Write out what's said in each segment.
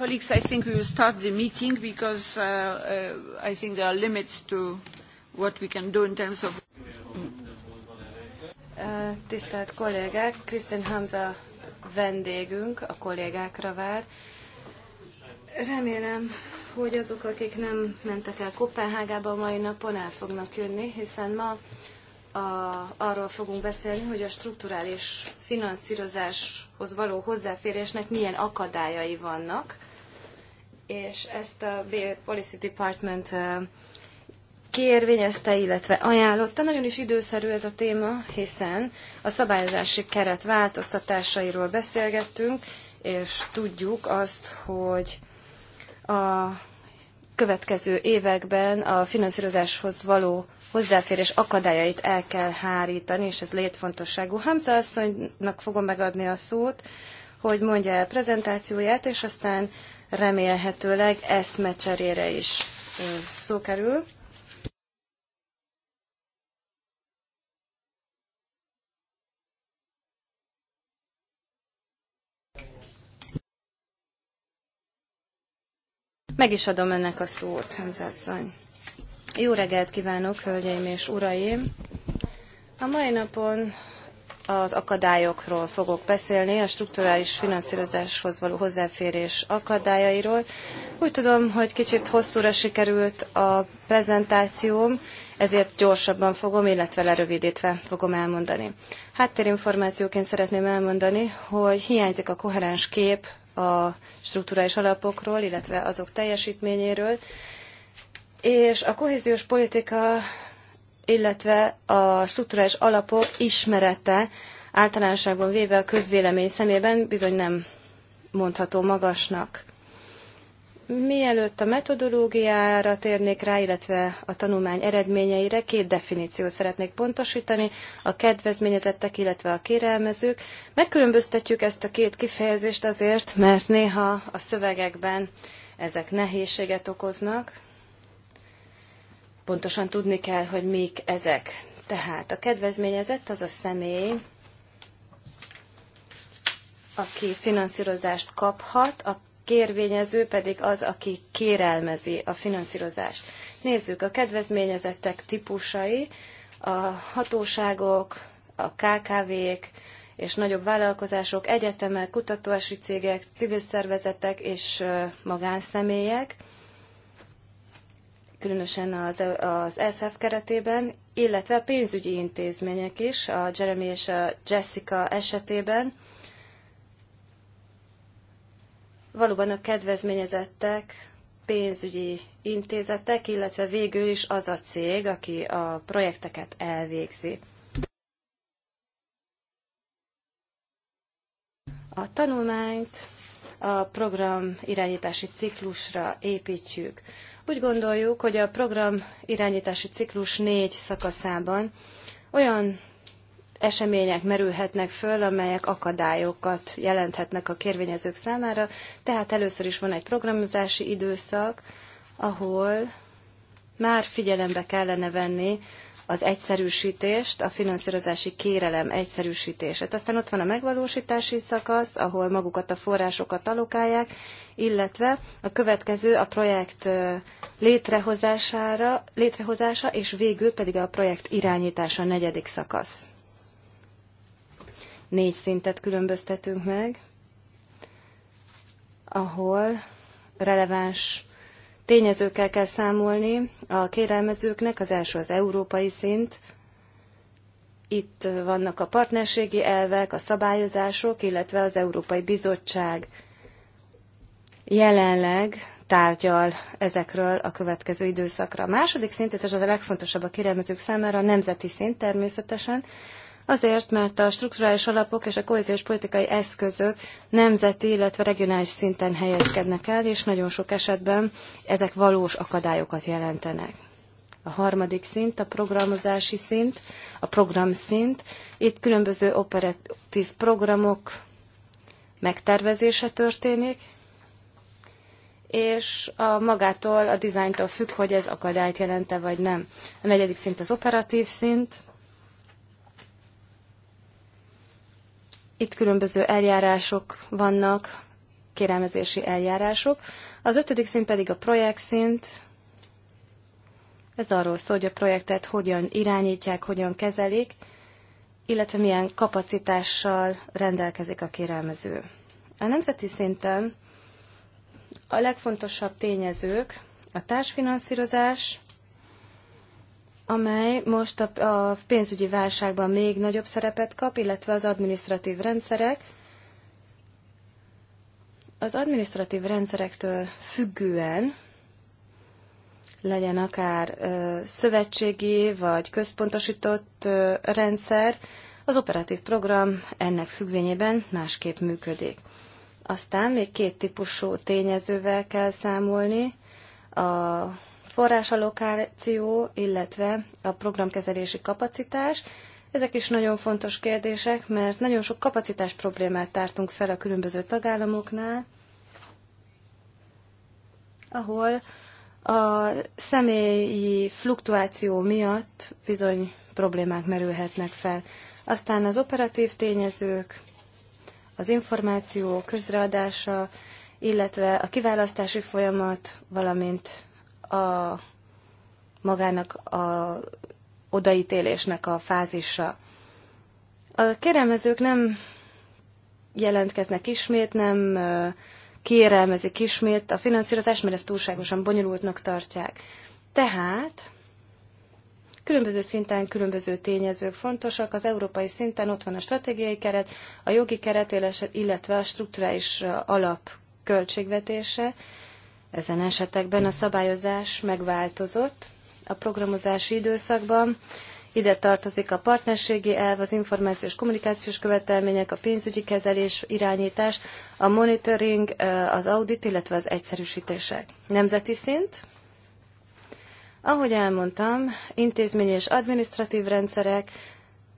Colleagues, I think we will start the meeting because uh, uh, I think there are limits to what we can do in terms of... Uh, tisztelt kollégák, Krisztin Hamza vendégünk a kollégákra vár. Remélem, hogy azok, akik nem mentek el Kopenhágába a mai napon, el fognak jönni, hiszen ma a, arról fogunk beszélni, hogy a strukturális finanszírozáshoz való hozzáférésnek milyen akadályai vannak és ezt a Policy Department kiérvényezte, illetve ajánlotta. Nagyon is időszerű ez a téma, hiszen a szabályozási keret változtatásairól beszélgettünk, és tudjuk azt, hogy a következő években a finanszírozáshoz való hozzáférés akadályait el kell hárítani, és ez létfontosságú. Hamza asszonynak fogom megadni a szót, hogy mondja el prezentációját, és aztán remélhetőleg eszmecserére is szó kerül. Meg is adom ennek a szót, Hanzasszony. Jó reggelt kívánok, hölgyeim és uraim! A mai napon az akadályokról fogok beszélni, a strukturális finanszírozáshoz való hozzáférés akadályairól. Úgy tudom, hogy kicsit hosszúra sikerült a prezentációm, ezért gyorsabban fogom, illetve lerövidítve fogom elmondani. Háttérinformációként szeretném elmondani, hogy hiányzik a koherens kép a strukturális alapokról, illetve azok teljesítményéről, és a kohéziós politika illetve a strukturális alapok ismerete általánosságban véve a közvélemény szemében bizony nem mondható magasnak. Mielőtt a metodológiára térnék rá, illetve a tanulmány eredményeire, két definíciót szeretnék pontosítani, a kedvezményezettek, illetve a kérelmezők. Megkülönböztetjük ezt a két kifejezést azért, mert néha a szövegekben ezek nehézséget okoznak pontosan tudni kell, hogy mik ezek. Tehát a kedvezményezett az a személy, aki finanszírozást kaphat, a kérvényező pedig az, aki kérelmezi a finanszírozást. Nézzük a kedvezményezettek típusai, a hatóságok, a KKV-k és nagyobb vállalkozások, egyetemek, kutatási cégek, civil szervezetek és magánszemélyek – különösen az, az ESF keretében, illetve a pénzügyi intézmények is, a Jeremy és a Jessica esetében. Valóban a kedvezményezettek, pénzügyi intézetek, illetve végül is az a cég, aki a projekteket elvégzi. A tanulmányt a program irányítási ciklusra építjük. Úgy gondoljuk, hogy a program irányítási ciklus négy szakaszában olyan események merülhetnek föl, amelyek akadályokat jelenthetnek a kérvényezők számára. Tehát először is van egy programozási időszak, ahol már figyelembe kellene venni az egyszerűsítést, a finanszírozási kérelem egyszerűsítését. Aztán ott van a megvalósítási szakasz, ahol magukat a forrásokat alokálják, illetve a következő a projekt létrehozására, létrehozása, és végül pedig a projekt irányítása a negyedik szakasz. Négy szintet különböztetünk meg, ahol releváns tényezőkkel kell számolni a kérelmezőknek. Az első az európai szint. Itt vannak a partnerségi elvek, a szabályozások, illetve az Európai Bizottság jelenleg tárgyal ezekről a következő időszakra. A második szint, ez a legfontosabb a kérelmezők számára, a nemzeti szint természetesen. Azért, mert a strukturális alapok és a kohéziós politikai eszközök nemzeti, illetve regionális szinten helyezkednek el, és nagyon sok esetben ezek valós akadályokat jelentenek. A harmadik szint, a programozási szint, a programszint. Itt különböző operatív programok megtervezése történik, és a magától, a dizájntól függ, hogy ez akadályt jelente vagy nem. A negyedik szint az operatív szint, Itt különböző eljárások vannak, kérelmezési eljárások. Az ötödik szint pedig a projekt szint. Ez arról szól, hogy a projektet hogyan irányítják, hogyan kezelik, illetve milyen kapacitással rendelkezik a kérelmező. A nemzeti szinten a legfontosabb tényezők a társfinanszírozás, amely most a, pénzügyi válságban még nagyobb szerepet kap, illetve az administratív rendszerek. Az administratív rendszerektől függően legyen akár ö, szövetségi vagy központosított ö, rendszer, az operatív program ennek függvényében másképp működik. Aztán még két típusú tényezővel kell számolni, a forrásallokáció, illetve a programkezelési kapacitás. Ezek is nagyon fontos kérdések, mert nagyon sok kapacitás problémát tártunk fel a különböző tagállamoknál, ahol a személyi fluktuáció miatt bizony problémák merülhetnek fel. Aztán az operatív tényezők, az információ közreadása, illetve a kiválasztási folyamat, valamint a magának a odaítélésnek a fázisa. A kérelmezők nem jelentkeznek ismét, nem kérelmezik ismét a finanszírozást, mert ezt túlságosan bonyolultnak tartják. Tehát különböző szinten különböző tényezők fontosak. Az európai szinten ott van a stratégiai keret, a jogi keret, illetve a strukturális alap költségvetése, ezen esetekben a szabályozás megváltozott a programozási időszakban. Ide tartozik a partnerségi elv, az információs kommunikációs követelmények, a pénzügyi kezelés, irányítás, a monitoring, az audit, illetve az egyszerűsítések. Nemzeti szint. Ahogy elmondtam, intézmény és adminisztratív rendszerek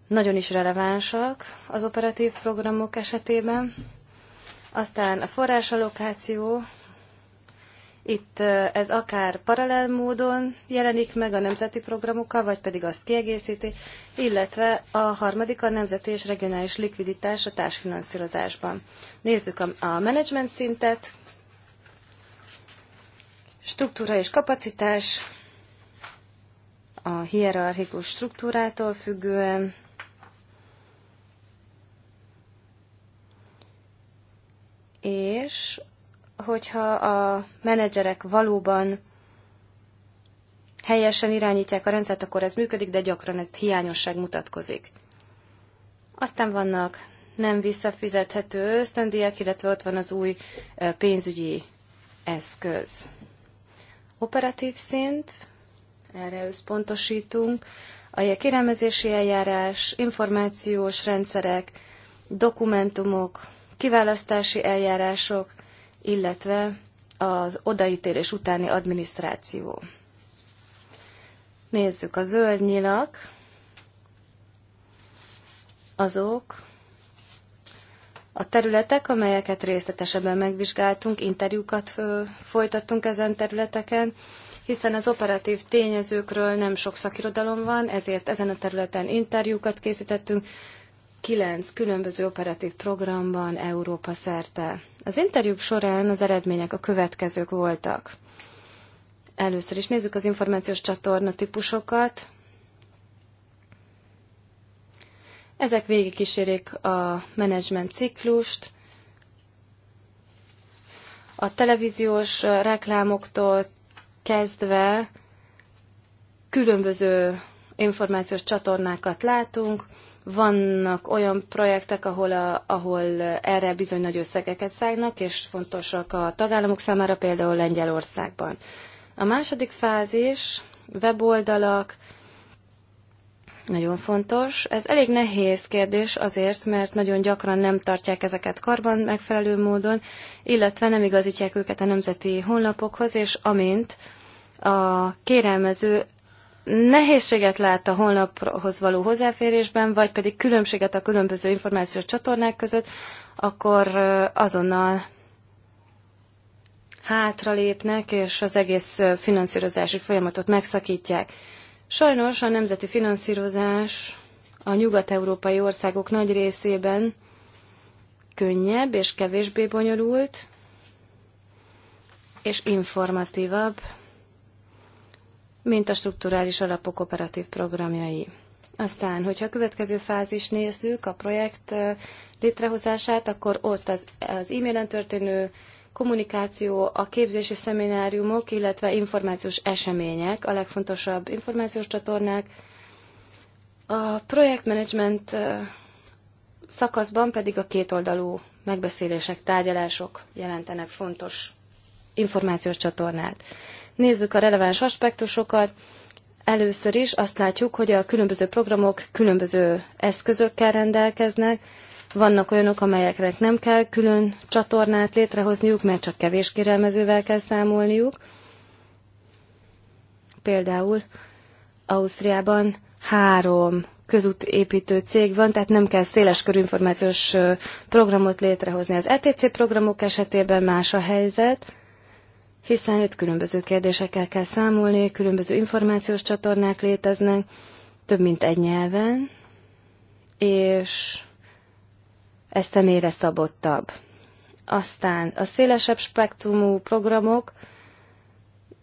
nagyon is relevánsak az operatív programok esetében. Aztán a forrásallokáció, itt ez akár paralel módon jelenik meg a nemzeti programokkal, vagy pedig azt kiegészíti, illetve a harmadik a nemzeti és regionális likviditás a társfinanszírozásban. Nézzük a, a menedzsment szintet, struktúra és kapacitás, a hierarchikus struktúrától függően, és hogyha a menedzserek valóban helyesen irányítják a rendszert, akkor ez működik, de gyakran ez hiányosság mutatkozik. Aztán vannak nem visszafizethető ösztöndiek, illetve ott van az új pénzügyi eszköz. Operatív szint, erre összpontosítunk, a kérelmezési eljárás, információs rendszerek, dokumentumok, kiválasztási eljárások, illetve az odaítélés utáni adminisztráció. Nézzük, a zöld nyilak azok a területek, amelyeket részletesebben megvizsgáltunk, interjúkat folytattunk ezen területeken, hiszen az operatív tényezőkről nem sok szakirodalom van, ezért ezen a területen interjúkat készítettünk, kilenc különböző operatív programban Európa szerte. Az interjúk során az eredmények a következők voltak. Először is nézzük az információs csatorna típusokat. Ezek végigkísérik a menedzsment ciklust, a televíziós reklámoktól kezdve különböző információs csatornákat látunk, vannak olyan projektek, ahol, a, ahol erre bizony nagy összegeket szágnak, és fontosak a tagállamok számára, például Lengyelországban. A második fázis, weboldalak, nagyon fontos. Ez elég nehéz kérdés azért, mert nagyon gyakran nem tartják ezeket karban megfelelő módon, illetve nem igazítják őket a nemzeti honlapokhoz, és amint a kérelmező nehézséget lát a honlaphoz való hozzáférésben, vagy pedig különbséget a különböző információs csatornák között, akkor azonnal hátralépnek, és az egész finanszírozási folyamatot megszakítják. Sajnos a nemzeti finanszírozás a nyugat-európai országok nagy részében könnyebb és kevésbé bonyolult, és informatívabb, mint a strukturális alapok operatív programjai. Aztán, hogyha a következő fázis nézzük, a projekt létrehozását, akkor ott az, az e-mailen történő kommunikáció, a képzési szemináriumok, illetve információs események, a legfontosabb információs csatornák. A projektmenedzsment szakaszban pedig a kétoldalú megbeszélések, tárgyalások jelentenek fontos információs csatornát. Nézzük a releváns aspektusokat. Először is azt látjuk, hogy a különböző programok különböző eszközökkel rendelkeznek. Vannak olyanok, amelyeknek nem kell külön csatornát létrehozniuk, mert csak kevés kérelmezővel kell számolniuk. Például Ausztriában három közútépítő cég van, tehát nem kell széleskörű információs programot létrehozni. Az ETC programok esetében más a helyzet hiszen itt különböző kérdésekkel kell számolni, különböző információs csatornák léteznek, több mint egy nyelven, és ez személyre szabottabb. Aztán a szélesebb spektrumú programok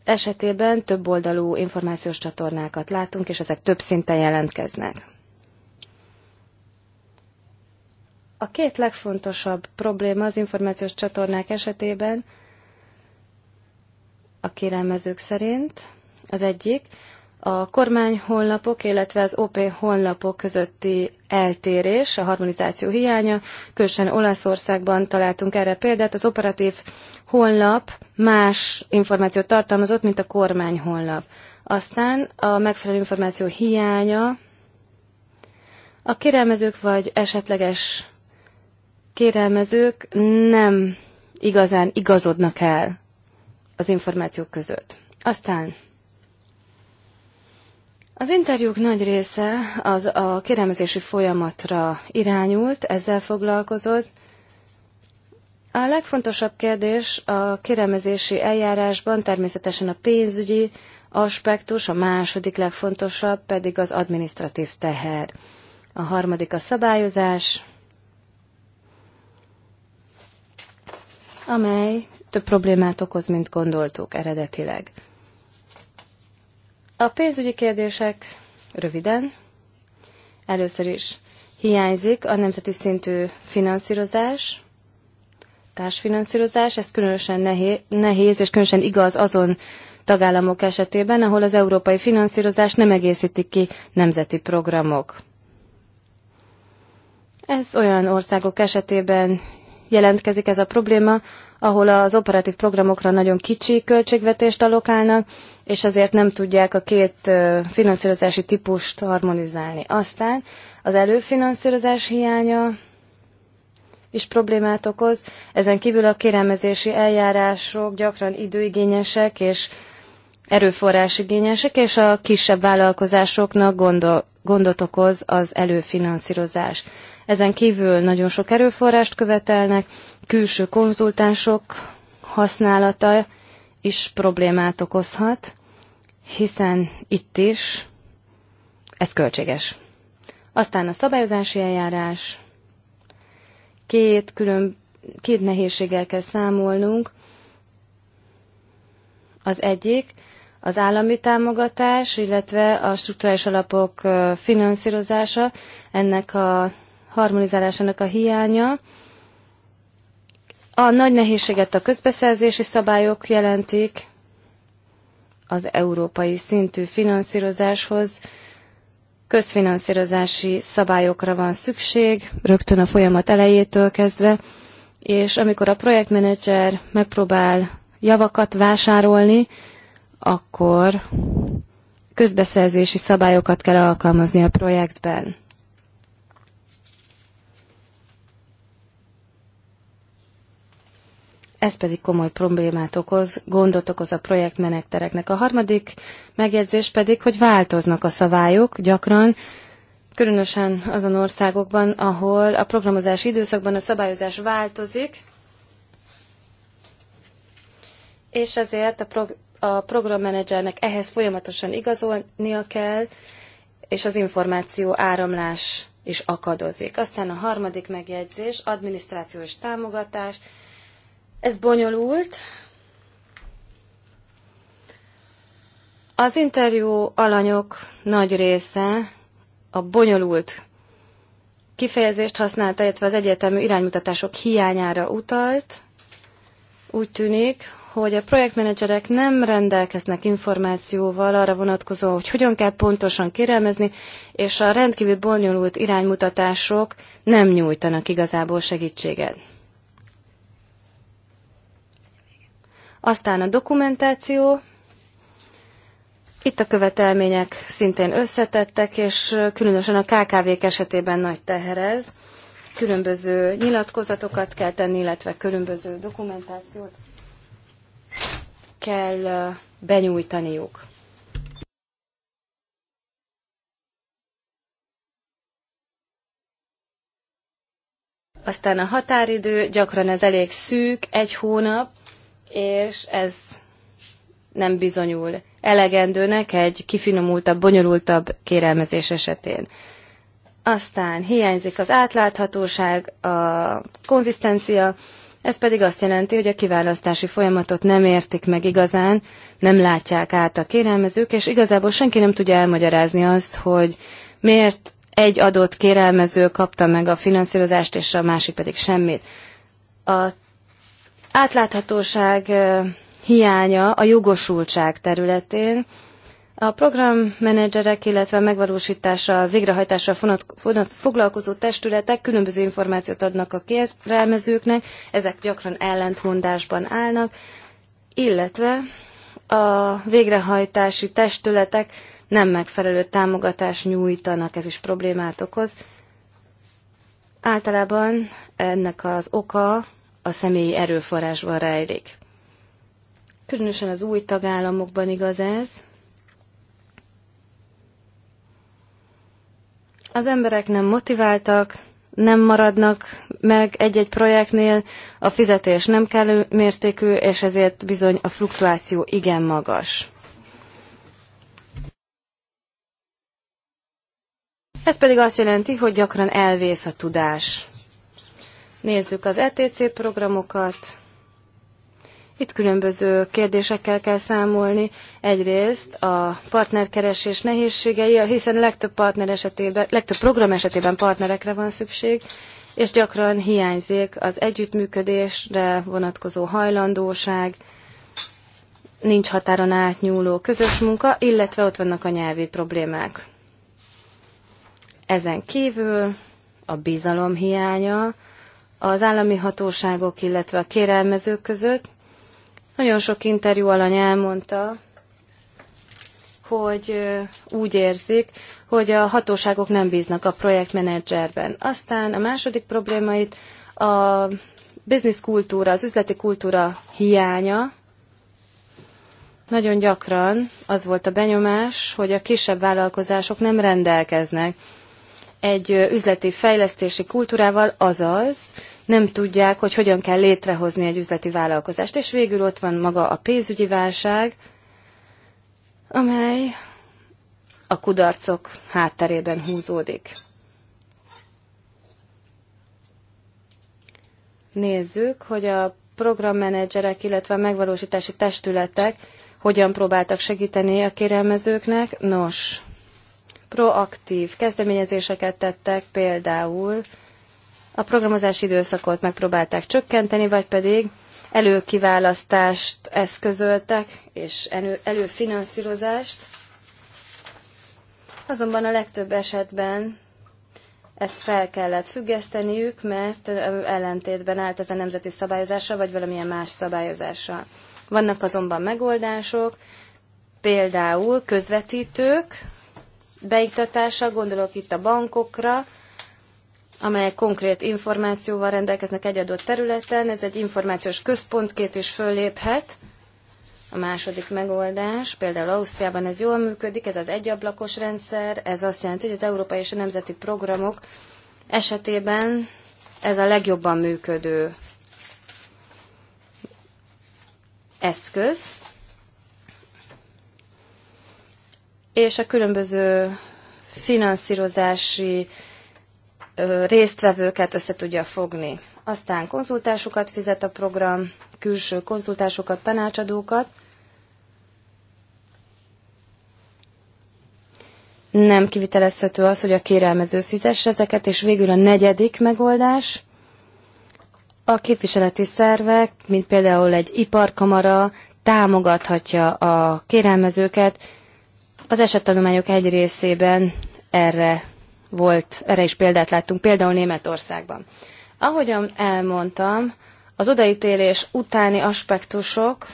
esetében több oldalú információs csatornákat látunk, és ezek több szinten jelentkeznek. A két legfontosabb probléma az információs csatornák esetében – a kérelmezők szerint. Az egyik a kormány honlapok, illetve az OP honlapok közötti eltérés, a harmonizáció hiánya. Különösen Olaszországban találtunk erre példát. Az operatív honlap más információt tartalmazott, mint a kormány honlap. Aztán a megfelelő információ hiánya, a kérelmezők vagy esetleges kérelmezők nem igazán igazodnak el az információk között. Aztán az interjúk nagy része az a kérelmezési folyamatra irányult, ezzel foglalkozott. A legfontosabb kérdés a kérelmezési eljárásban természetesen a pénzügyi aspektus, a második legfontosabb pedig az administratív teher. A harmadik a szabályozás, amely több problémát okoz, mint gondoltuk eredetileg. A pénzügyi kérdések röviden. Először is hiányzik a nemzeti szintű finanszírozás, társfinanszírozás, ez különösen nehéz, és különösen igaz azon tagállamok esetében, ahol az európai finanszírozás nem egészítik ki nemzeti programok. Ez olyan országok esetében jelentkezik ez a probléma, ahol az operatív programokra nagyon kicsi költségvetést alokálnak, és ezért nem tudják a két finanszírozási típust harmonizálni. Aztán az előfinanszírozás hiánya is problémát okoz, ezen kívül a kérelmezési eljárások gyakran időigényesek és erőforrásigényesek, és a kisebb vállalkozásoknak gondol, gondot okoz az előfinanszírozás. Ezen kívül nagyon sok erőforrást követelnek, külső konzultánsok használata is problémát okozhat, hiszen itt is ez költséges. Aztán a szabályozási eljárás, két külön, két nehézséggel kell számolnunk. Az egyik az állami támogatás, illetve a struktúrális alapok finanszírozása. Ennek a harmonizálásának a hiánya. A nagy nehézséget a közbeszerzési szabályok jelentik az európai szintű finanszírozáshoz. Közfinanszírozási szabályokra van szükség, rögtön a folyamat elejétől kezdve, és amikor a projektmenedzser megpróbál javakat vásárolni, akkor közbeszerzési szabályokat kell alkalmazni a projektben. ez pedig komoly problémát okoz, gondot okoz a projektmenektereknek. A harmadik megjegyzés pedig, hogy változnak a szabályok gyakran, különösen azon országokban, ahol a programozási időszakban a szabályozás változik, és ezért a, prog- a programmenedzsernek ehhez folyamatosan igazolnia kell, és az információ áramlás is akadozik. Aztán a harmadik megjegyzés, adminisztráció és támogatás. Ez bonyolult. Az interjú alanyok nagy része a bonyolult kifejezést használta, illetve az egyetemű iránymutatások hiányára utalt. Úgy tűnik, hogy a projektmenedzserek nem rendelkeznek információval arra vonatkozóan, hogy hogyan kell pontosan kérelmezni, és a rendkívül bonyolult iránymutatások nem nyújtanak igazából segítséget. Aztán a dokumentáció. Itt a követelmények szintén összetettek, és különösen a KKV-k esetében nagy teherez. Különböző nyilatkozatokat kell tenni, illetve különböző dokumentációt kell benyújtaniuk. Aztán a határidő, gyakran ez elég szűk, egy hónap, és ez nem bizonyul elegendőnek egy kifinomultabb, bonyolultabb kérelmezés esetén. Aztán hiányzik az átláthatóság, a konzisztencia, ez pedig azt jelenti, hogy a kiválasztási folyamatot nem értik meg igazán, nem látják át a kérelmezők, és igazából senki nem tudja elmagyarázni azt, hogy miért egy adott kérelmező kapta meg a finanszírozást, és a másik pedig semmit. A átláthatóság hiánya a jogosultság területén, a programmenedzserek, illetve a végrehajtásra foglalkozó testületek különböző információt adnak a kérelmezőknek, ezek gyakran ellentmondásban állnak, illetve a végrehajtási testületek nem megfelelő támogatást nyújtanak, ez is problémát okoz. Általában ennek az oka a személyi erőforrásban rejlik. Különösen az új tagállamokban igaz ez. Az emberek nem motiváltak, nem maradnak meg egy-egy projektnél, a fizetés nem kellő mértékű, és ezért bizony a fluktuáció igen magas. Ez pedig azt jelenti, hogy gyakran elvész a tudás. Nézzük az ETC programokat. Itt különböző kérdésekkel kell számolni. Egyrészt a partnerkeresés nehézségei, hiszen legtöbb, partner esetében, legtöbb program esetében partnerekre van szükség, és gyakran hiányzik az együttműködésre vonatkozó hajlandóság, nincs határon átnyúló közös munka, illetve ott vannak a nyelvi problémák. Ezen kívül a bizalom hiánya, az állami hatóságok, illetve a kérelmezők között. Nagyon sok interjú alany elmondta, hogy úgy érzik, hogy a hatóságok nem bíznak a projektmenedzserben. Aztán a második problémait a business kultúra, az üzleti kultúra hiánya. Nagyon gyakran az volt a benyomás, hogy a kisebb vállalkozások nem rendelkeznek egy üzleti fejlesztési kultúrával, azaz nem tudják, hogy hogyan kell létrehozni egy üzleti vállalkozást. És végül ott van maga a pénzügyi válság, amely a kudarcok hátterében húzódik. Nézzük, hogy a programmenedzserek, illetve a megvalósítási testületek hogyan próbáltak segíteni a kérelmezőknek. Nos, proaktív kezdeményezéseket tettek, például a programozási időszakot megpróbálták csökkenteni, vagy pedig előkiválasztást eszközöltek, és elő, előfinanszírozást. Azonban a legtöbb esetben ezt fel kellett függeszteniük, mert ellentétben állt ez a nemzeti szabályozással, vagy valamilyen más szabályozással. Vannak azonban megoldások, például közvetítők, beiktatása, gondolok itt a bankokra, amelyek konkrét információval rendelkeznek egy adott területen. Ez egy információs központként is fölléphet. A második megoldás, például Ausztriában ez jól működik, ez az egyablakos rendszer, ez azt jelenti, hogy az európai és a nemzeti programok esetében ez a legjobban működő eszköz. és a különböző finanszírozási résztvevőket össze tudja fogni. Aztán konzultásokat fizet a program, külső konzultásokat, tanácsadókat. Nem kivitelezhető az, hogy a kérelmező fizesse ezeket, és végül a negyedik megoldás. A képviseleti szervek, mint például egy iparkamara, támogathatja a kérelmezőket, az esettanulmányok egy részében erre volt, erre is példát láttunk, például Németországban. Ahogyan elmondtam, az odaítélés utáni aspektusok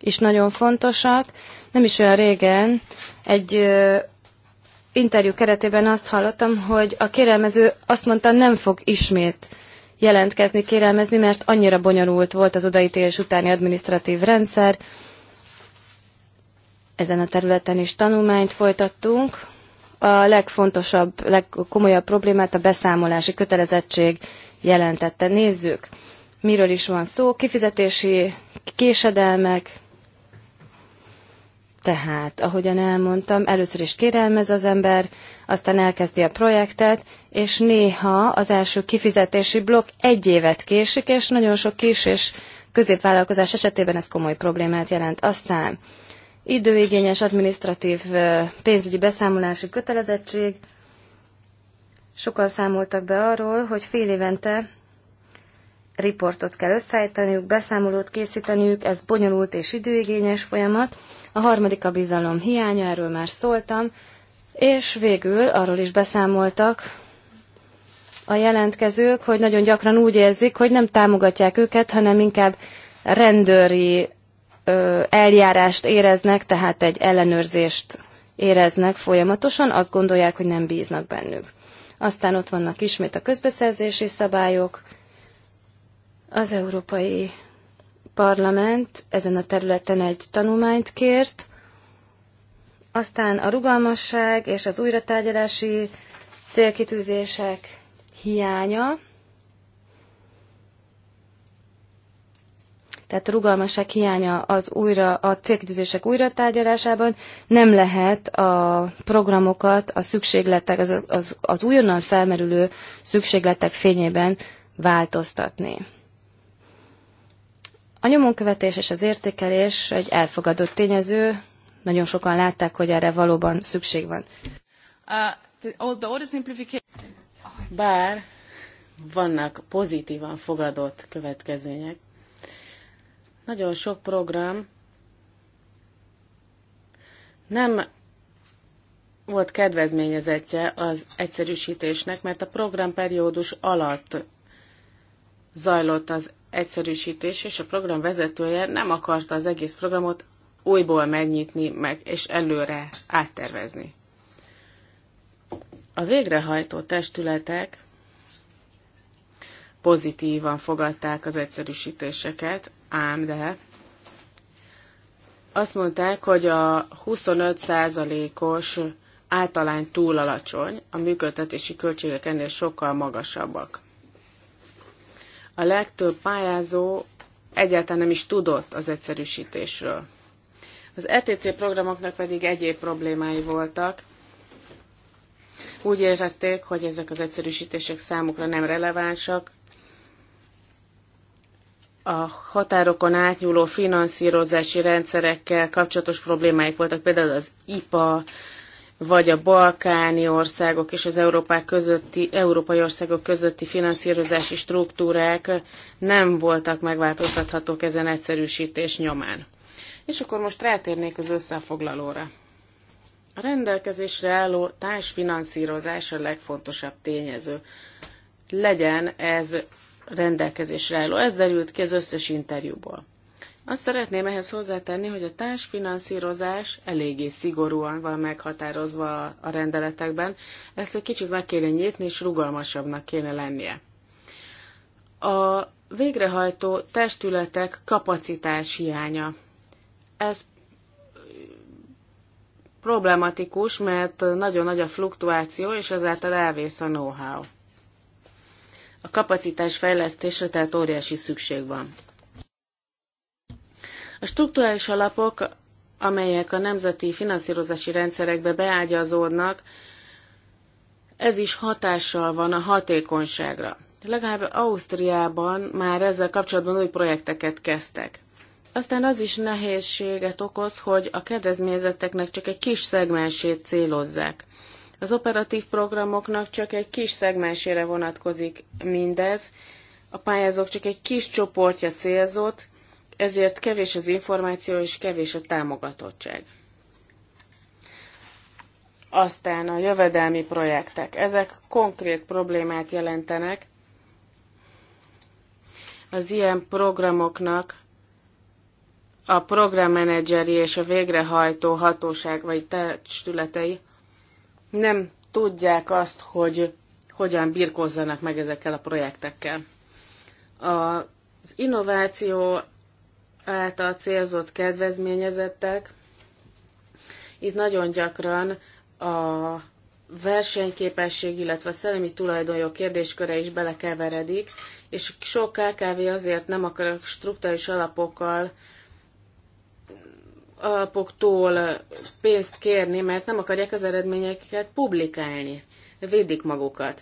is nagyon fontosak. Nem is olyan régen egy ö, interjú keretében azt hallottam, hogy a kérelmező azt mondta, nem fog ismét jelentkezni, kérelmezni, mert annyira bonyolult volt az odaítélés utáni administratív rendszer, ezen a területen is tanulmányt folytattunk. A legfontosabb, legkomolyabb problémát a beszámolási kötelezettség jelentette. Nézzük, miről is van szó. Kifizetési késedelmek, tehát, ahogyan elmondtam, először is kérelmez az ember, aztán elkezdi a projektet, és néha az első kifizetési blokk egy évet késik, és nagyon sok kis és középvállalkozás esetében ez komoly problémát jelent. Aztán időigényes administratív pénzügyi beszámolási kötelezettség. Sokan számoltak be arról, hogy fél évente riportot kell összeállítaniuk, beszámolót készíteniük, ez bonyolult és időigényes folyamat. A harmadik a bizalom hiánya, erről már szóltam, és végül arról is beszámoltak a jelentkezők, hogy nagyon gyakran úgy érzik, hogy nem támogatják őket, hanem inkább rendőri eljárást éreznek, tehát egy ellenőrzést éreznek folyamatosan, azt gondolják, hogy nem bíznak bennük. Aztán ott vannak ismét a közbeszerzési szabályok, az Európai Parlament ezen a területen egy tanulmányt kért, aztán a rugalmasság és az újratárgyalási célkitűzések hiánya, tehát a rugalmasság hiánya az újra, a célkitűzések újra tárgyalásában nem lehet a programokat a szükségletek, az, az, az újonnan felmerülő szükségletek fényében változtatni. A nyomonkövetés és az értékelés egy elfogadott tényező, nagyon sokan látták, hogy erre valóban szükség van. Uh, Bár vannak pozitívan fogadott következmények, nagyon sok program nem volt kedvezményezetje az egyszerűsítésnek, mert a programperiódus alatt zajlott az egyszerűsítés, és a program vezetője nem akarta az egész programot újból megnyitni meg, és előre áttervezni. A végrehajtó testületek pozitívan fogadták az egyszerűsítéseket, ám de azt mondták, hogy a 25%-os általány túl alacsony, a működtetési költségek ennél sokkal magasabbak. A legtöbb pályázó egyáltalán nem is tudott az egyszerűsítésről. Az ETC programoknak pedig egyéb problémái voltak. Úgy érezték, hogy ezek az egyszerűsítések számukra nem relevánsak, a határokon átnyúló finanszírozási rendszerekkel kapcsolatos problémáik voltak, például az IPA, vagy a balkáni országok és az Európák közötti, európai országok közötti finanszírozási struktúrák nem voltak megváltoztathatók ezen egyszerűsítés nyomán. És akkor most rátérnék az összefoglalóra. A rendelkezésre álló társfinanszírozás a legfontosabb tényező. Legyen ez rendelkezésre álló. Ez derült ki az összes interjúból. Azt szeretném ehhez hozzátenni, hogy a társfinanszírozás eléggé szigorúan van meghatározva a rendeletekben. Ezt egy kicsit meg kéne nyitni, és rugalmasabbnak kéne lennie. A végrehajtó testületek kapacitás hiánya. Ez problematikus, mert nagyon nagy a fluktuáció, és ezáltal elvész a know-how. A kapacitás fejlesztésre tehát óriási szükség van. A strukturális alapok, amelyek a nemzeti finanszírozási rendszerekbe beágyazódnak, ez is hatással van a hatékonyságra. Legalább Ausztriában már ezzel kapcsolatban új projekteket kezdtek. Aztán az is nehézséget okoz, hogy a kedvezményezetteknek csak egy kis szegmensét célozzák. Az operatív programoknak csak egy kis szegmensére vonatkozik mindez, a pályázók csak egy kis csoportja célzott, ezért kevés az információ és kevés a támogatottság. Aztán a jövedelmi projektek. Ezek konkrét problémát jelentenek. Az ilyen programoknak a programmenedzseri és a végrehajtó hatóság vagy testületei nem tudják azt, hogy hogyan birkózzanak meg ezekkel a projektekkel. Az innováció által célzott kedvezményezettek itt nagyon gyakran a versenyképesség, illetve a szellemi tulajdonjog kérdésköre is belekeveredik, és sok KKV azért nem akar struktúrális alapokkal alapoktól pénzt kérni, mert nem akarják az eredményeket publikálni. Védik magukat.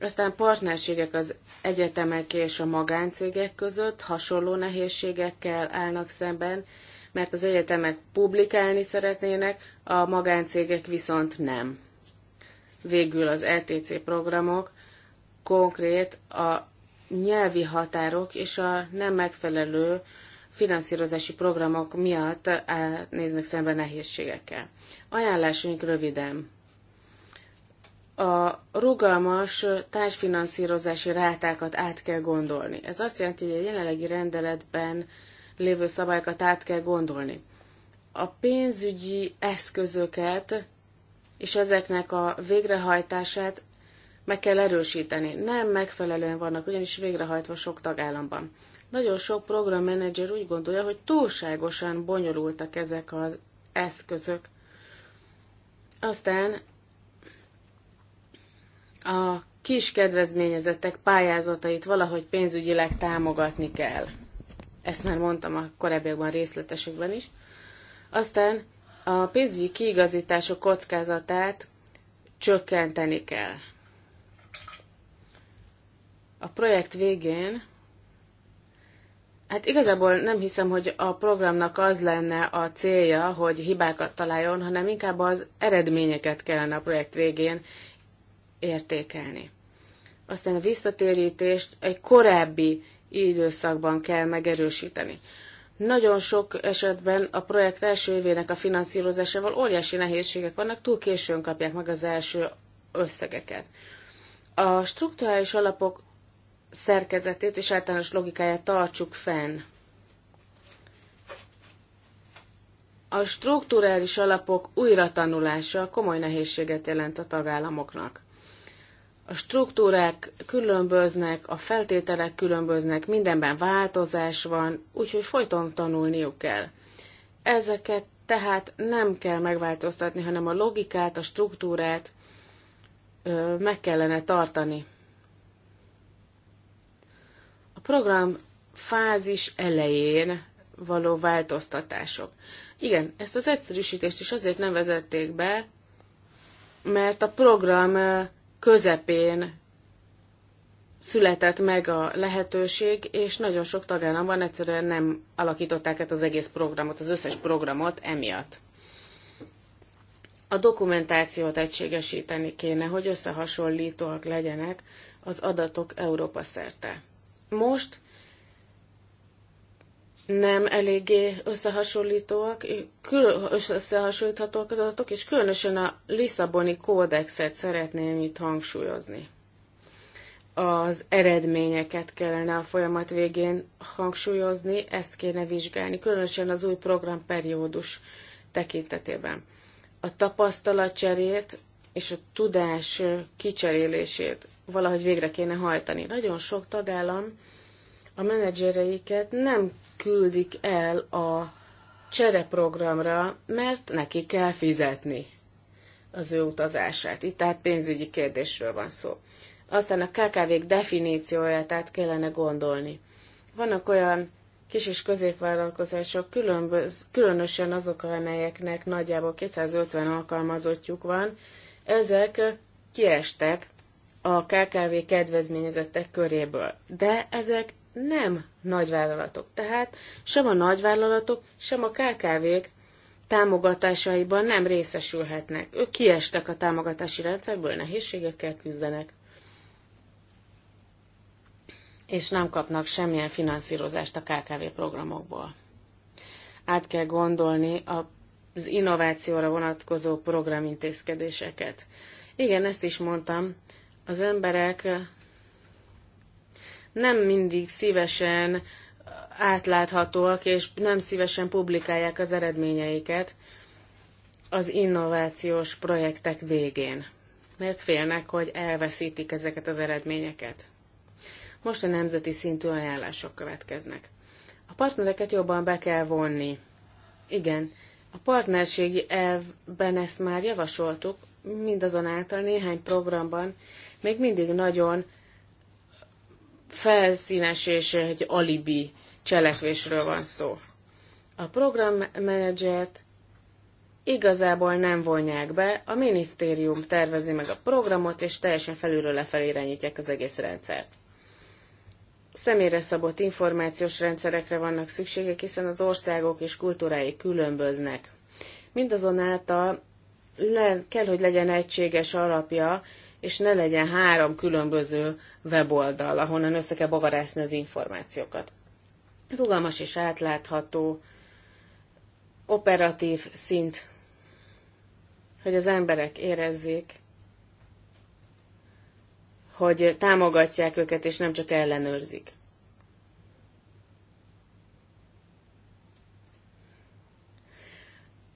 Aztán partnerségek az egyetemek és a magáncégek között hasonló nehézségekkel állnak szemben, mert az egyetemek publikálni szeretnének, a magáncégek viszont nem. Végül az LTC e programok konkrét a nyelvi határok és a nem megfelelő finanszírozási programok miatt e, néznek szembe nehézségekkel. Ajánlásunk röviden. A rugalmas társfinanszírozási rátákat át kell gondolni. Ez azt jelenti, hogy a jelenlegi rendeletben lévő szabályokat át kell gondolni. A pénzügyi eszközöket és ezeknek a végrehajtását meg kell erősíteni. Nem megfelelően vannak ugyanis végrehajtva sok tagállamban. Nagyon sok programmenedzser úgy gondolja, hogy túlságosan bonyolultak ezek az eszközök. Aztán a kis kedvezményezettek pályázatait valahogy pénzügyileg támogatni kell. Ezt már mondtam a korábbiakban részletesekben is. Aztán a pénzügyi kiigazítások kockázatát csökkenteni kell. A projekt végén Hát igazából nem hiszem, hogy a programnak az lenne a célja, hogy hibákat találjon, hanem inkább az eredményeket kellene a projekt végén értékelni. Aztán a visszatérítést egy korábbi időszakban kell megerősíteni. Nagyon sok esetben a projekt első évének a finanszírozásával óriási nehézségek vannak, túl későn kapják meg az első összegeket. A strukturális alapok szerkezetét és általános logikáját tartsuk fenn. A struktúrális alapok újratanulása komoly nehézséget jelent a tagállamoknak. A struktúrák különböznek, a feltételek különböznek, mindenben változás van, úgyhogy folyton tanulniuk kell. Ezeket tehát nem kell megváltoztatni, hanem a logikát, a struktúrát ö, meg kellene tartani. A program fázis elején való változtatások. Igen, ezt az egyszerűsítést is azért nem vezették be, mert a program közepén született meg a lehetőség, és nagyon sok tagállamban egyszerűen nem alakították át az egész programot, az összes programot emiatt. A dokumentációt egységesíteni kéne, hogy összehasonlítóak legyenek az adatok Európa szerte most nem eléggé összehasonlítóak, összehasonlíthatóak az adatok, és különösen a Lisszaboni kódexet szeretném itt hangsúlyozni. Az eredményeket kellene a folyamat végén hangsúlyozni, ezt kéne vizsgálni, különösen az új programperiódus tekintetében. A tapasztalatcserét és a tudás kicserélését valahogy végre kéne hajtani. Nagyon sok tagállam a menedzsereiket nem küldik el a csereprogramra, mert neki kell fizetni az ő utazását. Itt tehát pénzügyi kérdésről van szó. Aztán a KKV-k definícióját át kellene gondolni. Vannak olyan kis és középvállalkozások, különböz, különösen azok, amelyeknek nagyjából 250 alkalmazottjuk van, ezek kiestek a KKV kedvezményezettek köréből. De ezek nem nagyvállalatok. Tehát sem a nagyvállalatok, sem a KKV-k támogatásaiban nem részesülhetnek. Ők kiestek a támogatási rendszerből, nehézségekkel küzdenek, és nem kapnak semmilyen finanszírozást a KKV programokból. Át kell gondolni az innovációra vonatkozó programintézkedéseket. Igen, ezt is mondtam, az emberek nem mindig szívesen átláthatóak, és nem szívesen publikálják az eredményeiket az innovációs projektek végén, mert félnek, hogy elveszítik ezeket az eredményeket. Most a nemzeti szintű ajánlások következnek. A partnereket jobban be kell vonni. Igen, a partnerségi elvben ezt már javasoltuk, mindazonáltal néhány programban még mindig nagyon felszínes és egy alibi cselekvésről van szó. A programmenedzsert igazából nem vonják be, a minisztérium tervezi meg a programot, és teljesen felülről lefelé irányítják az egész rendszert. Személyre szabott információs rendszerekre vannak szükségek, hiszen az országok és kultúrái különböznek. Mindazonáltal le, kell, hogy legyen egységes alapja és ne legyen három különböző weboldal, ahonnan össze kell bagarászni az információkat. Rugalmas és átlátható, operatív szint, hogy az emberek érezzék, hogy támogatják őket, és nem csak ellenőrzik.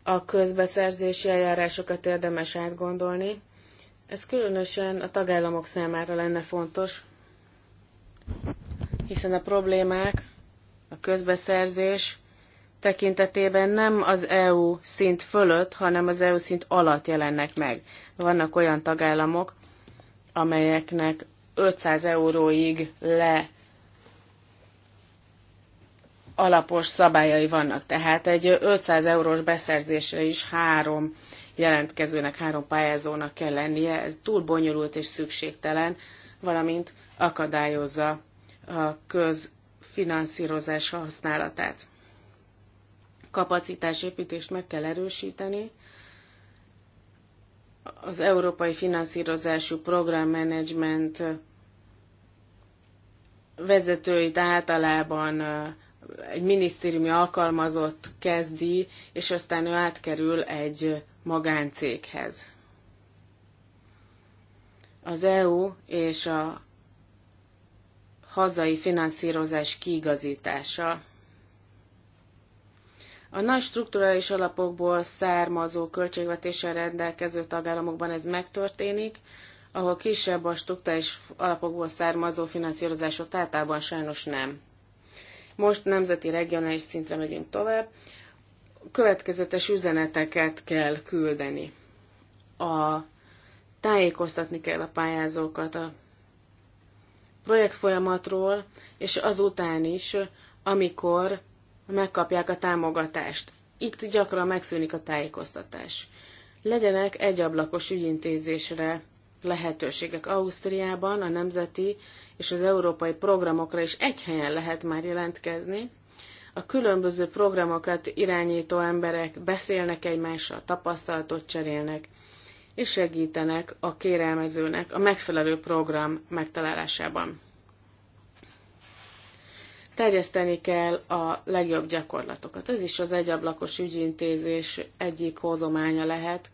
A közbeszerzési eljárásokat érdemes átgondolni, ez különösen a tagállamok számára lenne fontos, hiszen a problémák, a közbeszerzés tekintetében nem az EU szint fölött, hanem az EU szint alatt jelennek meg. Vannak olyan tagállamok, amelyeknek 500 euróig le alapos szabályai vannak. Tehát egy 500 eurós beszerzésre is három jelentkezőnek, három pályázónak kell lennie, ez túl bonyolult és szükségtelen, valamint akadályozza a közfinanszírozás használatát. Kapacitásépítést meg kell erősíteni, az Európai Finanszírozású Management vezetőit általában egy minisztériumi alkalmazott kezdi, és aztán ő átkerül egy magáncéghez. Az EU és a hazai finanszírozás kiigazítása. A nagy strukturális alapokból származó költségvetéssel rendelkező tagállamokban ez megtörténik, ahol kisebb a struktúrális alapokból származó finanszírozások általában sajnos nem. Most nemzeti regionális szintre megyünk tovább következetes üzeneteket kell küldeni. A tájékoztatni kell a pályázókat a projektfolyamatról, és azután is, amikor megkapják a támogatást. Itt gyakran megszűnik a tájékoztatás. Legyenek egyablakos ügyintézésre lehetőségek. Ausztriában a nemzeti és az európai programokra is egy helyen lehet már jelentkezni, a különböző programokat irányító emberek beszélnek egymással, tapasztalatot cserélnek, és segítenek a kérelmezőnek a megfelelő program megtalálásában. Terjeszteni kell a legjobb gyakorlatokat. Ez is az egyablakos ügyintézés egyik hozománya lehet.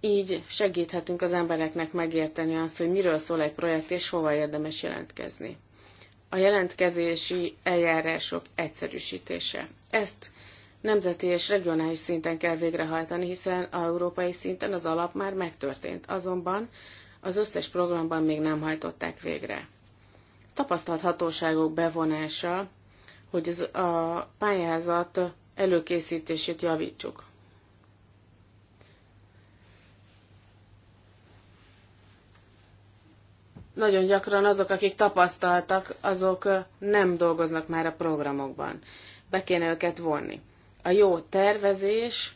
Így segíthetünk az embereknek megérteni azt, hogy miről szól egy projekt, és hova érdemes jelentkezni a jelentkezési eljárások egyszerűsítése. Ezt nemzeti és regionális szinten kell végrehajtani, hiszen a európai szinten az alap már megtörtént, azonban az összes programban még nem hajtották végre. Tapasztalt hatóságok bevonása, hogy az, a pályázat előkészítését javítsuk. nagyon gyakran azok, akik tapasztaltak, azok nem dolgoznak már a programokban. Be kéne őket vonni. A jó tervezés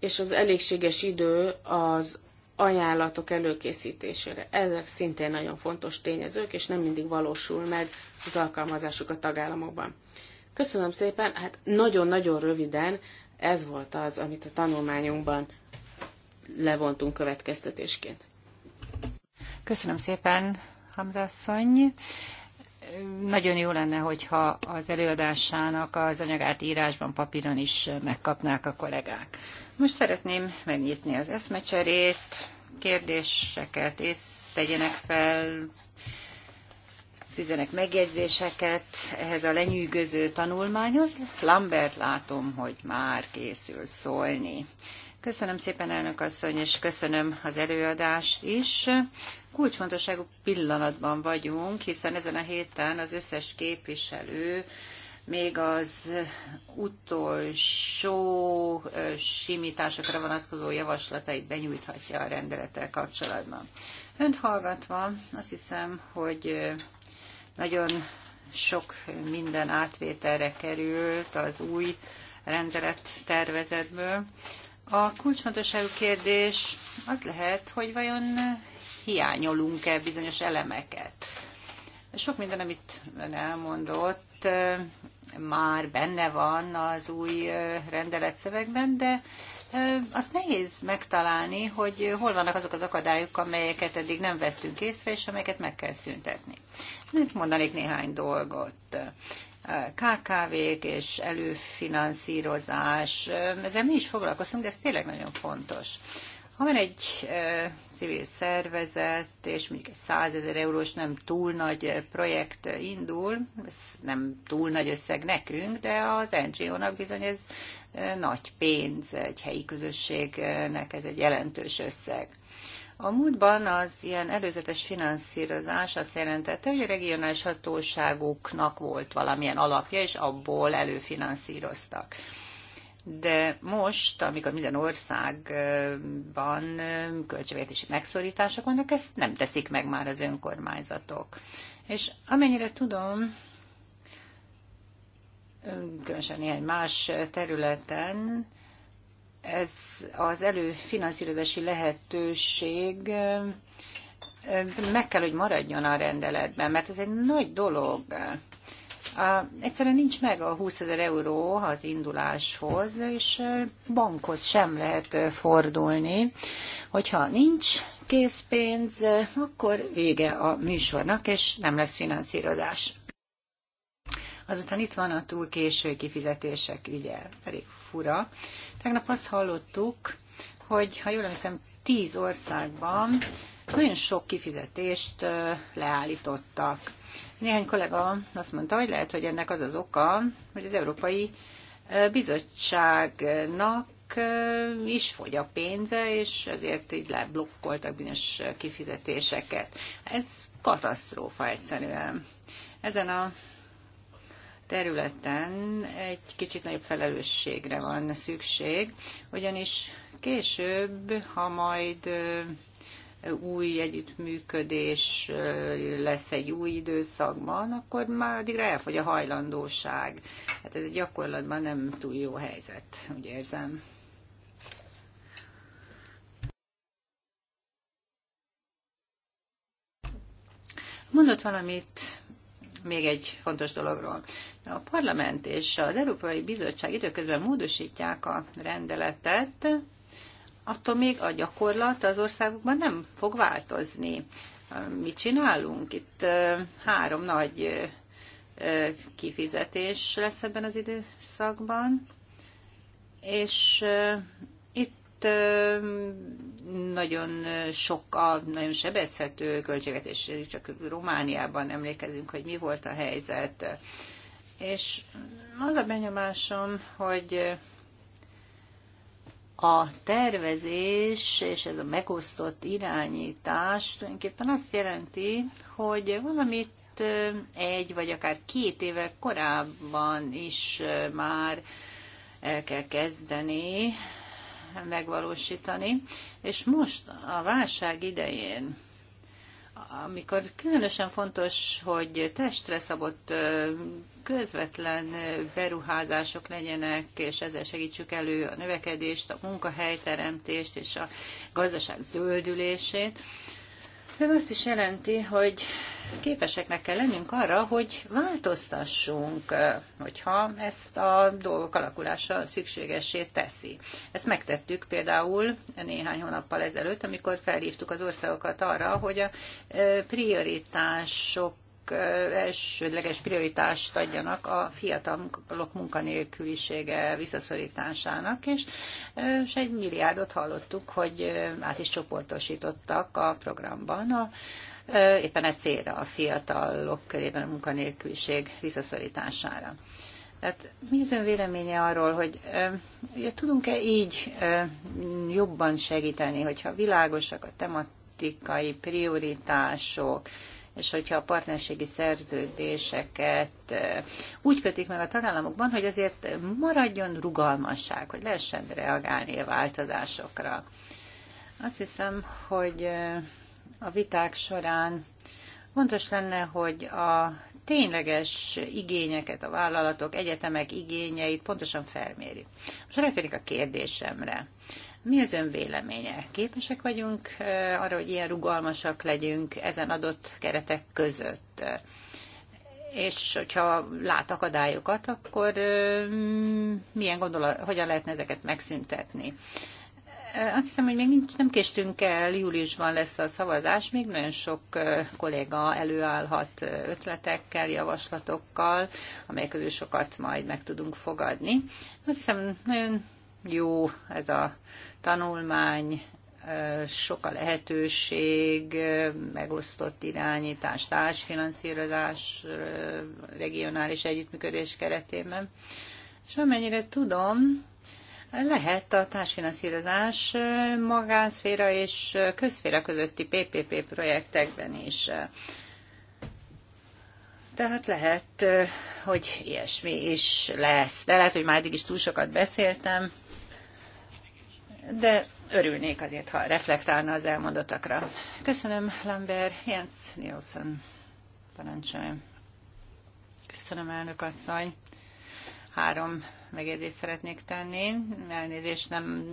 és az elégséges idő az ajánlatok előkészítésére. Ezek szintén nagyon fontos tényezők, és nem mindig valósul meg az alkalmazásuk a tagállamokban. Köszönöm szépen, hát nagyon-nagyon röviden ez volt az, amit a tanulmányunkban levontunk következtetésként. Köszönöm szépen, Hamzasszony. Nagyon jó lenne, hogyha az előadásának az anyagát írásban, papíron is megkapnák a kollégák. Most szeretném megnyitni az eszmecserét, kérdéseket és tegyenek fel, üzenek megjegyzéseket ehhez a lenyűgöző tanulmányhoz. Lambert látom, hogy már készül szólni. Köszönöm szépen, elnök asszony, és köszönöm az előadást is. Kulcsfontosságú pillanatban vagyunk, hiszen ezen a héten az összes képviselő még az utolsó simításokra vonatkozó javaslatait benyújthatja a rendelettel kapcsolatban. Önt hallgatva azt hiszem, hogy nagyon sok minden átvételre került az új rendelet tervezetből. A kulcsfontosságú kérdés az lehet, hogy vajon hiányolunk-e bizonyos elemeket. Sok minden, amit ön elmondott, már benne van az új rendeletszövegben, de azt nehéz megtalálni, hogy hol vannak azok az akadályok, amelyeket eddig nem vettünk észre, és amelyeket meg kell szüntetni. mondanék néhány dolgot. KKV-k és előfinanszírozás, ezzel mi is foglalkozunk, de ez tényleg nagyon fontos. Ha van egy civil szervezet, és mondjuk egy 100 ezer eurós nem túl nagy projekt indul, ez nem túl nagy összeg nekünk, de az NGO-nak bizony ez nagy pénz, egy helyi közösségnek ez egy jelentős összeg. A múltban az ilyen előzetes finanszírozás azt jelentette, hogy a regionális hatóságoknak volt valamilyen alapja, és abból előfinanszíroztak. De most, amikor minden országban költségvetési megszorítások vannak, ezt nem teszik meg már az önkormányzatok. És amennyire tudom, különösen ilyen más területen ez az előfinanszírozási lehetőség meg kell, hogy maradjon a rendeletben, mert ez egy nagy dolog. A, egyszerűen nincs meg a 20 ezer euró az induláshoz, és bankhoz sem lehet fordulni. Hogyha nincs készpénz, akkor vége a műsornak, és nem lesz finanszírozás. Azután itt van a túl késői kifizetések ügye, pedig fura. Tegnap azt hallottuk, hogy ha jól emlékszem, tíz országban nagyon sok kifizetést leállítottak. Néhány kollega azt mondta, hogy lehet, hogy ennek az az oka, hogy az Európai Bizottságnak is fogy a pénze, és ezért így leblokkoltak bizonyos kifizetéseket. Ez katasztrófa egyszerűen. Ezen a területen egy kicsit nagyobb felelősségre van szükség, ugyanis később, ha majd új együttműködés lesz egy új időszakban, akkor már addigra elfogy a hajlandóság. Hát ez gyakorlatban nem túl jó helyzet, úgy érzem. Mondott valamit még egy fontos dologról. A parlament és az Európai Bizottság időközben módosítják a rendeletet, attól még a gyakorlat az országokban nem fog változni. Mit csinálunk? Itt három nagy kifizetés lesz ebben az időszakban, és mert nagyon sok a nagyon sebezhető költségvetés, csak Romániában emlékezünk, hogy mi volt a helyzet. És az a benyomásom, hogy a tervezés és ez a megosztott irányítás tulajdonképpen azt jelenti, hogy valamit egy vagy akár két éve korábban is már el kell kezdeni, megvalósítani, és most a válság idején, amikor különösen fontos, hogy testre szabott közvetlen beruházások legyenek, és ezzel segítsük elő a növekedést, a munkahelyteremtést és a gazdaság zöldülését. Ez azt is jelenti, hogy képeseknek kell lennünk arra, hogy változtassunk, hogyha ezt a dolgok alakulása szükségessé teszi. Ezt megtettük például néhány hónappal ezelőtt, amikor felhívtuk az országokat arra, hogy a prioritások elsődleges prioritást adjanak a fiatalok munkanélkülisége visszaszorításának, és, és egy milliárdot hallottuk, hogy át is csoportosítottak a programban a éppen e célra, a fiatalok körében a munkanélküliség visszaszorítására. Tehát mi az ön véleménye arról, hogy ugye, tudunk-e így jobban segíteni, hogyha világosak a tematikai prioritások, és hogyha a partnerségi szerződéseket úgy kötik meg a tagállamokban, hogy azért maradjon rugalmasság, hogy lehessen reagálni a változásokra. Azt hiszem, hogy a viták során. Fontos lenne, hogy a tényleges igényeket, a vállalatok, egyetemek igényeit pontosan felméri. Most rátérnék a kérdésemre. Mi az ön véleménye? Képesek vagyunk arra, hogy ilyen rugalmasak legyünk ezen adott keretek között? És hogyha lát akadályokat, akkor milyen gondolat, hogyan lehetne ezeket megszüntetni? Azt hiszem, hogy még nincs, nem késtünk el, júliusban lesz a szavazás, még nagyon sok kolléga előállhat ötletekkel, javaslatokkal, amelyek közül sokat majd meg tudunk fogadni. Azt hiszem, nagyon jó ez a tanulmány, sok a lehetőség, megosztott irányítás, társfinanszírozás, regionális együttműködés keretében. És amennyire tudom, lehet a társfinanszírozás magánszféra és közszféra közötti PPP projektekben is. Tehát lehet, hogy ilyesmi is lesz. De lehet, hogy már eddig is túl sokat beszéltem, de örülnék azért, ha reflektálna az elmondottakra. Köszönöm, Lambert Jens Nielsen. Parancsolj. Köszönöm, elnök asszony. Három megjegyzést szeretnék tenni. Elnézést nem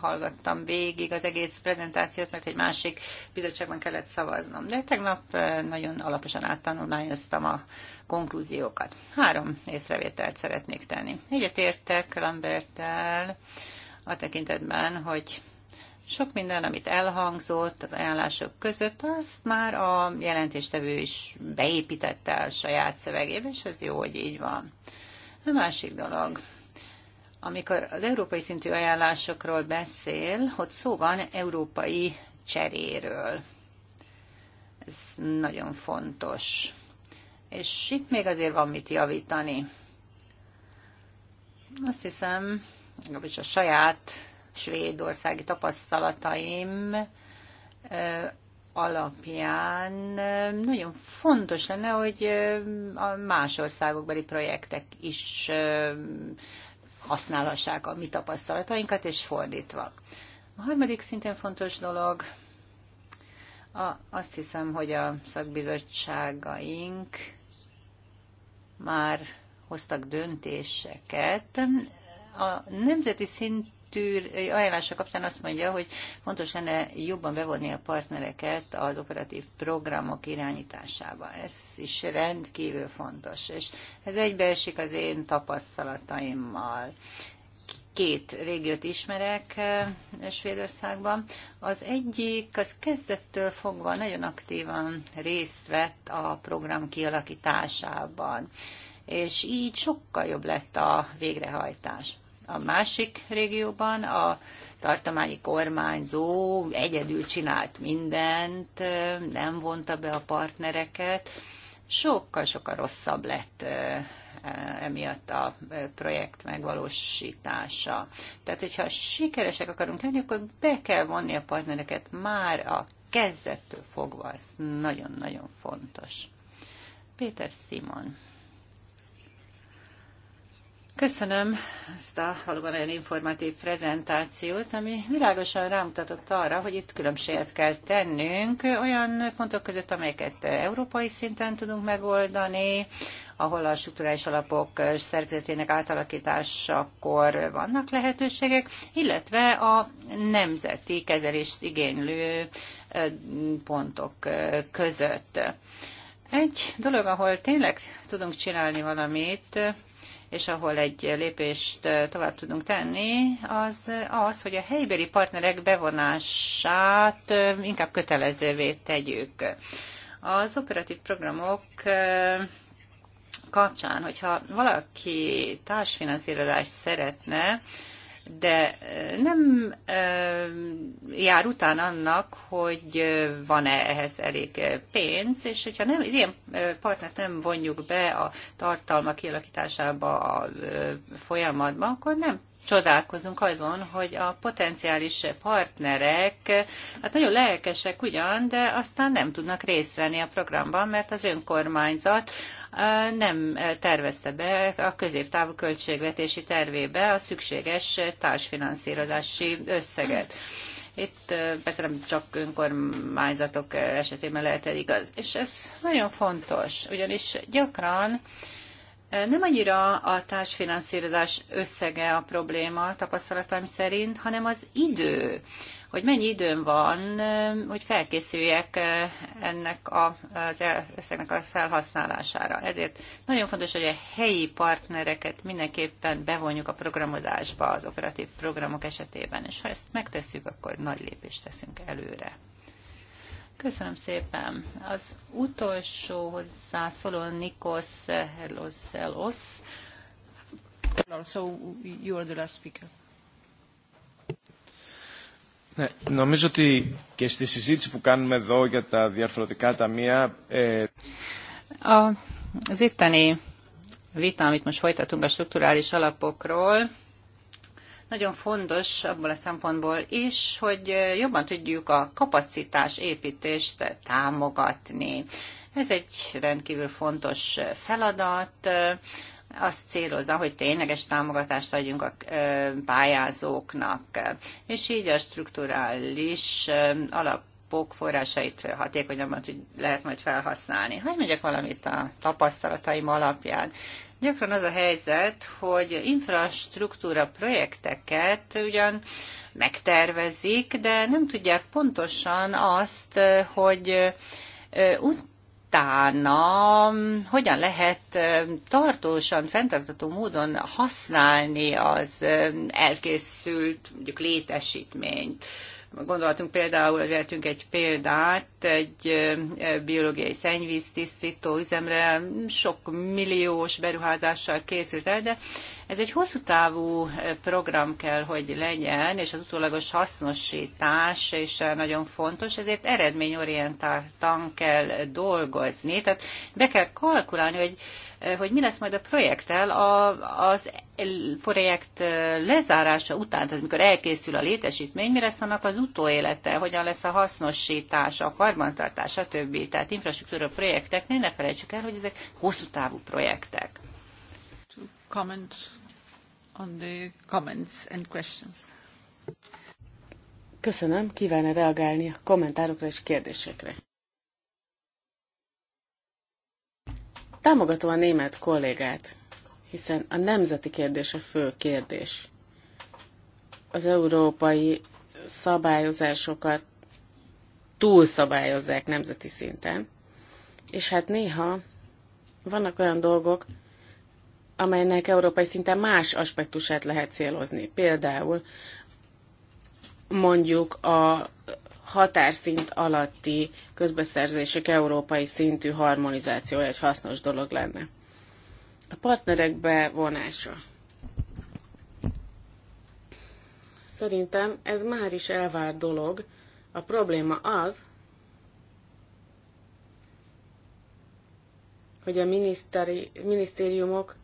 hallgattam végig az egész prezentációt, mert egy másik bizottságban kellett szavaznom. De tegnap nagyon alaposan áttanulmányoztam a konklúziókat. Három észrevételt szeretnék tenni. Egyet értek Lambertel a tekintetben, hogy sok minden, amit elhangzott az ajánlások között, azt már a jelentéstevő is beépítette a saját szövegébe, és ez jó, hogy így van. A másik dolog, amikor az európai szintű ajánlásokról beszél, hogy szó van európai cseréről. Ez nagyon fontos. És itt még azért van mit javítani. Azt hiszem, a saját svédországi tapasztalataim alapján nagyon fontos lenne, hogy a más országokbeli projektek is használhassák a mi tapasztalatainkat, és fordítva. A harmadik szintén fontos dolog, a, azt hiszem, hogy a szakbizottságaink már hoztak döntéseket. A nemzeti szint tűr, ajánlása kapcsán azt mondja, hogy fontos lenne jobban bevonni a partnereket az operatív programok irányításába. Ez is rendkívül fontos, és ez egybeesik az én tapasztalataimmal két régiót ismerek eh, Svédországban. Az egyik az kezdettől fogva nagyon aktívan részt vett a program kialakításában, és így sokkal jobb lett a végrehajtás. A másik régióban a tartományi kormányzó egyedül csinált mindent, nem vonta be a partnereket, sokkal-sokkal rosszabb lett emiatt a projekt megvalósítása. Tehát, hogyha sikeresek akarunk lenni, akkor be kell vonni a partnereket már a kezdettől fogva. Ez nagyon-nagyon fontos. Péter Simon. Köszönöm ezt a valóban nagyon informatív prezentációt, ami világosan rámutatott arra, hogy itt különbséget kell tennünk olyan pontok között, amelyeket európai szinten tudunk megoldani, ahol a strukturális alapok szerkezetének átalakításakor vannak lehetőségek, illetve a nemzeti kezelést igénylő pontok között. Egy dolog, ahol tényleg tudunk csinálni valamit, és ahol egy lépést tovább tudunk tenni, az az, hogy a helybeli partnerek bevonását inkább kötelezővé tegyük. Az operatív programok kapcsán, hogyha valaki társfinanszírozást szeretne, de eh, nem eh, jár után annak, hogy eh, van-e ehhez elég pénz, és hogyha nem, ilyen partnert nem vonjuk be a tartalma kialakításába a folyamatba, akkor nem csodálkozunk azon, hogy a potenciális partnerek, hát nagyon lelkesek ugyan, de aztán nem tudnak részt venni a programban, mert az önkormányzat nem tervezte be a középtávú költségvetési tervébe a szükséges társfinanszírozási összeget. Itt persze nem csak önkormányzatok esetében lehet ez igaz. És ez nagyon fontos, ugyanis gyakran nem annyira a társfinanszírozás összege a probléma tapasztalataim szerint, hanem az idő, hogy mennyi időm van, hogy felkészüljek eh, ennek a, az összegnek a felhasználására. Ezért nagyon fontos, hogy a helyi partnereket mindenképpen bevonjuk a programozásba az operatív programok esetében, és ha ezt megtesszük, akkor nagy lépést teszünk előre. Köszönöm szépen. Az utolsó hozzászóló Nikos Herloselos. So you are the last speaker. Ναι, νομίζω ότι και στη συζήτηση που κάνουμε εδώ για τα διαρθρωτικά ταμεία... Ε... A, Zitani, vita, amit most folytatunk a strukturális alapokról, nagyon fontos abból a szempontból is, hogy jobban tudjuk a kapacitás építést támogatni. Ez egy rendkívül fontos feladat, azt célozza, hogy tényleges támogatást adjunk a pályázóknak, és így a strukturális alap forrásait hatékonyabban lehet majd felhasználni. Hogy mondjak valamit a tapasztalataim alapján? Gyakran az a helyzet, hogy infrastruktúra projekteket ugyan megtervezik, de nem tudják pontosan azt, hogy utána hogyan lehet tartósan, fenntartató módon használni az elkészült mondjuk létesítményt. Gondoltunk például, hogy vettünk egy példát, egy biológiai szennyvíz tisztító üzemre sok milliós beruházással készült el, de ez egy hosszú távú program kell, hogy legyen, és az utólagos hasznosítás is nagyon fontos, ezért eredményorientáltan kell dolgozni. Tehát be kell kalkulálni, hogy hogy mi lesz majd a projekttel az projekt lezárása után, tehát amikor elkészül a létesítmény, mi lesz annak az utóélete, hogyan lesz a hasznosítása, a karbantartása, többi. Tehát infrastruktúra projekteknél ne felejtsük el, hogy ezek hosszú távú projektek. To comment on the comments and questions. Köszönöm, kívánok reagálni a kommentárokra és kérdésekre. Támogatom a német kollégát, hiszen a nemzeti kérdés a fő kérdés. Az európai szabályozásokat túlszabályozzák nemzeti szinten, és hát néha vannak olyan dolgok, amelynek európai szinten más aspektusát lehet célozni. Például mondjuk a határszint alatti közbeszerzések európai szintű harmonizációja egy hasznos dolog lenne. A partnerek bevonása. Szerintem ez már is elvár dolog. A probléma az, hogy a minisztériumok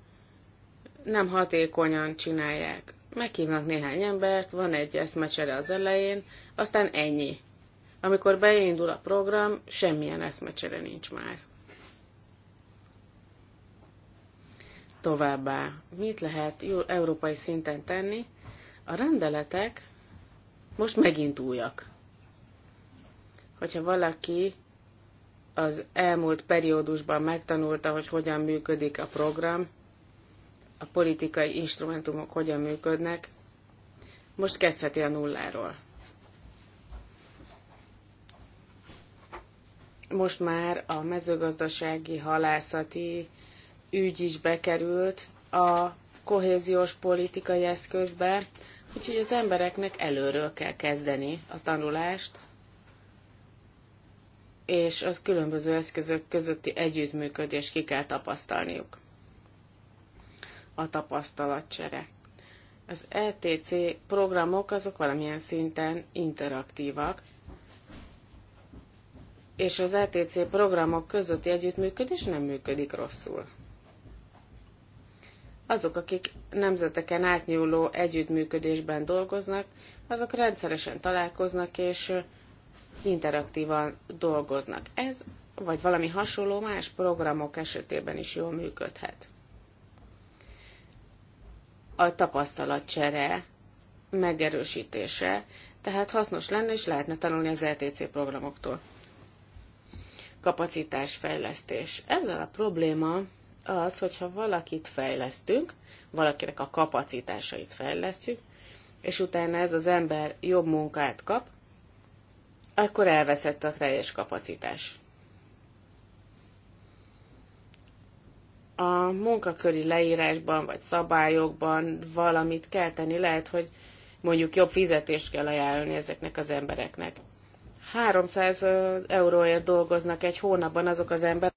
nem hatékonyan csinálják. Meghívnak néhány embert, van egy eszmecsere az elején, aztán ennyi. Amikor beindul a program, semmilyen eszmecsere nincs már. Továbbá, mit lehet jó európai szinten tenni? A rendeletek most megint újak. Hogyha valaki az elmúlt periódusban megtanulta, hogy hogyan működik a program, a politikai instrumentumok hogyan működnek, most kezdheti a nulláról. most már a mezőgazdasági halászati ügy is bekerült a kohéziós politikai eszközbe, úgyhogy az embereknek előről kell kezdeni a tanulást, és az különböző eszközök közötti együttműködés ki kell tapasztalniuk. A tapasztalatcsere. Az ETC programok azok valamilyen szinten interaktívak, és az ETC programok közötti együttműködés nem működik rosszul. Azok, akik nemzeteken átnyúló együttműködésben dolgoznak, azok rendszeresen találkoznak és interaktívan dolgoznak. Ez vagy valami hasonló más programok esetében is jól működhet. A tapasztalatcsere megerősítése, tehát hasznos lenne és lehetne tanulni az ETC programoktól kapacitásfejlesztés. Ezzel a probléma az, hogyha valakit fejlesztünk, valakinek a kapacitásait fejlesztjük, és utána ez az ember jobb munkát kap, akkor elveszett a teljes kapacitás. A munkaköri leírásban vagy szabályokban valamit kell tenni, lehet, hogy mondjuk jobb fizetést kell ajánlani ezeknek az embereknek. 300 euróért dolgoznak egy hónapban azok az emberek,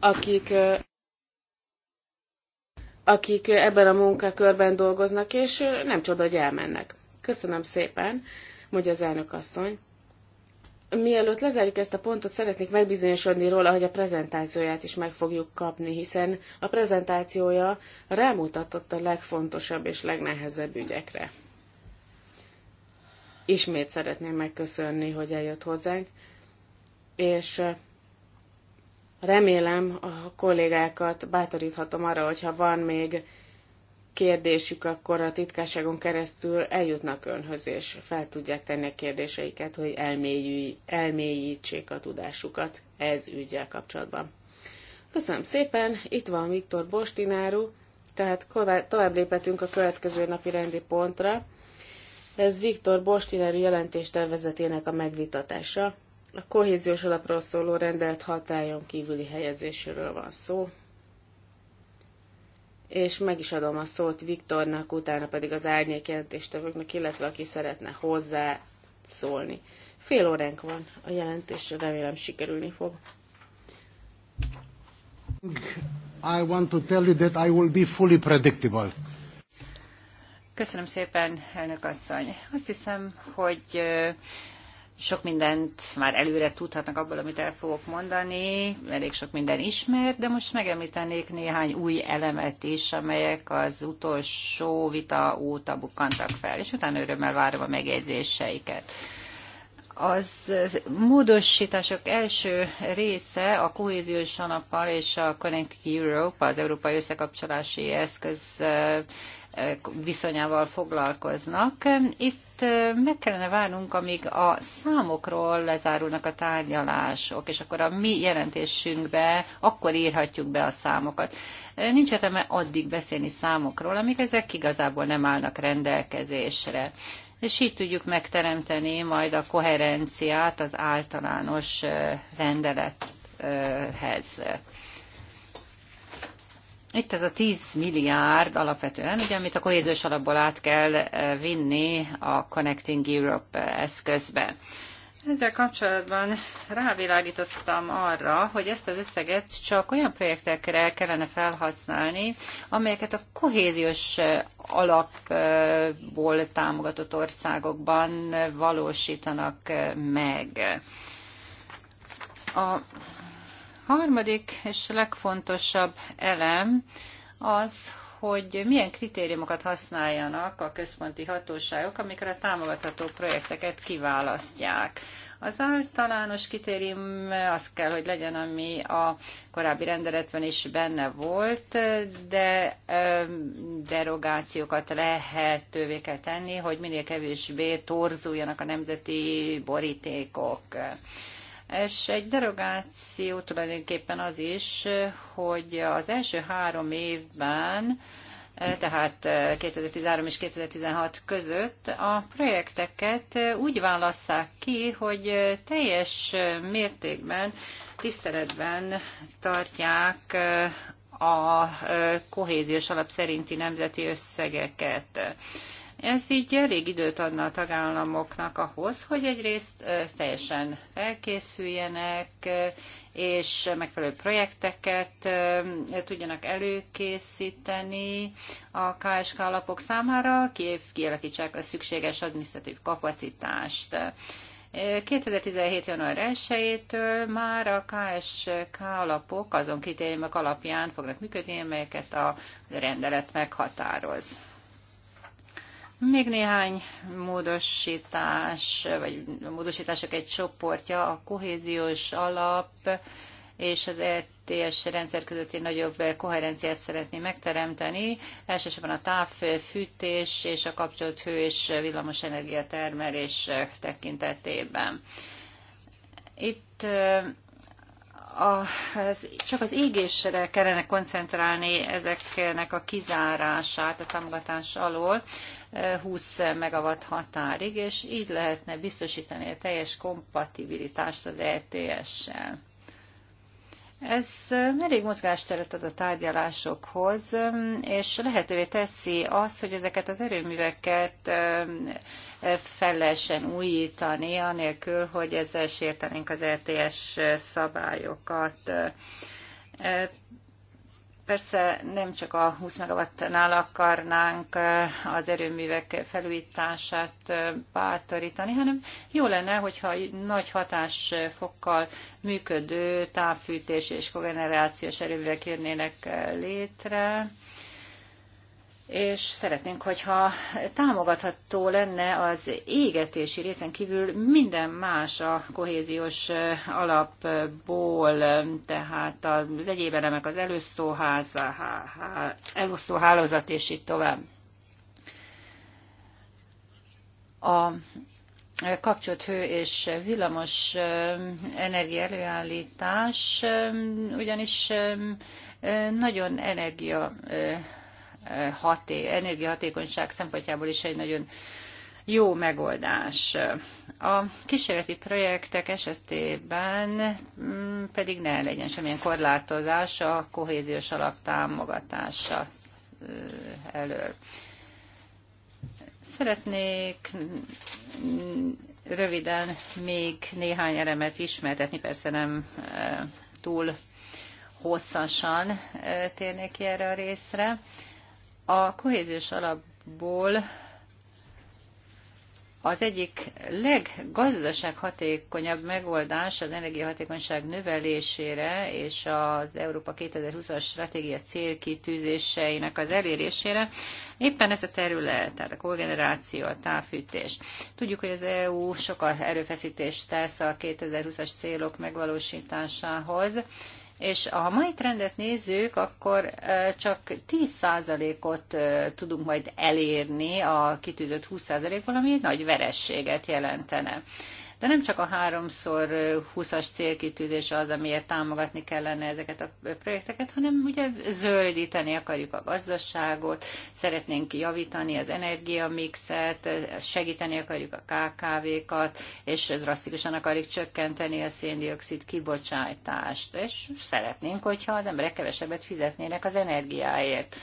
akik, akik ebben a munkakörben dolgoznak, és nem csoda, hogy elmennek. Köszönöm szépen, mondja az elnök asszony. Mielőtt lezárjuk ezt a pontot, szeretnék megbizonyosodni róla, hogy a prezentációját is meg fogjuk kapni, hiszen a prezentációja rámutatott a legfontosabb és legnehezebb ügyekre. Ismét szeretném megköszönni, hogy eljött hozzánk, és remélem a kollégákat bátoríthatom arra, hogyha van még kérdésük, akkor a titkárságon keresztül eljutnak önhöz, és fel tudják tenni a kérdéseiket, hogy elmélyítsék a tudásukat ez ügyel kapcsolatban. Köszönöm szépen, itt van Viktor Bostináru, tehát tovább léphetünk a következő napi rendi pontra, ez Viktor Bostineri jelentéstervezetének a megvitatása. A kohéziós alapról szóló rendelt hatályon kívüli helyezésről van szó. És meg is adom a szót Viktornak, utána pedig az árnyék jelentéstevőknek, illetve aki szeretne hozzá szólni. Fél óránk van a jelentésre, remélem sikerülni fog. I want to tell you that I will be fully predictable. Köszönöm szépen, elnök asszony. Azt hiszem, hogy sok mindent már előre tudhatnak abból, amit el fogok mondani, elég sok minden ismert, de most megemlítenék néhány új elemet is, amelyek az utolsó vita óta bukkantak fel, és utána örömmel várom a megjegyzéseiket. Az módosítások első része a kohéziós alappal és a Connect Europe, az Európai Összekapcsolási Eszköz viszonyával foglalkoznak. Itt meg kellene várnunk, amíg a számokról lezárulnak a tárgyalások, és akkor a mi jelentésünkbe akkor írhatjuk be a számokat. Nincs értelme addig beszélni számokról, amik ezek igazából nem állnak rendelkezésre és így tudjuk megteremteni majd a koherenciát az általános rendelethez. Itt ez a 10 milliárd alapvetően, ugye, amit a kohéziós alapból át kell eh, vinni a Connecting Europe eh, eszközbe. Ezzel kapcsolatban rávilágítottam arra, hogy ezt az összeget csak olyan projektekre kellene felhasználni, amelyeket a kohéziós eh, alapból támogatott országokban valósítanak meg. A Harmadik és legfontosabb elem az, hogy milyen kritériumokat használjanak a központi hatóságok, amikor a támogatható projekteket kiválasztják. Az általános kritérium az kell, hogy legyen, ami a korábbi rendeletben is benne volt, de derogációkat lehetővé kell tenni, hogy minél kevésbé torzuljanak a nemzeti borítékok és egy derogáció tulajdonképpen az is, hogy az első három évben eh, tehát 2013 eh, és 2016 között a projekteket eh, úgy válasszák ki, hogy teljes mértékben, tiszteletben tartják a kohéziós alap szerinti nemzeti összegeket. Ez így elég időt adna a tagállamoknak ahhoz, hogy egyrészt teljesen felkészüljenek, és megfelelő projekteket tudjanak előkészíteni a KSK alapok számára, kialakítsák a szükséges adminisztratív kapacitást. 2017. január 1-től már a KSK alapok azon kritériumok alapján fognak működni, amelyeket a rendelet meghatároz. Még néhány módosítás, vagy módosítások egy csoportja, a kohéziós alap és az ETS rendszer közötti nagyobb koherenciát szeretné megteremteni, elsősorban a távfűtés és a kapcsolt hő és villamos energiatermelés tekintetében. Itt a, az, csak az égésre kellene koncentrálni ezeknek a kizárását a támogatás alól, 20 megawatt határig, és így lehetne biztosítani a teljes kompatibilitást az ETS-sel. Ez elég mozgásteret ad a tárgyalásokhoz, és lehetővé teszi azt, hogy ezeket az erőműveket e, fel újítani, anélkül, hogy ezzel sértenénk az RTS e szabályokat. E, Persze nem csak a 20 megawattnál akarnánk eh, az erőművek felújítását eh, bátorítani, hanem jó lenne, hogyha nagy hatásfokkal működő távfűtés és kogenerációs erőművek jönnének eh, létre, és szeretnénk, hogyha támogatható lenne az égetési részen kívül minden más a kohéziós alapból, tehát az egyéb elemek, az elosztóház, elosztóhálózat és így tovább. A kapcsolt hő és villamos energia előállítás ugyanis nagyon energia haté, energiahatékonyság szempontjából is egy nagyon jó megoldás. A kísérleti projektek esetében mm, pedig ne legyen semmilyen korlátozás a kohéziós alap támogatása elől. Szeretnék röviden még néhány elemet ismertetni, persze nem túl hosszasan térnék ki erre a részre. A kohéziós alapból az egyik leggazdasághatékonyabb megoldás az energiahatékonyság növelésére és az Európa 2020-as stratégia célkitűzéseinek az elérésére éppen ez a terület, tehát a kogeneráció, a távfűtés. Tudjuk, hogy az EU sokkal erőfeszítést tesz a 2020-as célok megvalósításához, és ha a mai trendet nézzük, akkor csak 10%-ot tudunk majd elérni a kitűzött 20%-ból, ami egy nagy verességet jelentene. De nem csak a háromszor 20-as célkitűzés az, amiért támogatni kellene ezeket a projekteket, hanem ugye zöldíteni akarjuk a gazdaságot, szeretnénk javítani az energiamixet, segíteni akarjuk a KKV-kat, és drasztikusan akarjuk csökkenteni a széndiokszid kibocsátást, és szeretnénk, hogyha az emberek kevesebbet fizetnének az energiáért.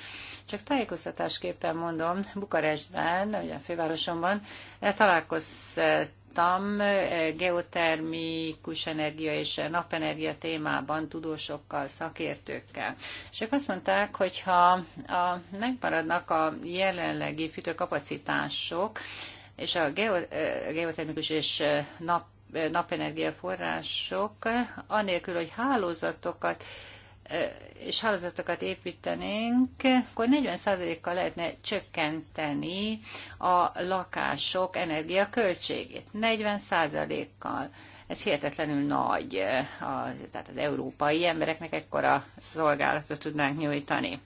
Csak tájékoztatásképpen mondom, Bukarestben, ugye a fővárosomban találkoztam hallottam, e, geotermikus energia és napenergia témában tudósokkal, szakértőkkel. És ők azt mondták, hogy ha megmaradnak a jelenlegi fűtőkapacitások, és a e, geotermikus és e, nap napenergia források, anélkül, hogy hálózatokat és hálózatokat építenénk, akkor 40%-kal lehetne csökkenteni a lakások energiaköltségét. 40%-kal. Ez hihetetlenül nagy, a, tehát az európai embereknek ekkora szolgálatot tudnánk nyújtani.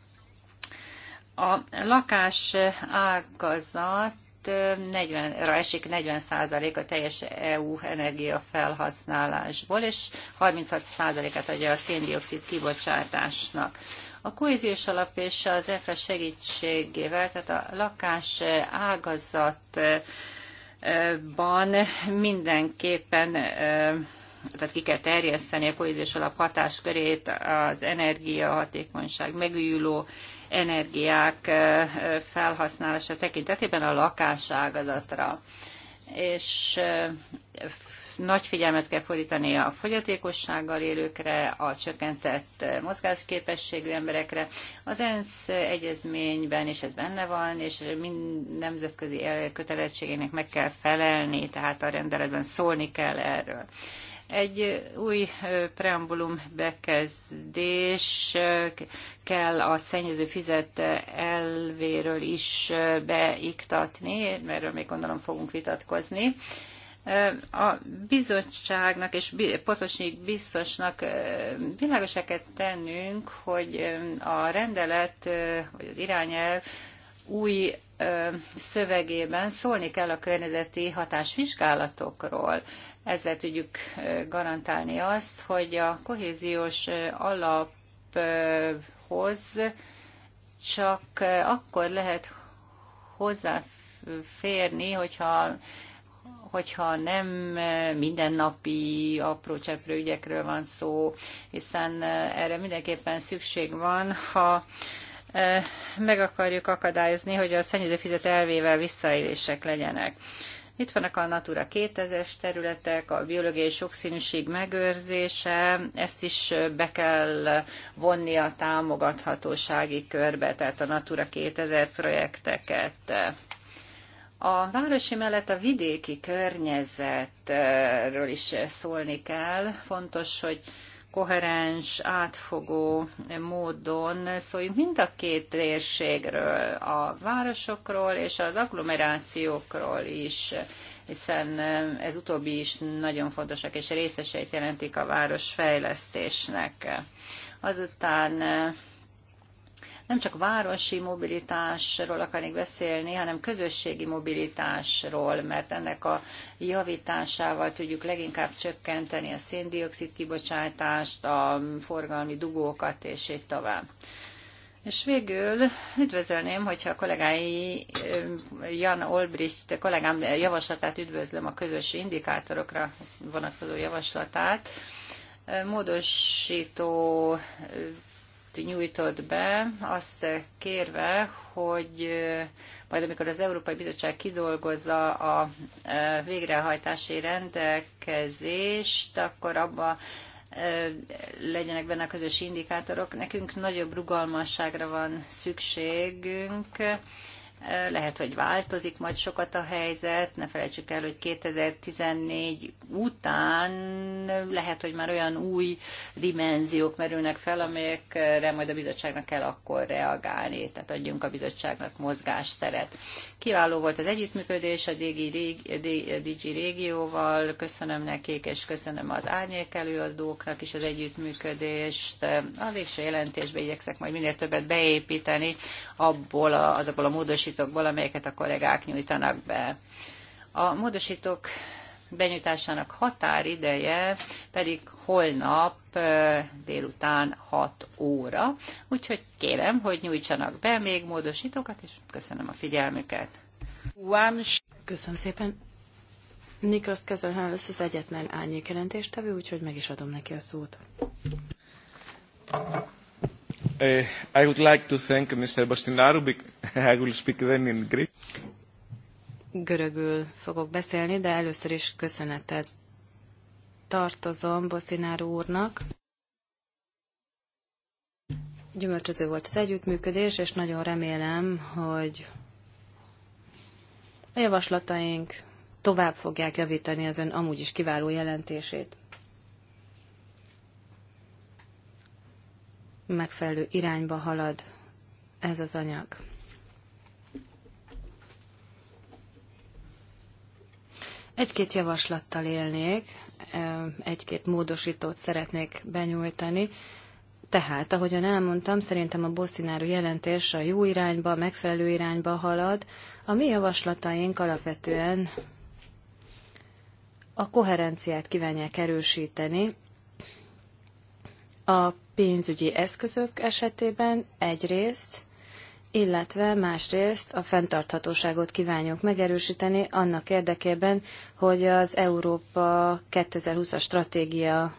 A lakás ágazat 40-ra esik 40% a teljes EU energiafelhasználásból, és 36%-át adja a széndiokszid kibocsátásnak. A kohéziós alap és az EFRA e segítségével, tehát a lakás ágazatban mindenképpen tehát ki kell terjeszteni a kohéziós alap hatáskörét az energiahatékonyság, megújuló energiák felhasználása tekintetében a lakásságazatra. És nagy figyelmet kell fordítani a fogyatékossággal élőkre, a csökkentett mozgásképességű emberekre. Az ENSZ egyezményben, is ez benne van, és mind nemzetközi kötelezettségének meg kell felelni, tehát a rendeletben szólni kell erről. Egy új preambulum bekezdés kell a szennyező fizet elvéről is beiktatni, erről még gondolom fogunk vitatkozni a bizottságnak és Potosnyik biztosnak világosá kell tennünk, hogy a rendelet vagy az irányelv új szövegében szólni kell a környezeti hatásvizsgálatokról. Ezzel tudjuk garantálni azt, hogy a kohéziós alaphoz csak akkor lehet hozzáférni, hogyha hogyha nem mindennapi apró cseprő ügyekről van szó, hiszen erre mindenképpen szükség van, ha meg akarjuk akadályozni, hogy a szennyező fizet elvével visszaélések legyenek. Itt vannak a Natura 2000-es területek, a biológiai sokszínűség megőrzése, ezt is be kell vonni a támogathatósági körbe, tehát a Natura 2000 projekteket. A városi mellett a vidéki környezetről is szólni kell. Fontos, hogy koherens, átfogó módon szóljunk mind a két térségről, a városokról és az agglomerációkról is, hiszen ez utóbbi is nagyon fontosak és részeseit jelentik a városfejlesztésnek. Azután nem csak városi mobilitásról akarnék beszélni, hanem közösségi mobilitásról, mert ennek a javításával tudjuk leginkább csökkenteni a széndiokszid kibocsátást, a forgalmi dugókat és így tovább. És végül üdvözölném, hogyha a kollégái, Jan Olbricht kollégám javaslatát üdvözlöm a közös indikátorokra vonatkozó javaslatát. Módosító nyújtott be, azt kérve, hogy majd amikor az Európai Bizottság kidolgozza a végrehajtási rendelkezést, akkor abba legyenek benne a közös indikátorok. Nekünk nagyobb rugalmasságra van szükségünk, lehet, hogy változik majd sokat a helyzet, ne felejtsük el, hogy 2014 után lehet, hogy már olyan új dimenziók merülnek fel, amelyekre majd a bizottságnak kell akkor reagálni, tehát adjunk a bizottságnak mozgásteret. Kiváló volt az együttműködés a DG régióval, köszönöm nekik, és köszönöm az árnyék előadóknak is az együttműködést. A végső jelentésbe igyekszek majd minél többet beépíteni abból a, azokból a módos módosítókból, amelyeket a kollégák nyújtanak be. A módosítók benyújtásának határideje pedig holnap délután 6 óra, úgyhogy kérem, hogy nyújtsanak be még módosítókat, és köszönöm a figyelmüket. Köszönöm szépen. Niklas Kezelhán lesz az egyetlen árnyék jelentéstevő, úgyhogy meg is adom neki a szót. Uh, I would like to thank Mr. Bostinaru, I will speak then in Greek. Görögül fogok beszélni, de először is köszönetet tartozom Bosztináru úrnak. Gyümölcsöző volt az együttműködés, és nagyon remélem, hogy a javaslataink tovább fogják javítani az ön amúgy is kiváló jelentését. megfelelő irányba halad ez az anyag. Egy-két javaslattal élnék, egy-két módosítót szeretnék benyújtani. Tehát, ahogyan elmondtam, szerintem a Bosszináru jelentés a jó irányba, megfelelő irányba halad. A mi javaslataink alapvetően a koherenciát kívánják erősíteni a pénzügyi eszközök esetében egyrészt, illetve másrészt a fenntarthatóságot kívánjuk megerősíteni annak érdekében, hogy az Európa 2020-as stratégia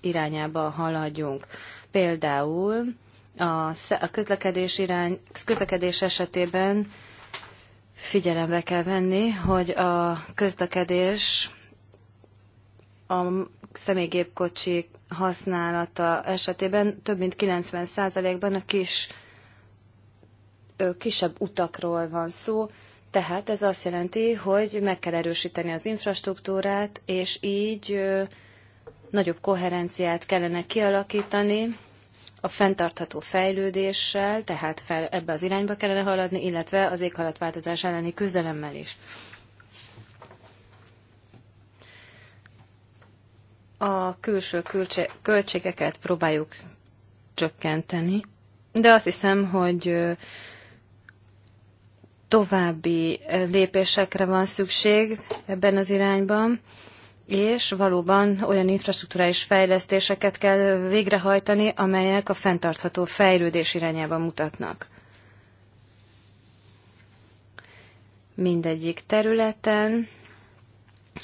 irányába haladjunk. Például a közlekedés, irány, közlekedés esetében figyelembe kell venni, hogy a közlekedés a személygépkocsik használata esetében több mint 90%-ban a kis, kisebb utakról van szó, tehát ez azt jelenti, hogy meg kell erősíteni az infrastruktúrát, és így nagyobb koherenciát kellene kialakítani a fenntartható fejlődéssel, tehát fel, ebbe az irányba kellene haladni, illetve az éghajlatváltozás elleni küzdelemmel is. a külső költségeket próbáljuk csökkenteni, de azt hiszem, hogy további lépésekre van szükség ebben az irányban, és valóban olyan infrastruktúrális fejlesztéseket kell végrehajtani, amelyek a fenntartható fejlődés irányába mutatnak. Mindegyik területen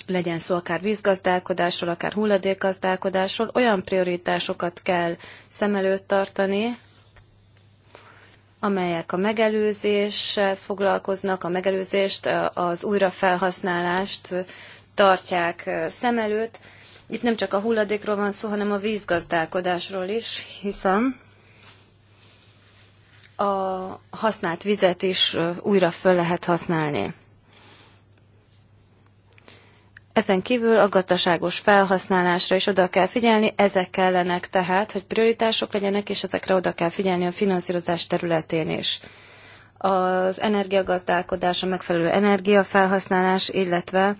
legyen szó akár vízgazdálkodásról, akár hulladékgazdálkodásról, olyan prioritásokat kell szem előtt tartani, amelyek a megelőzéssel foglalkoznak, a megelőzést, az újrafelhasználást tartják szem előtt. Itt nem csak a hulladékról van szó, hanem a vízgazdálkodásról is, hiszen a használt vizet is újra fel lehet használni. Ezen kívül a gazdaságos felhasználásra is oda kell figyelni, ezek kellenek tehát, hogy prioritások legyenek, és ezekre oda kell figyelni a finanszírozás területén is. Az energiagazdálkodás, a megfelelő energiafelhasználás, illetve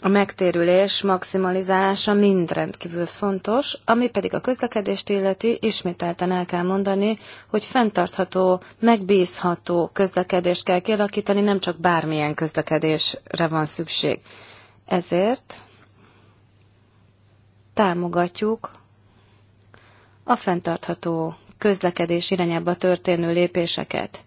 a megtérülés maximalizálása mind rendkívül fontos, ami pedig a közlekedést illeti, ismételten el kell mondani, hogy fenntartható, megbízható közlekedést kell kialakítani, nem csak bármilyen közlekedésre van szükség. Ezért támogatjuk a fenntartható közlekedés irányába történő lépéseket.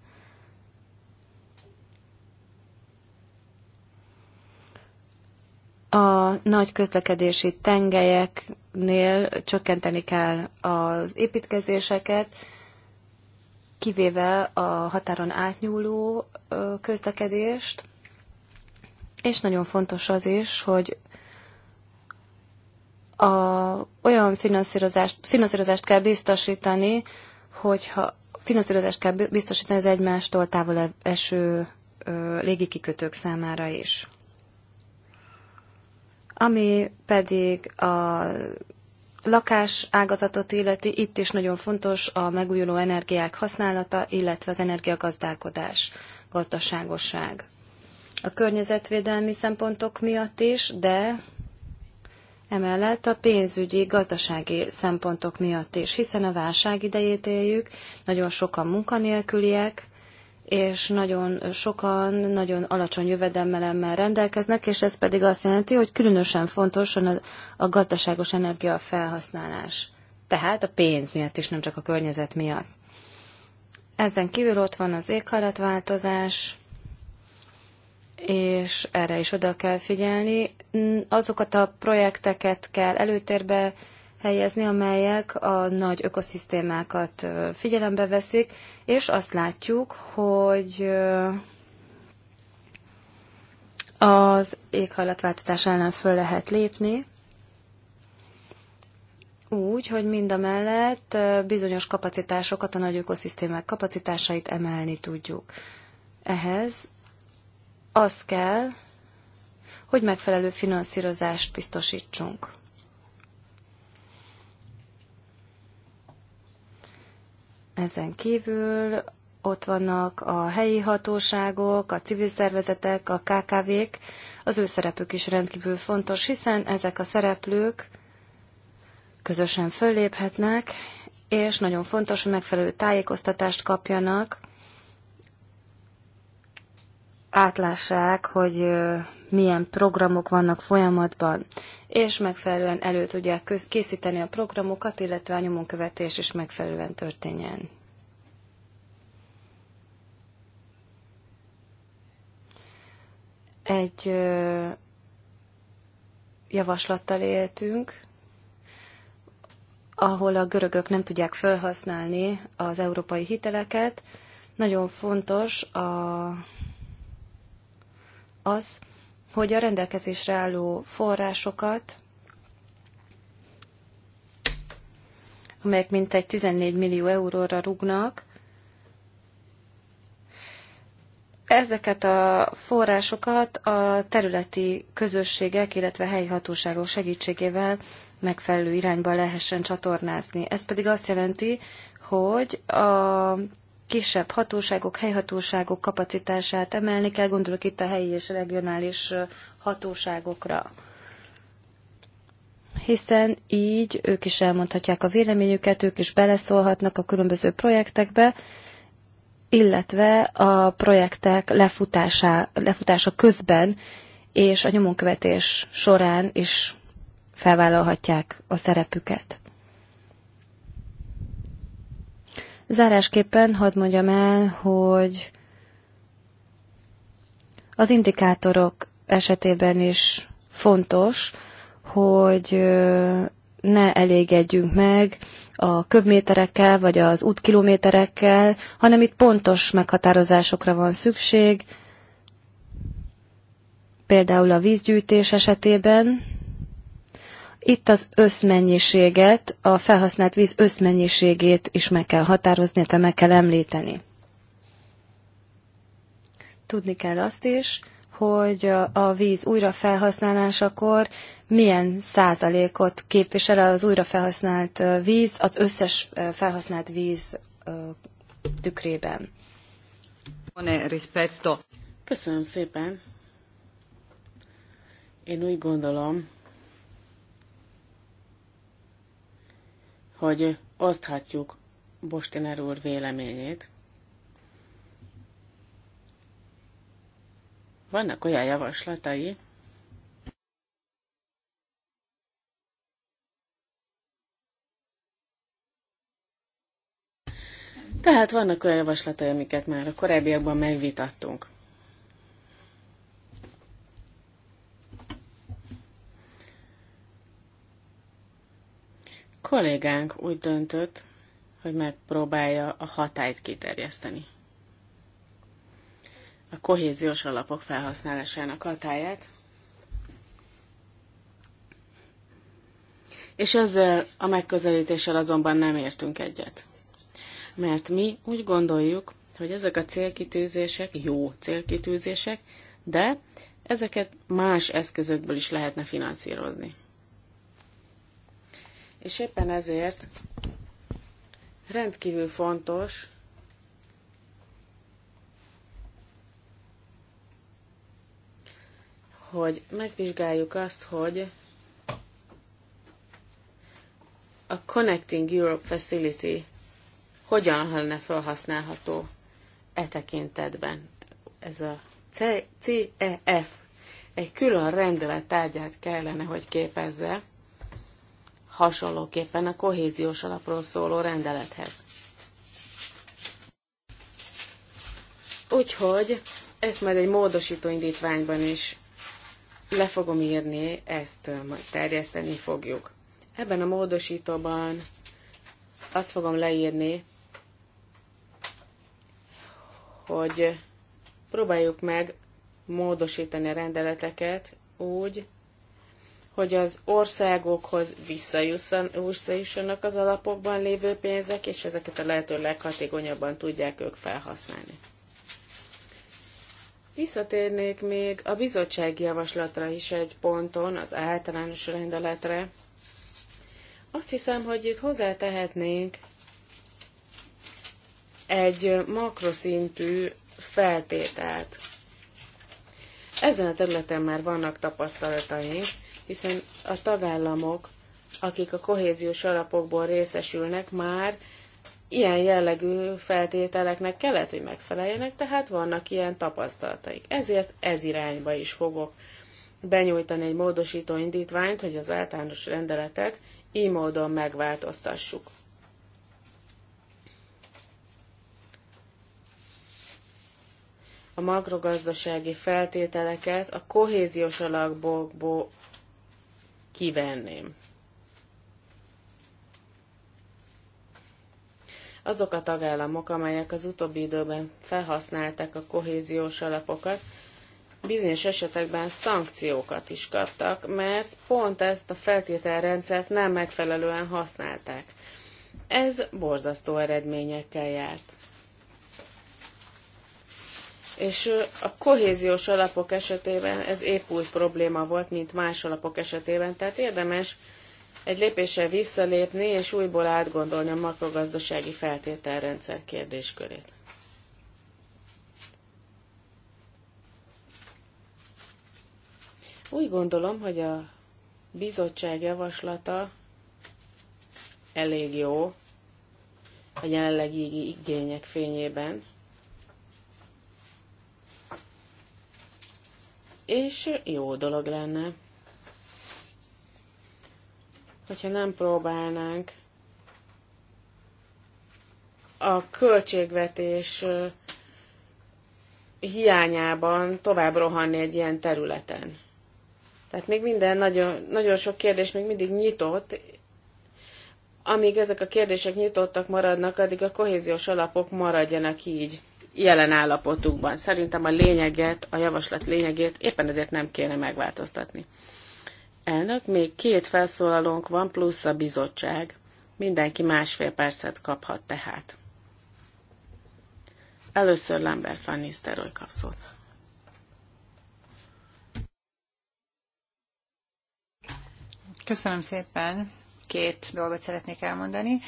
A nagy közlekedési tengelyeknél csökkenteni kell az építkezéseket, kivéve a határon átnyúló közlekedést, és nagyon fontos az is, hogy a, olyan finanszírozást, finanszírozást kell biztosítani, hogyha finanszírozást kell biztosítani az egymástól távol e- eső ö, légikikötők számára is. Ami pedig a lakás ágazatot illeti, itt is nagyon fontos a megújuló energiák használata, illetve az energiagazdálkodás, gazdaságosság a környezetvédelmi szempontok miatt is, de emellett a pénzügyi, gazdasági szempontok miatt is, hiszen a válság idejét éljük, nagyon sokan munkanélküliek, és nagyon sokan nagyon alacsony jövedelmelemmel rendelkeznek, és ez pedig azt jelenti, hogy különösen fontos a, gazdaságos energia felhasználás. Tehát a pénz miatt is, nem csak a környezet miatt. Ezen kívül ott van az éghajlatváltozás, és erre is oda kell figyelni. Azokat a projekteket kell előtérbe helyezni, amelyek a nagy ökoszisztémákat figyelembe veszik, és azt látjuk, hogy az éghajlatváltozás ellen föl lehet lépni, úgy, hogy mind a mellett bizonyos kapacitásokat, a nagy ökoszisztémák kapacitásait emelni tudjuk. Ehhez az kell, hogy megfelelő finanszírozást biztosítsunk. Ezen kívül ott vannak a helyi hatóságok, a civil szervezetek, a KKV-k, az ő szerepük is rendkívül fontos, hiszen ezek a szereplők közösen fölléphetnek, és nagyon fontos, hogy megfelelő tájékoztatást kapjanak átlássák, hogy milyen programok vannak folyamatban, és megfelelően elő tudják készíteni a programokat, illetve a nyomonkövetés is megfelelően történjen. Egy javaslattal éltünk, ahol a görögök nem tudják felhasználni az európai hiteleket. Nagyon fontos a az, hogy a rendelkezésre álló forrásokat, amelyek mintegy 14 millió euróra rugnak, Ezeket a forrásokat a területi közösségek, illetve helyi hatóságok segítségével megfelelő irányba lehessen csatornázni. Ez pedig azt jelenti, hogy a kisebb hatóságok, helyhatóságok kapacitását emelni kell, gondolok itt a helyi és regionális hatóságokra. Hiszen így ők is elmondhatják a véleményüket, ők is beleszólhatnak a különböző projektekbe, illetve a projektek lefutása, lefutása közben és a nyomonkövetés során is felvállalhatják a szerepüket. Zárásképpen hadd mondjam el, hogy az indikátorok esetében is fontos, hogy ne elégedjünk meg a köbméterekkel, vagy az útkilométerekkel, hanem itt pontos meghatározásokra van szükség, például a vízgyűjtés esetében, itt az összmennyiséget, a felhasznált víz összmennyiségét is meg kell határozni, illetve meg kell említeni. Tudni kell azt is, hogy a víz újrafelhasználásakor milyen százalékot képvisel az újrafelhasznált víz az összes felhasznált víz tükrében. Köszönöm szépen. Én úgy gondolom, hogy oszthatjuk Bostener úr véleményét. Vannak olyan javaslatai, Tehát vannak olyan javaslatai, amiket már a korábbiakban megvitattunk. kollégánk úgy döntött, hogy megpróbálja a hatályt kiterjeszteni. A kohéziós alapok felhasználásának hatáját, És ezzel a megközelítéssel azonban nem értünk egyet. Mert mi úgy gondoljuk, hogy ezek a célkitűzések jó célkitűzések, de ezeket más eszközökből is lehetne finanszírozni. És éppen ezért rendkívül fontos, hogy megvizsgáljuk azt, hogy a Connecting Europe Facility hogyan lenne felhasználható e tekintetben. Ez a CEF egy külön rendelet tárgyát kellene, hogy képezze, hasonlóképpen a kohéziós alapról szóló rendelethez. Úgyhogy ezt majd egy módosító indítványban is le fogom írni, ezt majd terjeszteni fogjuk. Ebben a módosítóban azt fogom leírni, hogy próbáljuk meg módosítani a rendeleteket úgy, hogy az országokhoz visszajussanak az alapokban lévő pénzek, és ezeket a lehető leghatékonyabban tudják ők felhasználni. Visszatérnék még a bizottsági javaslatra is egy ponton, az általános rendeletre. Azt hiszem, hogy itt hozzátehetnénk egy makroszintű feltételt. Ezen a területen már vannak tapasztalataink, hiszen a tagállamok, akik a kohéziós alapokból részesülnek, már ilyen jellegű feltételeknek kellett, hogy megfeleljenek, tehát vannak ilyen tapasztalataik. Ezért ez irányba is fogok benyújtani egy módosító indítványt, hogy az általános rendeletet így módon megváltoztassuk. a makrogazdasági feltételeket a kohéziós alapokból, kivenném. Azok a tagállamok, amelyek az utóbbi időben felhasználták a kohéziós alapokat, bizonyos esetekben szankciókat is kaptak, mert pont ezt a feltételrendszert nem megfelelően használták. Ez borzasztó eredményekkel járt és a kohéziós alapok esetében ez épp úgy probléma volt, mint más alapok esetében, tehát érdemes egy lépéssel visszalépni, és újból átgondolni a makrogazdasági feltételrendszer kérdéskörét. Úgy gondolom, hogy a bizottság javaslata elég jó a jelenlegi igények fényében, és jó dolog lenne, hogyha nem próbálnánk a költségvetés hiányában tovább rohanni egy ilyen területen. Tehát még minden, nagyon, nagyon sok kérdés még mindig nyitott, amíg ezek a kérdések nyitottak maradnak, addig a kohéziós alapok maradjanak így jelen állapotukban. Szerintem a lényeget, a javaslat lényegét éppen ezért nem kéne megváltoztatni. Elnök, még két felszólalónk van, plusz a bizottság. Mindenki másfél percet kaphat tehát. Először Lambert van Nisztelrooy kap szót. Köszönöm szépen. Két dolgot szeretnék elmondani.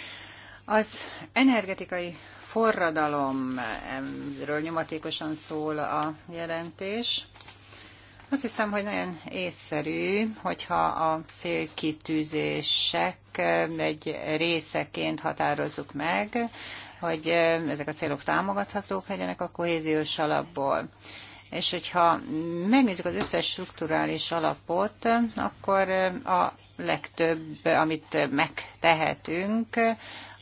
Az energetikai forradalom, erről nyomatékosan szól a jelentés. Azt hiszem, hogy nagyon észszerű, hogyha a célkitűzések egy részeként határozzuk meg, hogy ezek a célok támogathatók legyenek a kohéziós alapból. És hogyha megnézzük az összes strukturális alapot, akkor a legtöbb, amit megtehetünk,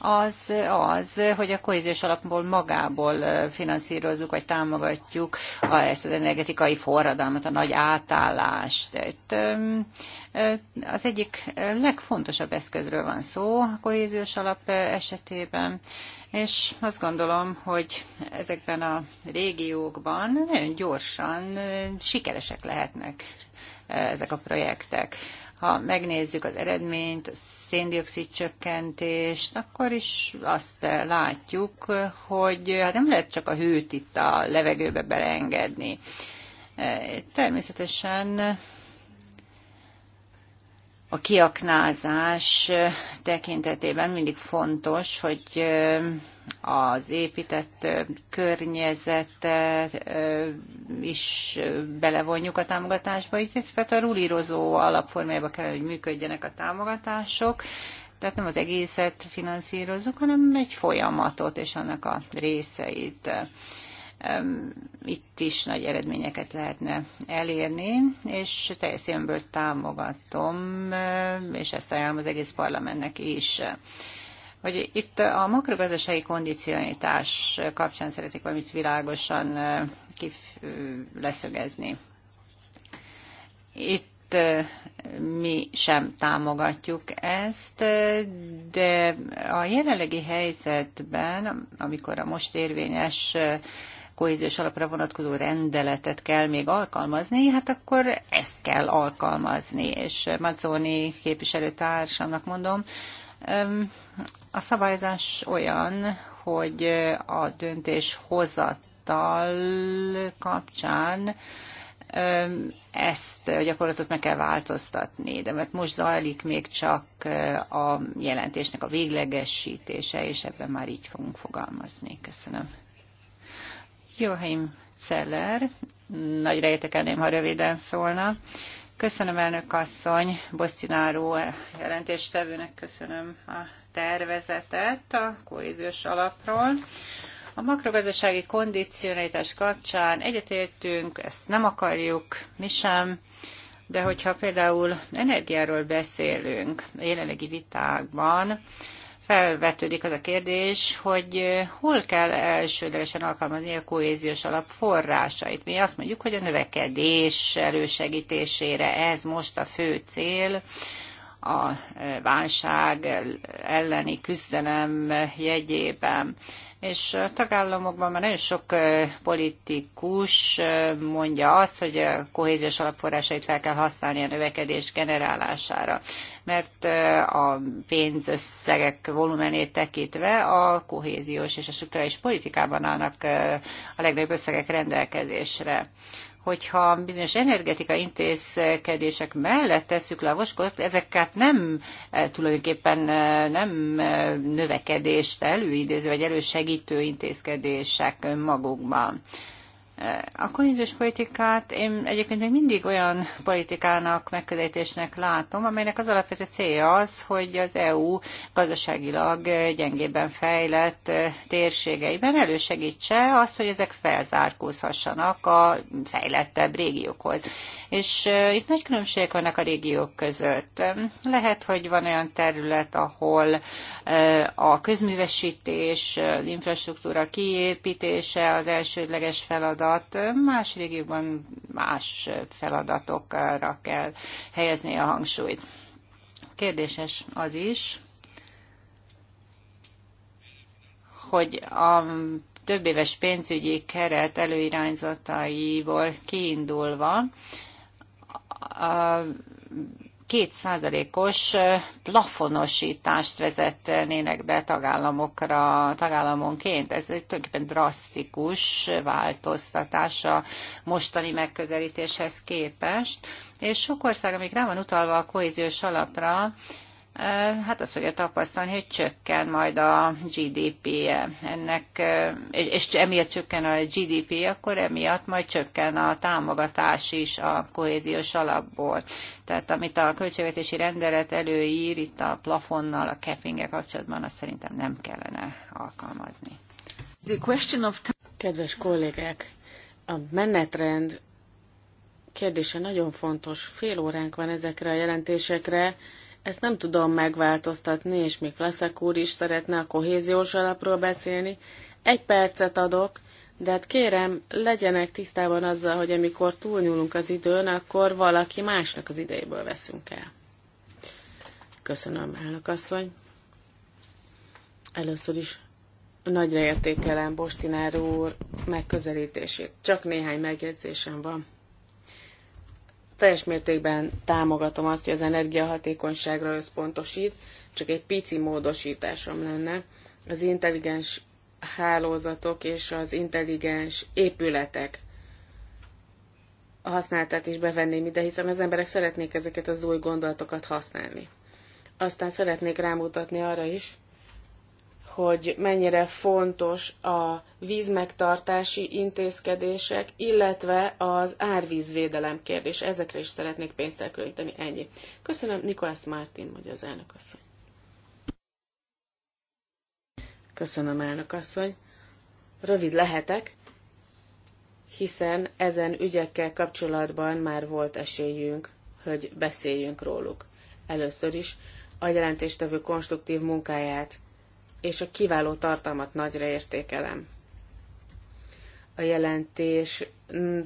az az, hogy a kohéziós alapból magából finanszírozzuk, vagy támogatjuk a ezt az energetikai forradalmat, a nagy átállást. Itt, az egyik legfontosabb eszközről van szó a kohéziós alap esetében, és azt gondolom, hogy ezekben a régiókban nagyon gyorsan sikeresek lehetnek ezek a projektek. Ha megnézzük az eredményt, a széndiokszid csökkentést, akkor is azt látjuk, hogy hát nem lehet csak a hőt itt a levegőbe beleengedni. Természetesen a kiaknázás tekintetében mindig fontos, hogy az épített környezet is belevonjuk a támogatásba, így tehát a rulírozó alapformájába kell, hogy működjenek a támogatások, tehát nem az egészet finanszírozunk, hanem egy folyamatot és annak a részeit itt is nagy eredményeket lehetne elérni, és teljes szívemből támogatom, és ezt ajánlom az egész parlamentnek is hogy itt a makrogazdasági kondicionitás kapcsán szeretik valamit világosan leszögezni. Itt mi sem támogatjuk ezt, de a jelenlegi helyzetben, amikor a most érvényes kohéziós alapra vonatkozó rendeletet kell még alkalmazni, hát akkor ezt kell alkalmazni. És Mazzoni képviselőtársamnak mondom, a szabályozás olyan, hogy a döntéshozattal kapcsán ezt a gyakorlatot meg kell változtatni, de mert most zajlik még csak a jelentésnek a véglegesítése, és ebben már így fogunk fogalmazni. Köszönöm. Joachim Celler, nagyra értékelném, ha röviden szólna. Köszönöm, elnök asszony, Bosztináró jelentéstevőnek köszönöm a tervezetet a kohéziós alapról. A makrogazdasági kondicionalitás kapcsán egyetértünk, ezt nem akarjuk, mi sem, de hogyha például energiáról beszélünk a jelenlegi vitákban, felvetődik az a kérdés, hogy hol kell elsődlegesen alkalmazni a kohéziós alap forrásait. Mi azt mondjuk, hogy a növekedés elősegítésére ez most a fő cél, a válság elleni küzdelem jegyében. És a tagállamokban már nagyon sok politikus mondja azt, hogy a kohéziós alapforrásait fel kell használni a növekedés generálására, mert a pénzösszegek volumenét tekintve a kohéziós és a struktúrális politikában állnak a legnagyobb összegek rendelkezésre hogyha bizonyos energetikai intézkedések mellett tesszük le a vaskot, ezeket hát nem eh, tulajdonképpen eh, nem eh, növekedést előidéző vagy elősegítő intézkedések önmagukban. A kohéziós politikát én egyébként még mindig olyan politikának, megközelítésnek látom, amelynek az alapvető célja az, hogy az EU gazdaságilag gyengében fejlett térségeiben elősegítse azt, hogy ezek felzárkózhassanak a fejlettebb régiókhoz. És itt nagy különbségek vannak a régiók között. Lehet, hogy van olyan terület, ahol a közművesítés, az infrastruktúra kiépítése az elsődleges feladat, feladat, más régióban más feladatokra kell helyezni a hangsúlyt. Kérdéses az is, hogy a több éves pénzügyi keret előirányzataiból kiindulva a kétszázalékos plafonosítást vezetnének be tagállamokra, tagállamonként. Ez egy tulajdonképpen drasztikus változtatás a mostani megközelítéshez képest. És sok ország, amik rá van utalva a kohéziós alapra, hát azt fogja tapasztalni, hogy csökken majd a GDP-je. Ennek, és emiatt csökken a GDP, akkor emiatt majd csökken a támogatás is a kohéziós alapból. Tehát amit a költségvetési rendelet előír itt a plafonnal, a cappinggel kapcsolatban, azt szerintem nem kellene alkalmazni. The question of Kedves kollégák, a menetrend kérdése nagyon fontos. Fél óránk van ezekre a jelentésekre ezt nem tudom megváltoztatni, és még Leszek úr is szeretne a kohéziós alapról beszélni. Egy percet adok, de hát kérem, legyenek tisztában azzal, hogy amikor túlnyúlunk az időn, akkor valaki másnak az idejéből veszünk el. Köszönöm, elnök asszony. Először is nagyra értékelem Bostinár úr megközelítését. Csak néhány megjegyzésem van teljes mértékben támogatom azt, hogy az energiahatékonyságra összpontosít, csak egy pici módosításom lenne. Az intelligens hálózatok és az intelligens épületek használatát is bevenném ide, hiszen az emberek szeretnék ezeket az új gondolatokat használni. Aztán szeretnék rámutatni arra is, hogy mennyire fontos a vízmegtartási intézkedések, illetve az árvízvédelem kérdés. Ezekre is szeretnék pénzt elkülöníteni. Ennyi. Köszönöm, Nikolász Mártin, hogy az elnök asszony. Köszönöm, elnök asszony. Rövid lehetek, hiszen ezen ügyekkel kapcsolatban már volt esélyünk, hogy beszéljünk róluk. Először is a jelentéstevő konstruktív munkáját és a kiváló tartalmat nagyra értékelem. A jelentés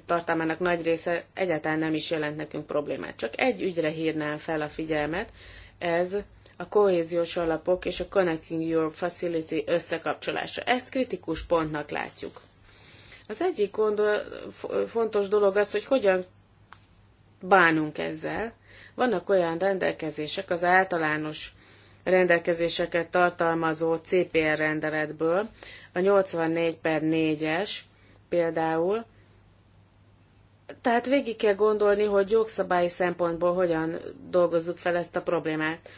tartalmának nagy része egyáltalán nem is jelent nekünk problémát. Csak egy ügyre hírnám fel a figyelmet, ez a kohéziós alapok és a Connecting Europe Facility összekapcsolása. Ezt kritikus pontnak látjuk. Az egyik gondol, fontos dolog az, hogy hogyan bánunk ezzel. Vannak olyan rendelkezések az általános rendelkezéseket tartalmazó CPR rendeletből. A 84 per 4-es például. Tehát végig kell gondolni, hogy jogszabályi szempontból hogyan dolgozzuk fel ezt a problémát.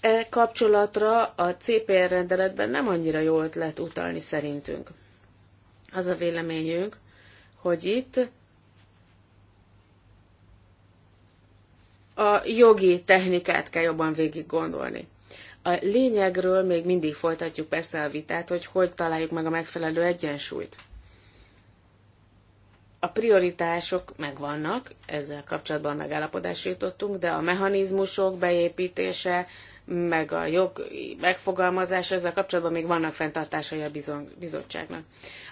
E kapcsolatra a CPR rendeletben nem annyira jó ötlet utalni szerintünk. Az a véleményünk, hogy itt a jogi technikát kell jobban végig gondolni. A lényegről még mindig folytatjuk persze a vitát, hogy hogy találjuk meg a megfelelő egyensúlyt. A prioritások megvannak, ezzel kapcsolatban megállapodásra jutottunk, de a mechanizmusok beépítése, meg a jog megfogalmazása, ezzel kapcsolatban még vannak fenntartásai a bizottságnak.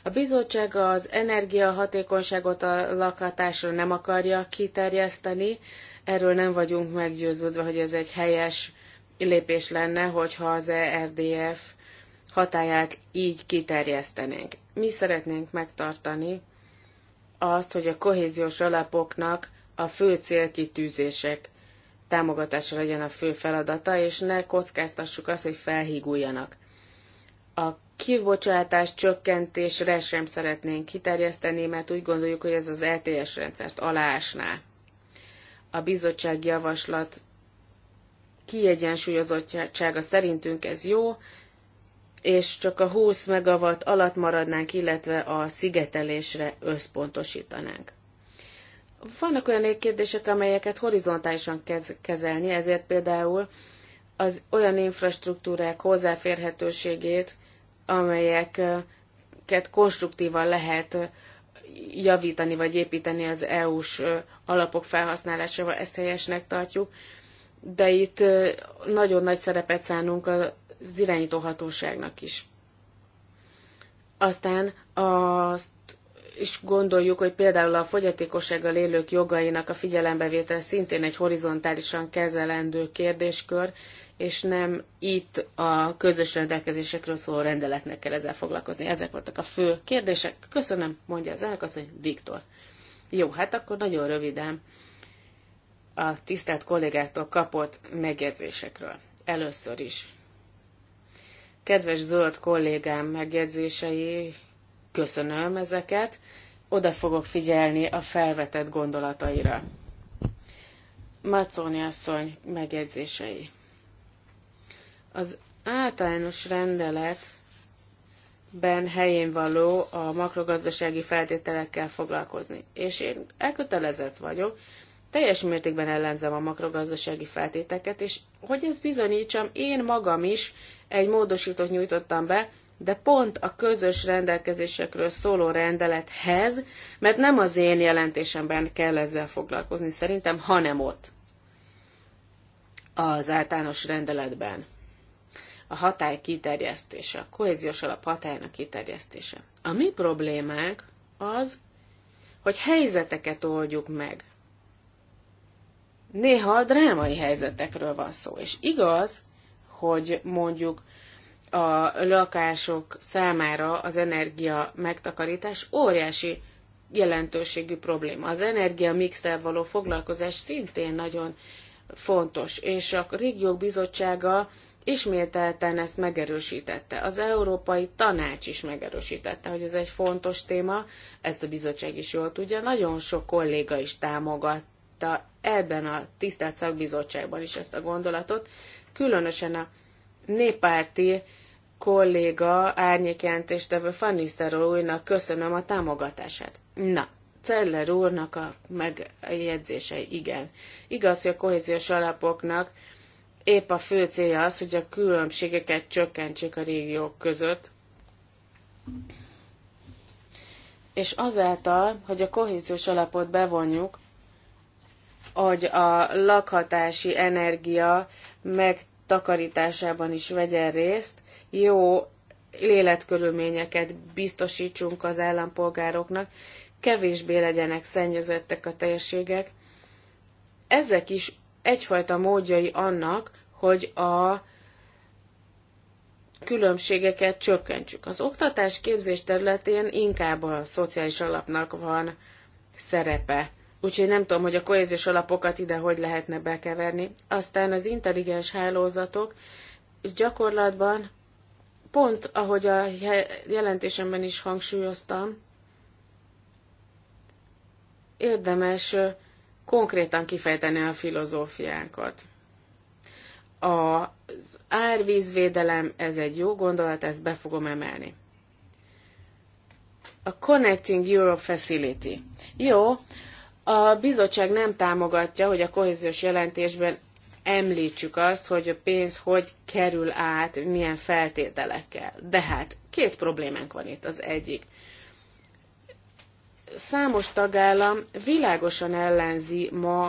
A bizottság az energiahatékonyságot a lakhatásra nem akarja kiterjeszteni, erről nem vagyunk meggyőződve, hogy ez egy helyes lépés lenne, hogyha az ERDF hatáját így kiterjesztenénk. Mi szeretnénk megtartani azt, hogy a kohéziós alapoknak a fő célkitűzések támogatása legyen a fő feladata, és ne kockáztassuk azt, hogy felhíguljanak. A kibocsátás csökkentésre sem szeretnénk kiterjeszteni, mert úgy gondoljuk, hogy ez az LTS e rendszert aláásná. A bizottság javaslat kiegyensúlyozottsága szerintünk ez jó, és csak a 20 megawatt alatt maradnánk, illetve a szigetelésre összpontosítanánk. Vannak olyan kérdések, amelyeket horizontálisan kez- kezelni, ezért például az olyan infrastruktúrák hozzáférhetőségét, amelyeket konstruktívan lehet javítani vagy építeni az EU-s alapok felhasználásával, ezt helyesnek tartjuk de itt nagyon nagy szerepet szánunk az irányítóhatóságnak is. Aztán azt is gondoljuk, hogy például a fogyatékossággal élők jogainak a figyelembevétel szintén egy horizontálisan kezelendő kérdéskör, és nem itt a közös rendelkezésekről szóló rendeletnek kell ezzel foglalkozni. Ezek voltak a fő kérdések. Köszönöm, mondja az elnök asszony, Viktor. Jó, hát akkor nagyon röviden a tisztelt kollégáktól kapott megjegyzésekről. Először is. Kedves zöld kollégám megjegyzései, köszönöm ezeket, oda fogok figyelni a felvetett gondolataira. Macóni asszony megjegyzései. Az általános rendeletben helyén való a makrogazdasági feltételekkel foglalkozni. És én elkötelezett vagyok, teljes mértékben ellenzem a makrogazdasági feltéteket, és hogy ezt bizonyítsam, én magam is egy módosítót nyújtottam be, de pont a közös rendelkezésekről szóló rendelethez, mert nem az én jelentésemben kell ezzel foglalkozni szerintem, hanem ott, az általános rendeletben. A hatály kiterjesztése, a kohéziós alap hatálynak kiterjesztése. A mi problémánk az, hogy helyzeteket oldjuk meg, néha drámai helyzetekről van szó. És igaz, hogy mondjuk a lakások számára az energia megtakarítás óriási jelentőségű probléma. Az energia mixtel való foglalkozás szintén nagyon fontos, és a régiók bizottsága ismételten ezt megerősítette. Az Európai Tanács is megerősítette, hogy ez egy fontos téma, ezt a bizottság is jól tudja. Nagyon sok kolléga is támogat támogatta ebben a tisztelt szakbizottságban is ezt a gondolatot, különösen a néppárti kolléga árnyékjelentéstevő Fanniszter újnak köszönöm a támogatását. Na, Celler úrnak a megjegyzései, igen. Igaz, hogy a kohéziós alapoknak épp a fő célja az, hogy a különbségeket csökkentsék a régiók között, és azáltal, hogy a kohéziós alapot bevonjuk, hogy a lakhatási energia megtakarításában is vegyen részt, jó életkörülményeket biztosítsunk az állampolgároknak, kevésbé legyenek szennyezettek a térségek. Ezek is egyfajta módjai annak, hogy a különbségeket csökkentsük. Az oktatás képzés területén inkább a szociális alapnak van szerepe. Úgyhogy nem tudom, hogy a kohéziós alapokat ide hogy lehetne bekeverni. Aztán az intelligens hálózatok gyakorlatban, pont ahogy a jelentésemben is hangsúlyoztam, érdemes konkrétan kifejteni a filozófiánkat. Az árvízvédelem, ez egy jó gondolat, ezt be fogom emelni. A Connecting Europe Facility. Jó, a bizottság nem támogatja, hogy a kohéziós jelentésben említsük azt, hogy a pénz hogy kerül át, milyen feltételekkel. De hát két problémánk van itt. Az egyik. Számos tagállam világosan ellenzi ma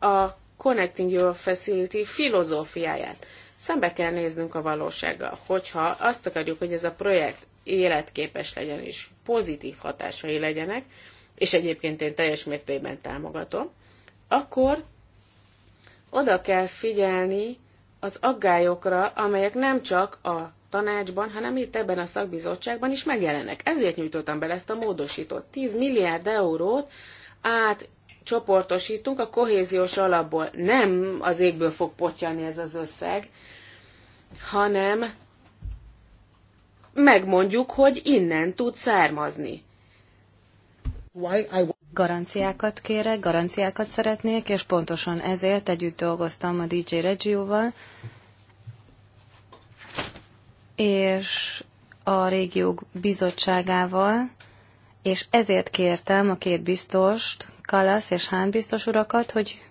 a Connecting Europe Facility filozófiáját. Szembe kell néznünk a valósággal, hogyha azt akarjuk, hogy ez a projekt életképes legyen és pozitív hatásai legyenek, és egyébként én teljes mértékben támogatom, akkor oda kell figyelni az aggályokra, amelyek nem csak a tanácsban, hanem itt ebben a szakbizottságban is megjelennek. Ezért nyújtottam bele ezt a módosított 10 milliárd eurót át csoportosítunk a kohéziós alapból. Nem az égből fog potyani ez az összeg, hanem megmondjuk, hogy innen tud származni. Garanciákat kérek, garanciákat szeretnék, és pontosan ezért együtt dolgoztam a DJ Regióval, és a régiók bizottságával, és ezért kértem a két biztost, Kalasz és Hán biztos urakat, hogy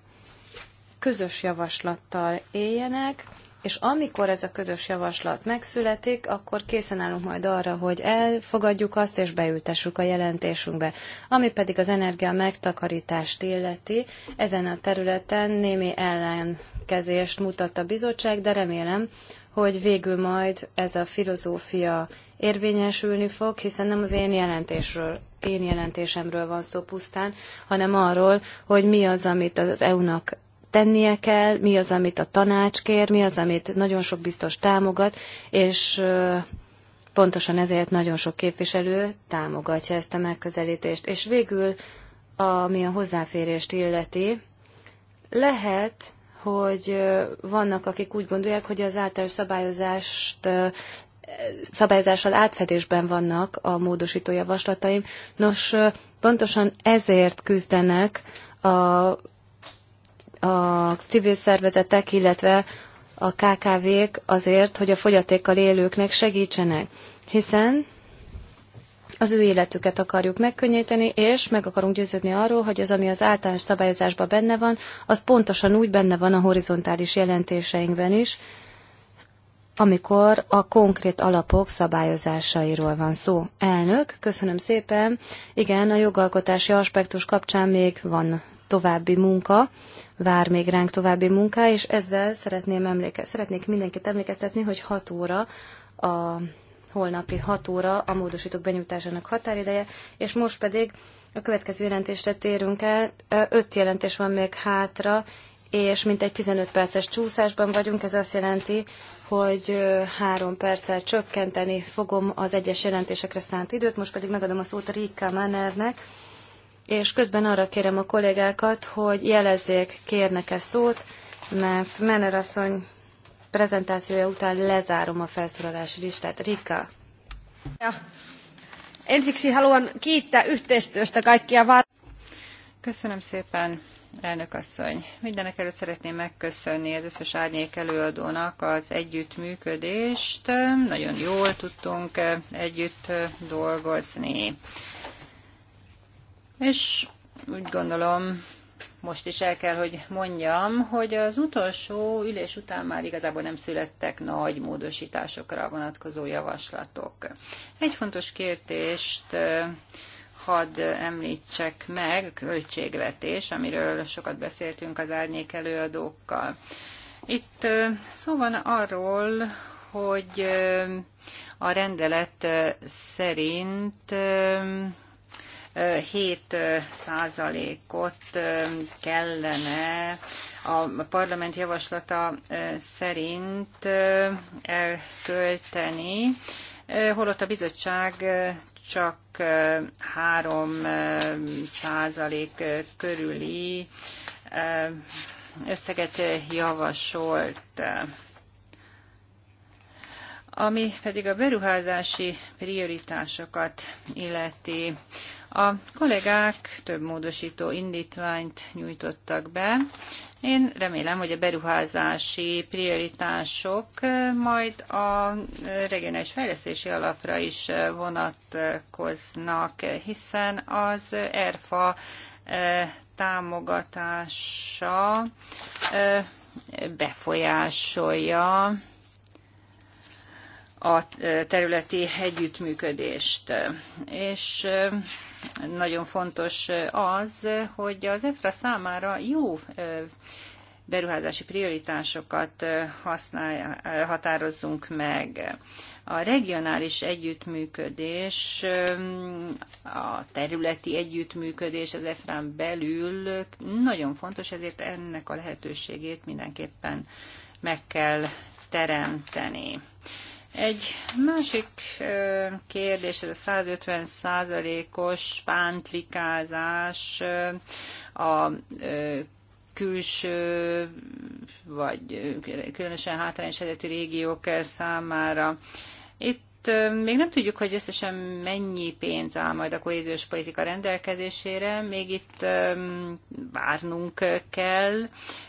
közös javaslattal éljenek, és amikor ez a közös javaslat megszületik, akkor készen állunk majd arra, hogy elfogadjuk azt, és beültessük a jelentésünkbe. Ami pedig az energia megtakarítást illeti, ezen a területen némi ellenkezést mutat a bizottság, de remélem, hogy végül majd ez a filozófia érvényesülni fog, hiszen nem az én jelentésről, én jelentésemről van szó pusztán, hanem arról, hogy mi az, amit az EU-nak tennie kell, mi az, amit a tanács kér, mi az, amit nagyon sok biztos támogat, és pontosan ezért nagyon sok képviselő támogatja ezt a megközelítést. És végül, ami a hozzáférést illeti, lehet, hogy vannak, akik úgy gondolják, hogy az általános szabályozást szabályozással átfedésben vannak a módosító javaslataim. Nos, pontosan ezért küzdenek a a civil szervezetek, illetve a KKV-k azért, hogy a fogyatékkal élőknek segítsenek, hiszen az ő életüket akarjuk megkönnyíteni, és meg akarunk győződni arról, hogy az, ami az általános szabályozásban benne van, az pontosan úgy benne van a horizontális jelentéseinkben is, amikor a konkrét alapok szabályozásairól van szó. Elnök, köszönöm szépen. Igen, a jogalkotási aspektus kapcsán még van további munka, vár még ránk további munká, és ezzel szeretném emléke, szeretnék mindenkit emlékeztetni, hogy 6 óra a holnapi 6 óra a módosítók benyújtásának határideje, és most pedig a következő jelentésre térünk el. Öt jelentés van még hátra, és mintegy 15 perces csúszásban vagyunk. Ez azt jelenti, hogy három perccel csökkenteni fogom az egyes jelentésekre szánt időt. Most pedig megadom a szót Rika Mannernek, és közben arra kérem a kollégákat, hogy jelezzék, kérnek-e szót, mert Menner asszony prezentációja után lezárom a felszólalási listát. Rika. Ja. Ensiksi haluan kiittää yhteistyöstä kaikkia var- Köszönöm szépen, elnök asszony. Mindenek előtt szeretném megköszönni az összes árnyék előadónak az együttműködést. Nagyon jól tudtunk eh, együtt eh, dolgozni. És úgy gondolom, most is el kell, hogy mondjam, hogy az utolsó ülés után már igazából nem születtek nagy módosításokra vonatkozó javaslatok. Egy fontos kérdést hadd említsek meg, költségvetés, amiről sokat beszéltünk az árnyék előadókkal. Itt szó van arról, hogy a rendelet szerint 7 százalékot kellene a parlament javaslata szerint elkölteni, holott a bizottság csak 3 százalék körüli összeget javasolt. Ami pedig a beruházási prioritásokat illeti, a kollégák több módosító indítványt nyújtottak be. Én remélem, hogy a beruházási prioritások majd a regionális fejlesztési alapra is vonatkoznak, hiszen az ERFA e, támogatása e, befolyásolja a területi együttműködést. És eh, nagyon fontos eh, az, hogy az EFRA számára jó eh, beruházási prioritásokat használ, határozzunk meg. A regionális együttműködés, a területi együttműködés az EFRA-n belül nagyon fontos, ezért ennek a lehetőségét mindenképpen meg kell teremteni. Egy másik kérdés, ez a 150 százalékos pántlikázás a külső, vagy különösen hátrányos helyzetű régiók számára. Itt még nem tudjuk, hogy összesen mennyi pénz áll majd a kohéziós politika rendelkezésére, még itt várnunk kell,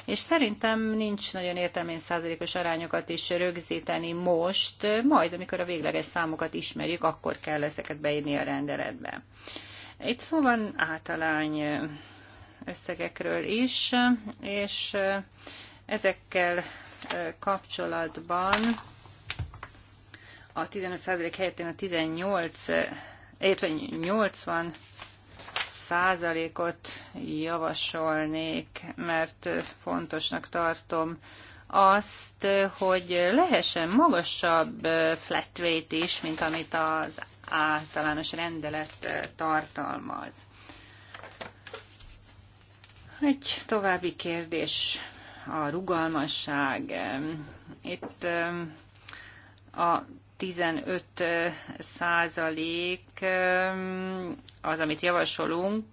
és szerintem nincs nagyon értelmén százalékos arányokat is rögzíteni most, majd amikor a végleges számokat ismerjük, akkor kell ezeket beírni a rendeletbe. Itt szó van általány összegekről is, és ezekkel kapcsolatban a 15% én a 18, illetve 80 százalékot javasolnék, mert fontosnak tartom azt, hogy lehessen magasabb flat rate is, mint amit az általános rendelet tartalmaz. Egy további kérdés a rugalmasság. Itt um, a 15 százalék az, amit javasolunk.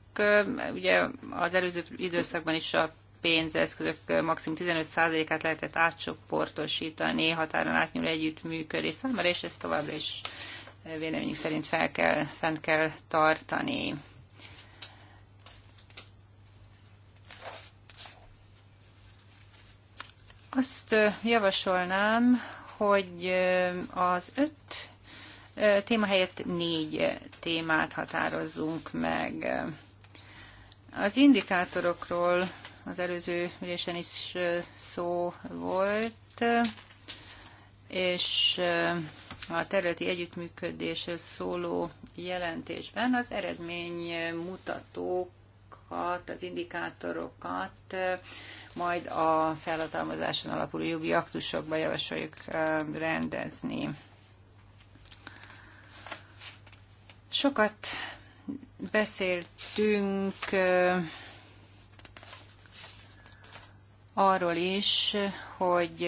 Ugye az előző időszakban is a pénzeszközök maximum 15%-át lehetett átcsoportosítani határon átnyúló együttműködés számára, és ezt továbbra is véleményünk szerint fel kell, fent kell tartani. Azt javasolnám, hogy az öt téma helyett négy témát határozzunk meg. Az indikátorokról az előző ülésen is szó volt, és a területi együttműködésről szóló jelentésben az eredménymutatók mutatókat, az indikátorokat majd a felhatalmazáson alapuló jogi aktusokba javasoljuk rendezni. Sokat beszéltünk arról is, hogy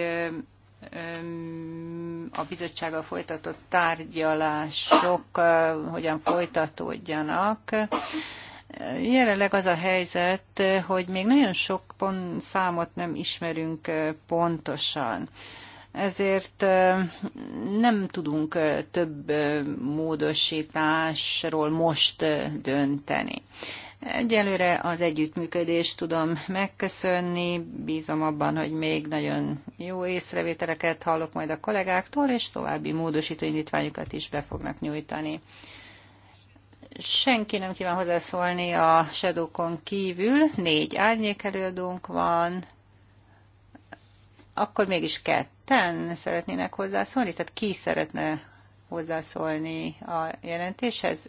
a bizottsággal folytatott tárgyalások hogyan folytatódjanak. Jelenleg az a helyzet, hogy még nagyon sok pont számot nem ismerünk pontosan. Ezért nem tudunk több módosításról most dönteni. Egyelőre az együttműködést tudom megköszönni, bízom abban, hogy még nagyon jó észrevételeket hallok majd a kollégáktól, és további módosító indítványokat is be fognak nyújtani. Senki nem kíván hozzászólni a Shadowkon kívül. Négy árnyékelődőnk van. Akkor mégis ketten szeretnének hozzászólni? Tehát ki szeretne hozzászólni a jelentéshez?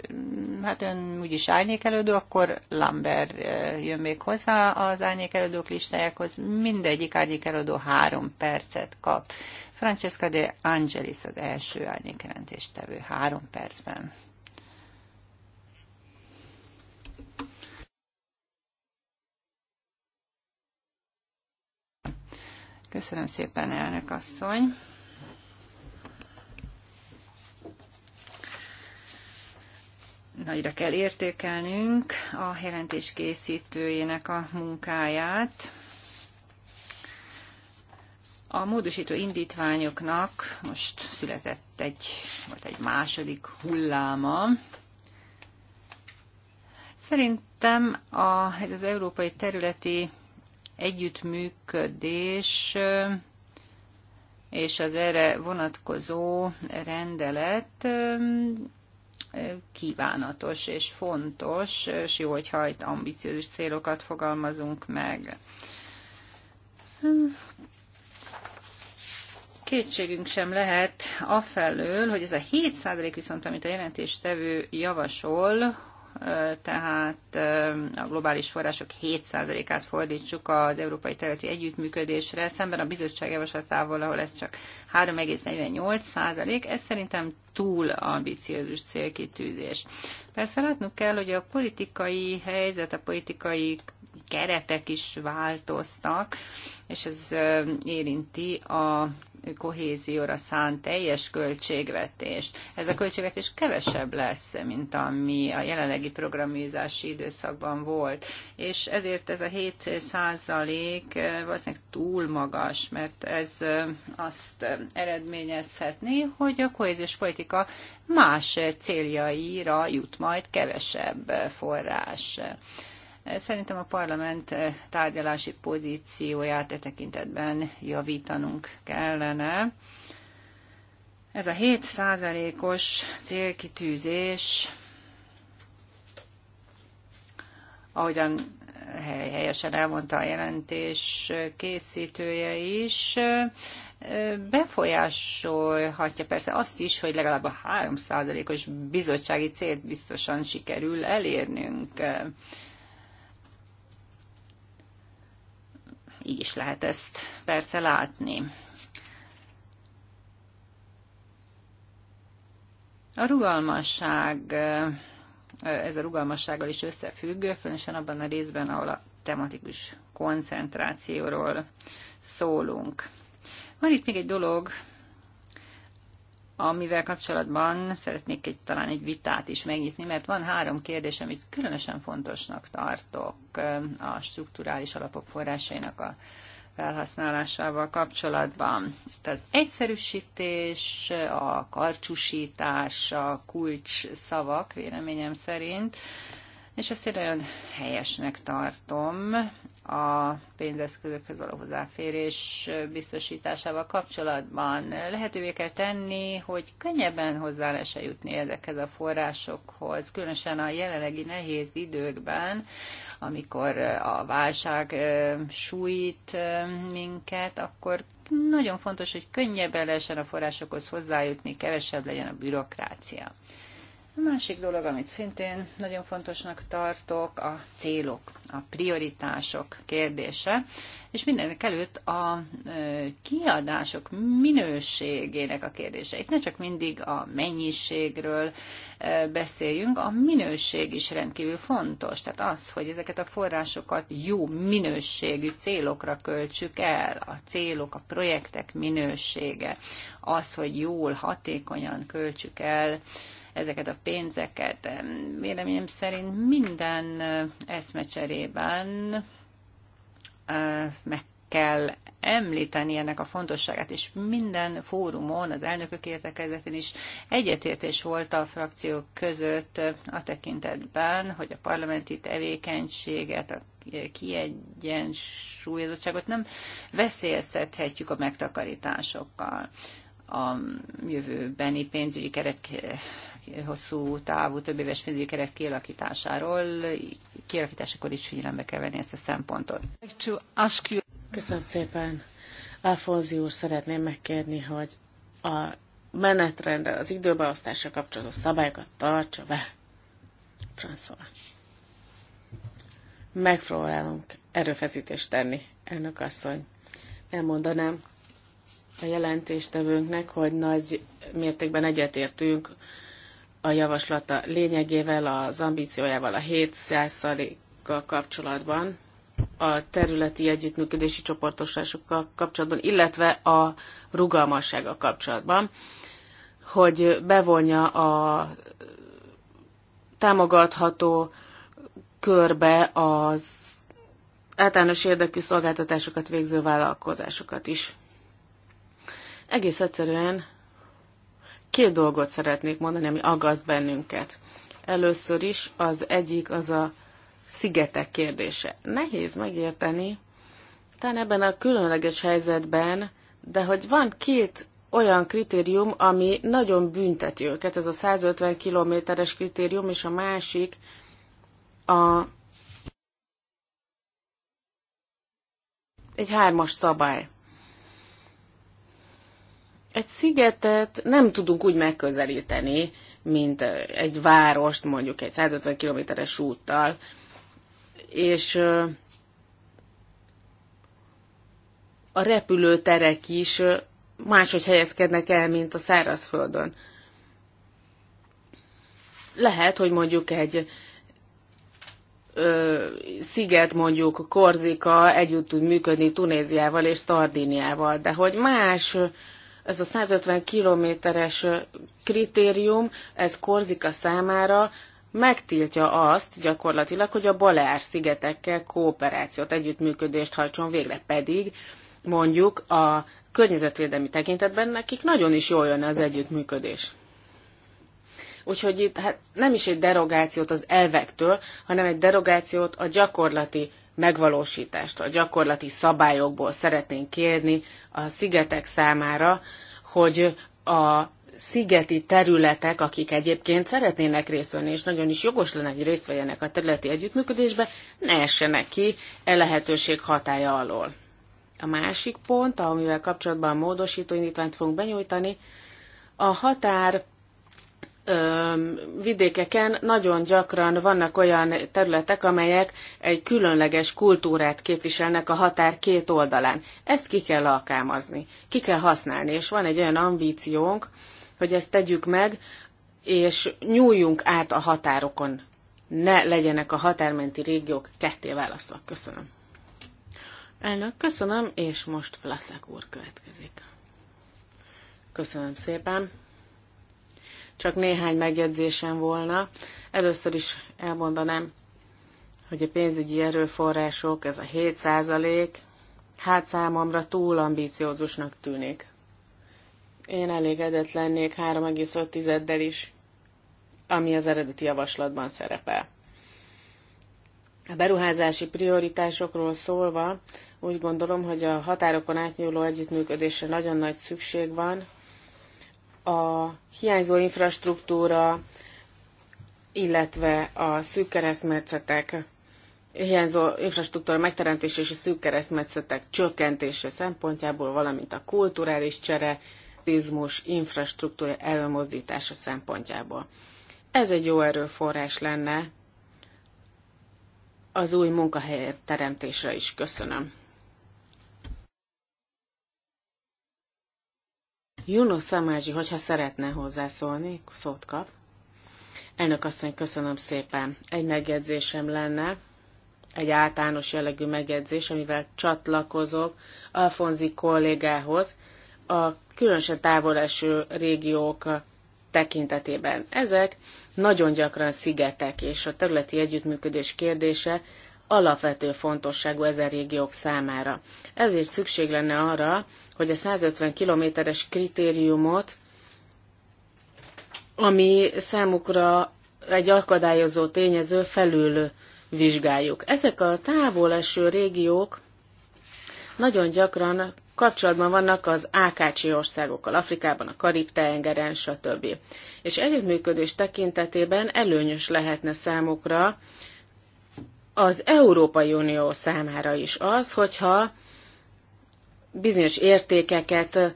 Hát ön úgyis árnyékelődő, akkor Lambert eh, jön még hozzá az árnyékelődők listájához. Mindegyik árnyékelődő három percet kap. Francesca de Angelis az első árnyékjelentéstevő három percben. Köszönöm szépen, elnök asszony. Nagyra kell értékelnünk a jelentés készítőjének a munkáját. A módosító indítványoknak most született egy, vagy egy második hulláma. Szerintem a, ez az európai területi együttműködés és az erre vonatkozó rendelet kívánatos és fontos, és jó, hogyha itt ambiciózus célokat fogalmazunk meg. Kétségünk sem lehet afelől, hogy ez a 7% viszont, amit a jelentéstevő javasol, tehát a globális források 7%-át fordítsuk az európai területi együttműködésre, szemben a bizottság javaslatával, ahol ez csak 3,48%, ez szerintem túl ambiciózus célkitűzés. Persze látnunk kell, hogy a politikai helyzet, a politikai keretek is változtak, és ez érinti a kohézióra szánt teljes költségvetést. Ez a költségvetés kevesebb lesz, mint ami a jelenlegi programizási időszakban volt. És ezért ez a 7 százalék eh, valószínűleg túl magas, mert ez eh, azt eh, eredményezhetné, hogy a kohéziós politika más céljaira jut majd kevesebb forrás. Szerintem a parlament eh, tárgyalási pozícióját e tekintetben javítanunk kellene. Ez a 7%-os célkitűzés, ahogyan eh, helyesen elmondta a jelentés készítője is, eh, befolyásolhatja persze azt is, hogy legalább a 3%-os bizottsági célt biztosan sikerül elérnünk. Így is lehet ezt persze látni. A rugalmasság, ez a rugalmassággal is összefügg, különösen abban a részben, ahol a tematikus koncentrációról szólunk. Van itt még egy dolog, amivel kapcsolatban szeretnék egy, talán egy vitát is megnyitni, mert van három kérdés, amit különösen fontosnak tartok a strukturális alapok forrásainak a felhasználásával kapcsolatban. Tehát az egyszerűsítés, a karcsúsítás, a kulcs szavak véleményem szerint, és ezt én olyan helyesnek tartom, a pénzeszközökhöz való hozzáférés biztosításával kapcsolatban. Lehetővé kell tenni, hogy könnyebben hozzá lehessen jutni ezekhez a forrásokhoz, különösen a jelenlegi nehéz időkben, amikor a válság sújt minket, akkor nagyon fontos, hogy könnyebben lehessen a forrásokhoz hozzájutni, kevesebb legyen a bürokrácia. A másik dolog, amit szintén nagyon fontosnak tartok, a célok, a prioritások kérdése, és mindenek előtt a kiadások minőségének a kérdése. Itt ne csak mindig a mennyiségről beszéljünk, a minőség is rendkívül fontos. Tehát az, hogy ezeket a forrásokat jó minőségű célokra költsük el, a célok, a projektek minősége, az, hogy jól, hatékonyan költsük el, ezeket a pénzeket. Véleményem szerint minden eszmecserében meg kell említeni ennek a fontosságát, és minden fórumon, az elnökök értekezetén is egyetértés volt a frakciók között a tekintetben, hogy a parlamenti tevékenységet, a kiegyensúlyozottságot nem veszélyeztethetjük a megtakarításokkal a jövőbeni pénzügyi keret hosszú távú több éves pénzügyi keret kialakításáról, kialakításakor is figyelembe kell venni ezt a szempontot. Köszönöm szépen. Alfonzi úr, szeretném megkérni, hogy a menetrendel, az időbeosztással kapcsolatos szabályokat tartsa be. Francois. Megpróbálunk erőfeszítést tenni, elnök asszony. Elmondanám a jelentéstevőnknek, hogy nagy mértékben egyetértünk a javaslata lényegével, az ambíciójával a 7%-kal kapcsolatban, a területi együttműködési csoportosásokkal kapcsolatban, illetve a rugalmassággal kapcsolatban, hogy bevonja a támogatható körbe az általános érdekű szolgáltatásokat végző vállalkozásokat is. Egész egyszerűen Két dolgot szeretnék mondani, ami aggaszt bennünket. Először is az egyik az a szigetek kérdése. Nehéz megérteni, talán ebben a különleges helyzetben, de hogy van két olyan kritérium, ami nagyon bünteti őket, ez a 150 kilométeres kritérium, és a másik a egy hármas szabály. Egy szigetet nem tudunk úgy megközelíteni, mint egy várost, mondjuk egy 150 kilométeres úttal, és a repülőterek is máshogy helyezkednek el, mint a szárazföldön. Lehet, hogy mondjuk egy ö, sziget, mondjuk Korzika együtt tud működni Tunéziával és Szardíniával, de hogy más ez a 150 kilométeres kritérium, ez Korzika számára megtiltja azt gyakorlatilag, hogy a Baleár-szigetekkel kooperációt, együttműködést hajtson végre, pedig mondjuk a környezetvédelmi tekintetben nekik nagyon is jól jön az együttműködés. Úgyhogy itt hát nem is egy derogációt az elvektől, hanem egy derogációt a gyakorlati megvalósítást, a gyakorlati szabályokból szeretnénk kérni a szigetek számára, hogy a szigeti területek, akik egyébként szeretnének részt venni, és nagyon is jogos lenne, hogy részt vegyenek a területi együttműködésbe, ne essenek ki e lehetőség hatája alól. A másik pont, amivel kapcsolatban a módosító indítványt fogunk benyújtani, a határ vidékeken nagyon gyakran vannak olyan területek, amelyek egy különleges kultúrát képviselnek a határ két oldalán. Ezt ki kell alkalmazni, ki kell használni, és van egy olyan ambíciónk, hogy ezt tegyük meg, és nyúljunk át a határokon. Ne legyenek a határmenti régiók ketté választva. Köszönöm. Elnök, köszönöm, és most Vlaszek úr következik. Köszönöm szépen. Csak néhány megjegyzésem volna. Először is elmondanám, hogy a pénzügyi erőforrások, ez a 7 százalék, hát számomra túl ambíciózusnak tűnik. Én elégedett lennék 3,5-del is, ami az eredeti javaslatban szerepel. A beruházási prioritásokról szólva úgy gondolom, hogy a határokon átnyúló együttműködésre nagyon nagy szükség van, a hiányzó infrastruktúra, illetve a szűk keresztmetszetek, hiányzó infrastruktúra megteremtése és a szűk keresztmetszetek csökkentése szempontjából, valamint a kulturális csere, turizmus infrastruktúra elmozdítása szempontjából. Ez egy jó erőforrás lenne az új munkahelyek teremtésre is. Köszönöm. Juno Szamázsi, hogyha szeretne hozzászólni, szót kap. Elnök asszony, köszönöm szépen. Egy megjegyzésem lenne, egy általános jellegű megjegyzés, amivel csatlakozok Alfonzi kollégához a különösen távol eső régiók tekintetében. Ezek nagyon gyakran szigetek, és a területi együttműködés kérdése alapvető fontosságú ezen régiók számára. Ezért szükség lenne arra, hogy a 150 kilométeres kritériumot, ami számukra egy akadályozó tényező felül vizsgáljuk. Ezek a távol eső régiók nagyon gyakran kapcsolatban vannak az Ákácsi országokkal, Afrikában, a Karib-tengeren, stb. És együttműködés tekintetében előnyös lehetne számukra az Európai Unió számára is az, hogyha bizonyos értékeket,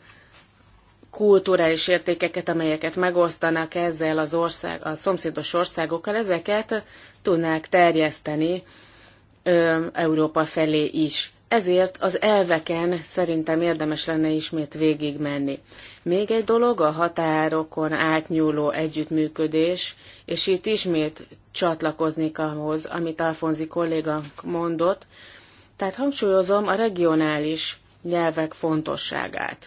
kulturális értékeket, amelyeket megosztanak ezzel az ország, a szomszédos országokkal, ezeket tudnák terjeszteni ö, Európa felé is ezért az elveken szerintem érdemes lenne ismét végigmenni. Még egy dolog a határokon átnyúló együttműködés, és itt ismét csatlakoznék ahhoz, amit Alfonzi kollégánk mondott, tehát hangsúlyozom a regionális nyelvek fontosságát.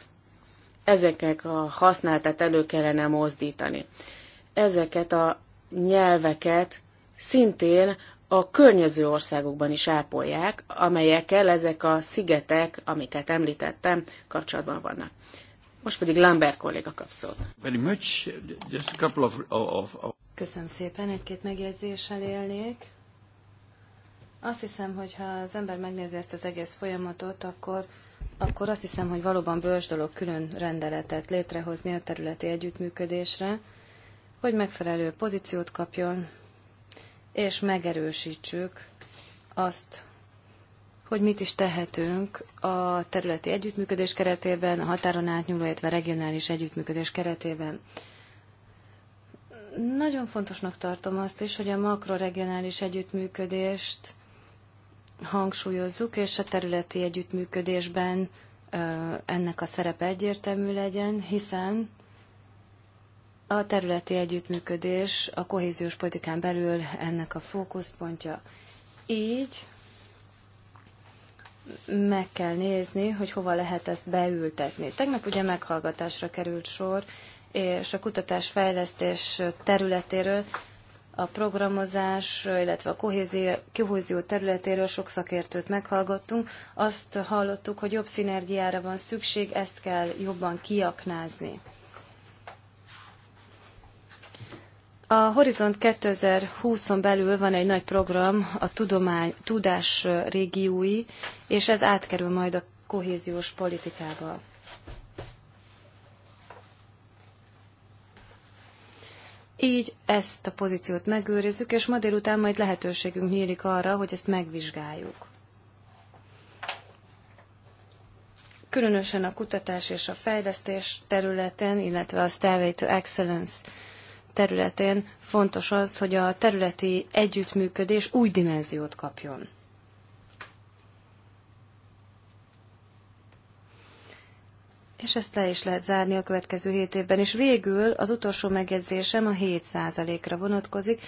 Ezeknek a használtát elő kellene mozdítani. Ezeket a nyelveket szintén a környező országokban is ápolják, amelyekkel ezek a szigetek, amiket említettem, kapcsolatban vannak. Most pedig Lambert kolléga kap szót. Köszönöm szépen, egy-két megjegyzéssel élnék. Azt hiszem, hogy ha az ember megnézi ezt az egész folyamatot, akkor, akkor azt hiszem, hogy valóban bős dolog külön rendeletet létrehozni a területi együttműködésre, hogy megfelelő pozíciót kapjon, és megerősítsük azt, hogy mit is tehetünk a területi együttműködés keretében, a határon átnyúló, illetve regionális együttműködés keretében. Nagyon fontosnak tartom azt is, hogy a makroregionális együttműködést hangsúlyozzuk, és a területi együttműködésben ennek a szerepe egyértelmű legyen, hiszen a területi együttműködés a kohéziós politikán belül ennek a fókuszpontja. Így meg kell nézni, hogy hova lehet ezt beültetni. Tegnap ugye meghallgatásra került sor, és a kutatásfejlesztés területéről, a programozás, illetve a kohézió, területéről sok szakértőt meghallgattunk. Azt hallottuk, hogy jobb szinergiára van szükség, ezt kell jobban kiaknázni. A Horizont 2020-on belül van egy nagy program, a tudomány, tudás régiói, és ez átkerül majd a kohéziós politikába. Így ezt a pozíciót megőrizzük, és ma délután majd lehetőségünk nyílik arra, hogy ezt megvizsgáljuk. Különösen a kutatás és a fejlesztés területen, illetve a Stairway to Excellence területén fontos az, hogy a területi együttműködés új dimenziót kapjon. És ezt le is lehet zárni a következő hét évben. És végül az utolsó megjegyzésem a 7%-ra vonatkozik.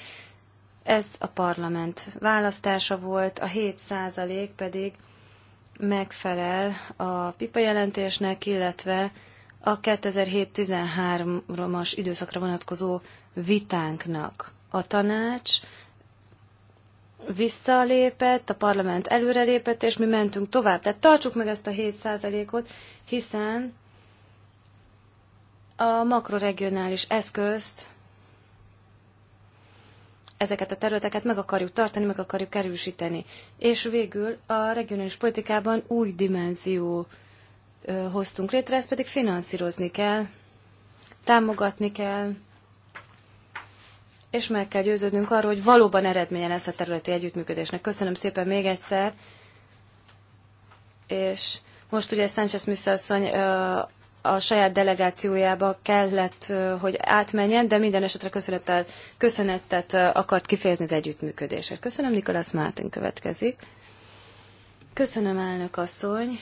Ez a parlament választása volt, a 7% pedig megfelel a pipa jelentésnek, illetve a 2007-13-as időszakra vonatkozó vitánknak. A tanács visszalépett, a parlament előrelépett, és mi mentünk tovább. Tehát tartsuk meg ezt a 7%-ot, hiszen a makroregionális eszközt, ezeket a területeket meg akarjuk tartani, meg akarjuk erősíteni. És végül a regionális politikában új dimenzió hoztunk létre, ezt pedig finanszírozni kell, támogatni kell, és meg kell győződnünk arról, hogy valóban eredménye lesz a területi együttműködésnek. Köszönöm szépen még egyszer, és most ugye Sánchez Műszasszony a saját delegációjába kellett, hogy átmenjen, de minden esetre köszönettel, köszönettet akart kifejezni az együttműködésért. Köszönöm, Nikolász Mártin következik. Köszönöm, elnök asszony.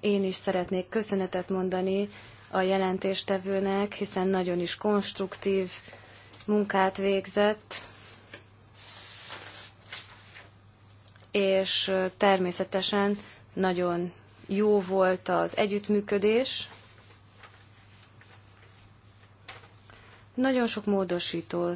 Én is szeretnék köszönetet mondani a jelentéstevőnek, hiszen nagyon is konstruktív munkát végzett, és természetesen nagyon jó volt az együttműködés. Nagyon sok módosító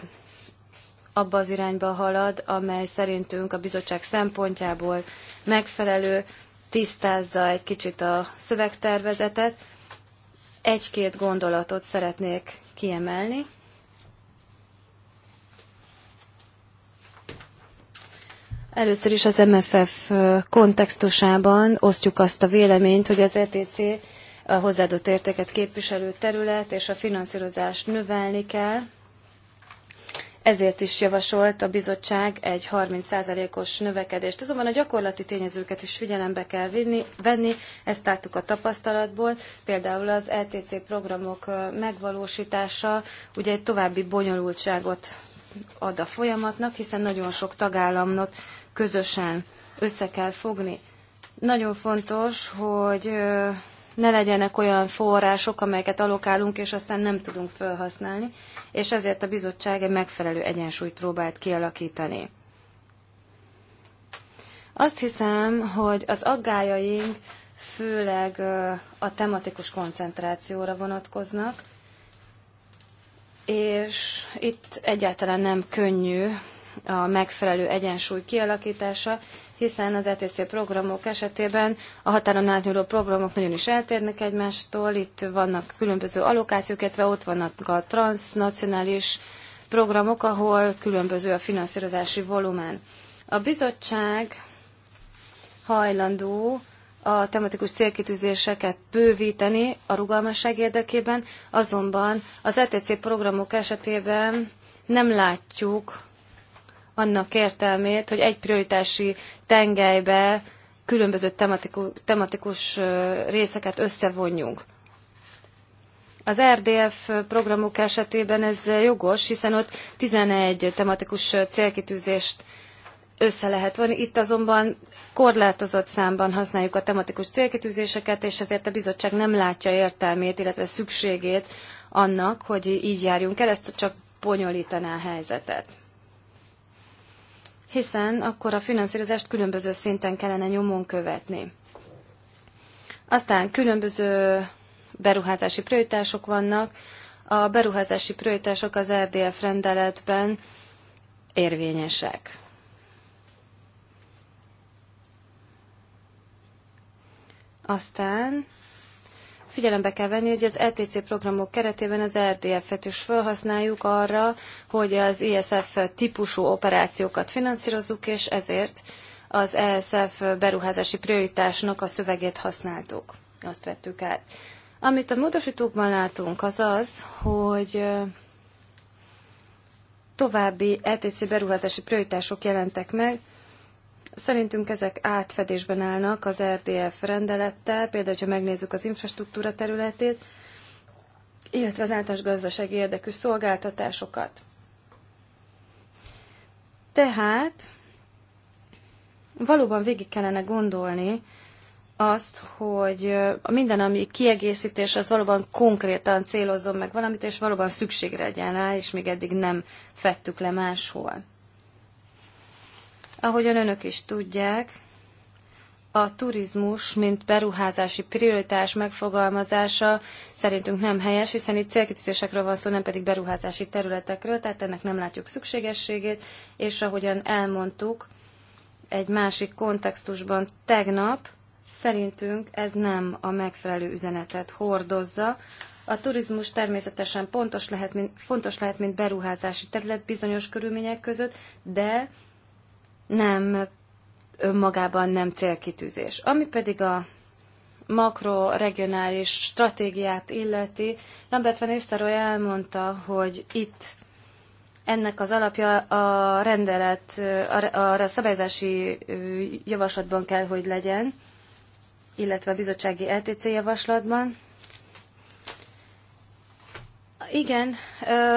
abba az irányba halad, amely szerintünk a bizottság szempontjából megfelelő, tisztázza egy kicsit a szövegtervezetet. Egy-két gondolatot szeretnék kiemelni. Először is az MFF kontextusában osztjuk azt a véleményt, hogy az ETC a hozzáadott értéket képviselő terület és a finanszírozást növelni kell, ezért is javasolt a bizottság egy 30%-os növekedést. Azonban a gyakorlati tényezőket is figyelembe kell vinni, venni, ezt láttuk a tapasztalatból, például az LTC e programok megvalósítása ugye egy további bonyolultságot ad a folyamatnak, hiszen nagyon sok tagállamot közösen össze kell fogni. Nagyon fontos, hogy ne legyenek olyan források, amelyeket alokálunk, és aztán nem tudunk felhasználni, és ezért a bizottság egy megfelelő egyensúlyt próbált kialakítani. Azt hiszem, hogy az aggájaink főleg a tematikus koncentrációra vonatkoznak, és itt egyáltalán nem könnyű a megfelelő egyensúly kialakítása, hiszen az ETC programok esetében a határon átnyúló programok nagyon is eltérnek egymástól, itt vannak különböző allokációk, illetve ott vannak a transnacionális programok, ahol különböző a finanszírozási volumen. A bizottság hajlandó a tematikus célkitűzéseket bővíteni a rugalmasság érdekében, azonban az ETC programok esetében nem látjuk annak értelmét, hogy egy prioritási tengelybe különböző tematikus, tematikus részeket összevonjunk. Az RDF programok esetében ez jogos, hiszen ott 11 tematikus célkitűzést össze lehet vonni. Itt azonban korlátozott számban használjuk a tematikus célkitűzéseket, és ezért a bizottság nem látja értelmét, illetve szükségét annak, hogy így járjunk el, ezt csak bonyolítaná a helyzetet hiszen akkor a finanszírozást különböző szinten kellene nyomon követni. Aztán különböző beruházási prioritások vannak. A beruházási prioritások az RDF rendeletben érvényesek. Aztán Figyelembe kell venni, hogy az ETC programok keretében az RDF-et is felhasználjuk arra, hogy az ISF e típusú operációkat finanszírozzuk, és ezért az ESF beruházási prioritásnak a szövegét használtuk. Azt vettük át. Amit a módosítókban látunk, az az, hogy további ETC beruházási prioritások jelentek meg, Szerintünk ezek átfedésben állnak az RDF rendelettel, például, ha megnézzük az infrastruktúra területét, illetve az általános gazdasági érdekű szolgáltatásokat. Tehát valóban végig kellene gondolni azt, hogy minden, ami kiegészítés, az valóban konkrétan célozzon meg valamit, és valóban szükségre legyen rá, és még eddig nem fettük le máshol. Ahogyan önök is tudják, a turizmus, mint beruházási prioritás megfogalmazása szerintünk nem helyes, hiszen itt célkitűzésekről van szó, nem pedig beruházási területekről, tehát ennek nem látjuk szükségességét, és ahogyan elmondtuk egy másik kontextusban tegnap, szerintünk ez nem a megfelelő üzenetet hordozza. A turizmus természetesen pontos lehet, mint, fontos lehet, mint beruházási terület bizonyos körülmények között, de nem önmagában nem célkitűzés. Ami pedig a makroregionális stratégiát illeti, Lambert van Észtaroly elmondta, hogy itt ennek az alapja a rendelet, a, a szabályzási javaslatban kell, hogy legyen, illetve a bizottsági LTC javaslatban. Igen,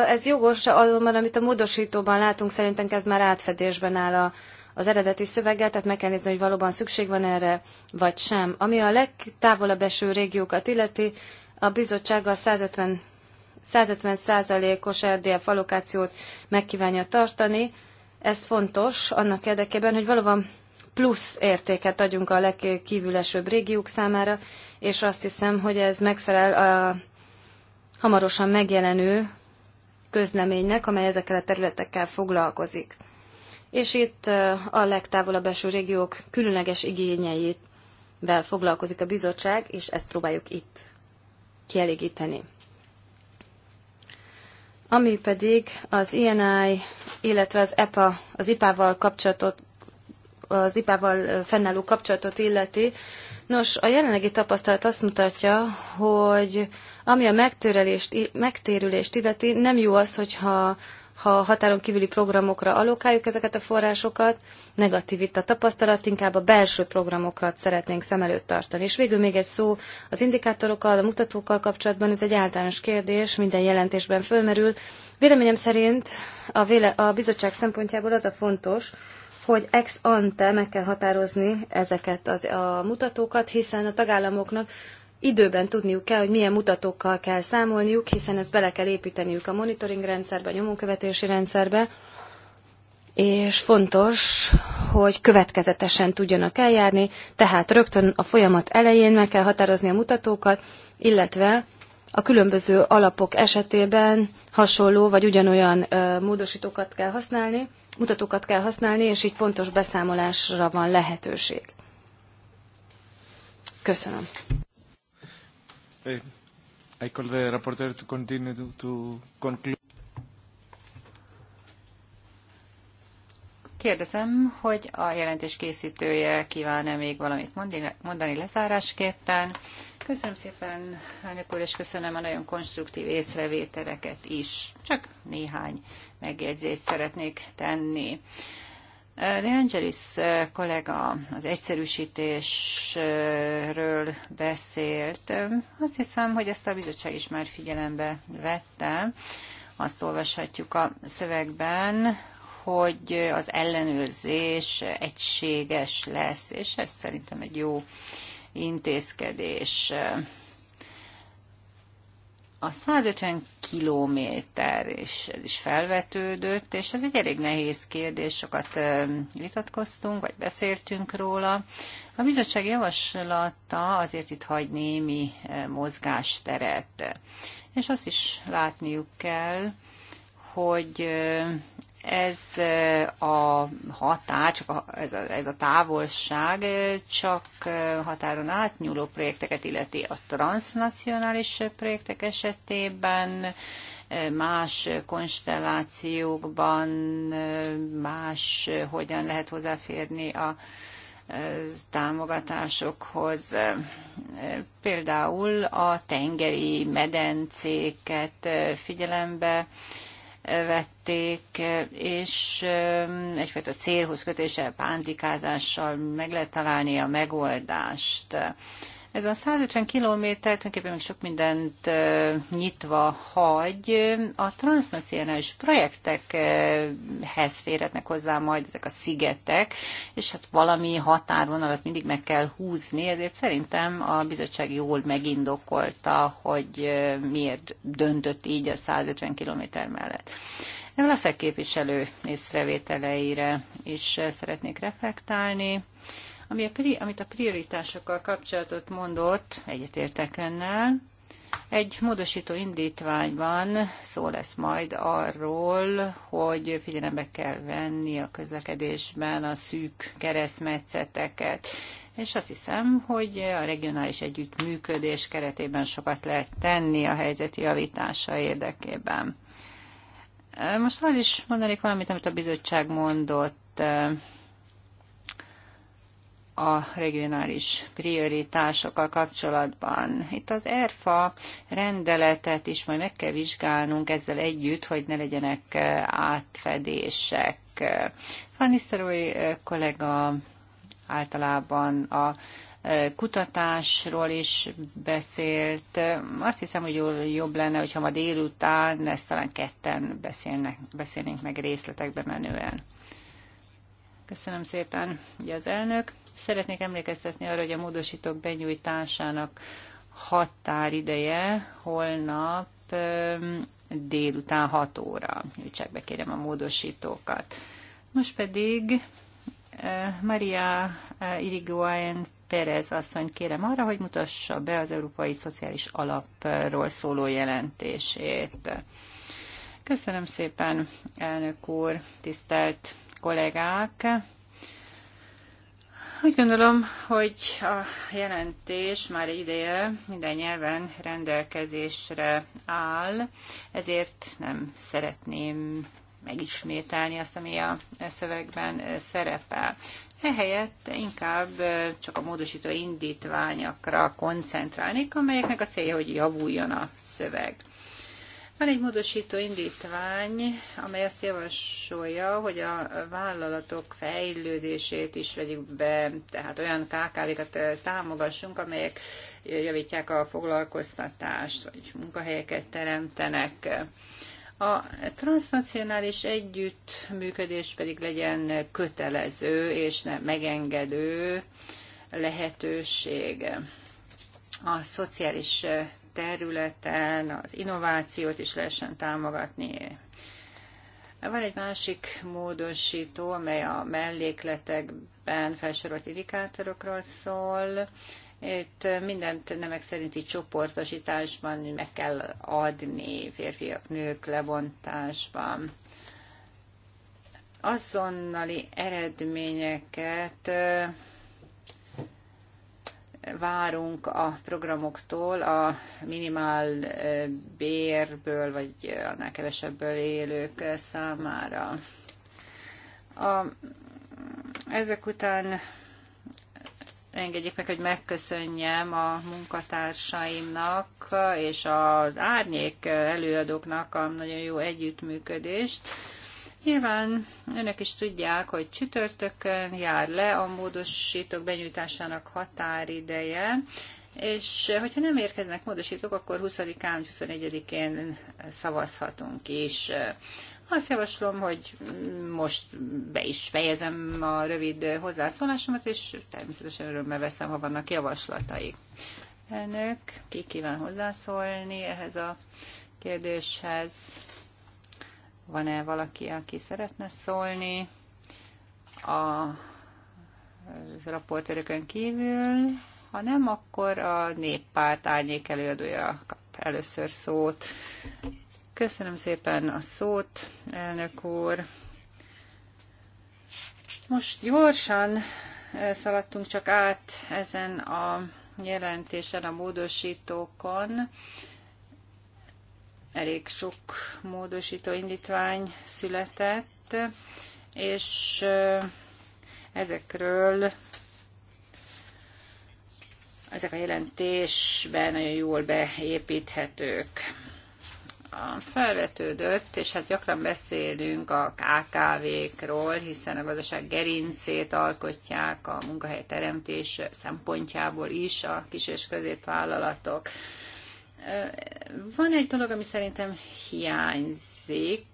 ez jogos, azonban amit a módosítóban látunk, szerintem ez már átfedésben áll a az eredeti szöveggel, tehát meg kell nézni, hogy valóban szükség van erre, vagy sem. Ami a legtávolabb eső régiókat illeti, a a 150 150 százalékos RDF allokációt megkívánja tartani. Ez fontos annak érdekében, hogy valóban plusz értéket adjunk a legkívülesőbb régiók számára, és azt hiszem, hogy ez megfelel a hamarosan megjelenő közleménynek, amely ezekkel a területekkel foglalkozik és itt a legtávolabb eső régiók különleges igényeivel foglalkozik a bizottság, és ezt próbáljuk itt kielégíteni. Ami pedig az INI, illetve az EPA, az IPA-val kapcsolatot, az IPA-val fennálló kapcsolatot illeti, Nos, a jelenlegi tapasztalat azt mutatja, hogy ami a megtérülést illeti, nem jó az, hogyha ha határon kívüli programokra alokáljuk ezeket a forrásokat, negatív itt a tapasztalat, inkább a belső programokat szeretnénk szem előtt tartani. És végül még egy szó az indikátorokkal, a mutatókkal kapcsolatban, ez egy általános kérdés, minden jelentésben fölmerül. Véleményem szerint a, véle, a bizottság szempontjából az a fontos, hogy ex ante meg kell határozni ezeket az, a mutatókat, hiszen a tagállamoknak időben tudniuk kell, hogy milyen mutatókkal kell számolniuk, hiszen ezt bele kell építeniük a monitoring rendszerbe, a nyomonkövetési rendszerbe, és fontos, hogy következetesen tudjanak eljárni, tehát rögtön a folyamat elején meg kell határozni a mutatókat, illetve a különböző alapok esetében hasonló vagy ugyanolyan ö, módosítókat kell használni, mutatókat kell használni, és így pontos beszámolásra van lehetőség. Köszönöm. Eh, I call the reporter to continue to, to conclude. Kérdezem, hogy a jelentés készítője kíván-e még valamit mondani, lezárásképpen. Köszönöm szépen, elnök úr, és köszönöm a nagyon konstruktív észrevételeket is. Csak néhány megjegyzést szeretnék tenni. De Angelis eh, kollega az egyszerűsítésről beszélt. Azt hiszem, hogy ezt a bizottság is már figyelembe vette. Azt olvashatjuk a szövegben, hogy az ellenőrzés egységes lesz, és ez szerintem egy jó intézkedés a 150 kilométer, és ez is felvetődött, és ez egy elég nehéz kérdés, sokat vitatkoztunk, vagy beszéltünk róla. A bizottság javaslata azért itt hagy némi mozgásteret, és azt is látniuk kell, hogy ez a határ, csak a, ez, a, ez a távolság csak határon átnyúló projekteket illeti a transnacionális projektek esetében, más konstellációkban, más hogyan lehet hozzáférni a támogatásokhoz. Például a tengeri medencéket figyelembe vették, és um, egyfajta célhoz kötéssel, pántikázással meg lehet találni a megoldást. Ez a 150 kilométer tulajdonképpen még sok mindent nyitva hagy. A transnacionális projektekhez férhetnek hozzá majd ezek a szigetek, és hát valami határvonalat mindig meg kell húzni, ezért szerintem a bizottság jól megindokolta, hogy miért döntött így a 150 kilométer mellett. Nem leszek képviselő észrevételeire is szeretnék reflektálni. Ami a pri, amit a prioritásokkal kapcsolatot mondott, egyetértek önnel, egy módosító indítványban szó lesz majd arról, hogy figyelembe kell venni a közlekedésben a szűk keresztmetszeteket. És azt hiszem, hogy a regionális együttműködés keretében sokat lehet tenni a helyzet javítása érdekében. Most az is mondanék valamit, amit a bizottság mondott a regionális prioritásokkal kapcsolatban. Itt az ERFA rendeletet is majd meg kell vizsgálnunk ezzel együtt, hogy ne legyenek eh, átfedések. Fanisztarói eh, kollega általában a eh, kutatásról is beszélt. Azt hiszem, hogy jobb lenne, hogyha ma délután ezt talán ketten beszélnek, beszélnénk meg részletekbe menően. Köszönöm szépen, ugye az elnök. Szeretnék emlékeztetni arra, hogy a módosítók benyújtásának határideje holnap délután 6 óra. Nyújtsák be kérem a módosítókat. Most pedig Maria Irigoyen Perez asszony kérem arra, hogy mutassa be az Európai Szociális Alapról szóló jelentését. Köszönöm szépen, elnök úr, tisztelt kollégák! Úgy gondolom, hogy a jelentés már ideje minden nyelven rendelkezésre áll, ezért nem szeretném megismételni azt, ami a szövegben szerepel. Ehelyett inkább csak a módosító indítványokra koncentrálnék, amelyeknek a célja, hogy javuljon a szöveg. Van egy módosító indítvány, amely azt javasolja, hogy a vállalatok fejlődését is vegyük be, tehát olyan KKV-kat eh, támogassunk, amelyek javítják a foglalkoztatást, vagy munkahelyeket teremtenek. A transnacionális együttműködés pedig legyen kötelező és nem megengedő lehetőség. A szociális eh, területen az innovációt is lehessen támogatni. Van egy másik módosító, amely a mellékletekben felsorolt indikátorokról szól. Itt mindent nemek szerinti csoportosításban meg kell adni férfiak, nők lebontásban. Azonnali eredményeket várunk a programoktól a minimál bérből, vagy annál kevesebből élők számára. A, ezek után engedjék meg, hogy megköszönjem a munkatársaimnak és az árnyék előadóknak a nagyon jó együttműködést Nyilván önök is tudják, hogy csütörtökön jár le a módosítók benyújtásának határideje, és hogyha nem érkeznek módosítók, akkor 20-án, 21-én szavazhatunk is. Azt javaslom, hogy most be is fejezem a rövid hozzászólásomat, és természetesen örömmel veszem, ha vannak javaslataik. Önök, ki kíván hozzászólni ehhez a kérdéshez? Van-e valaki, aki szeretne szólni a raportőrökön kívül? Ha nem, akkor a néppárt árnyék előadója kap először szót. Köszönöm szépen a szót, elnök úr. Most gyorsan eh, szaladtunk csak át ezen a jelentésen, a módosítókon elég sok módosító indítvány született, és ezekről ezek a jelentésben nagyon jól beépíthetők. A felvetődött, és hát gyakran beszélünk a KKV-król, hiszen a gazdaság gerincét alkotják a munkahely teremtés szempontjából is a kis és középvállalatok. Van egy dolog, ami szerintem hiányzik.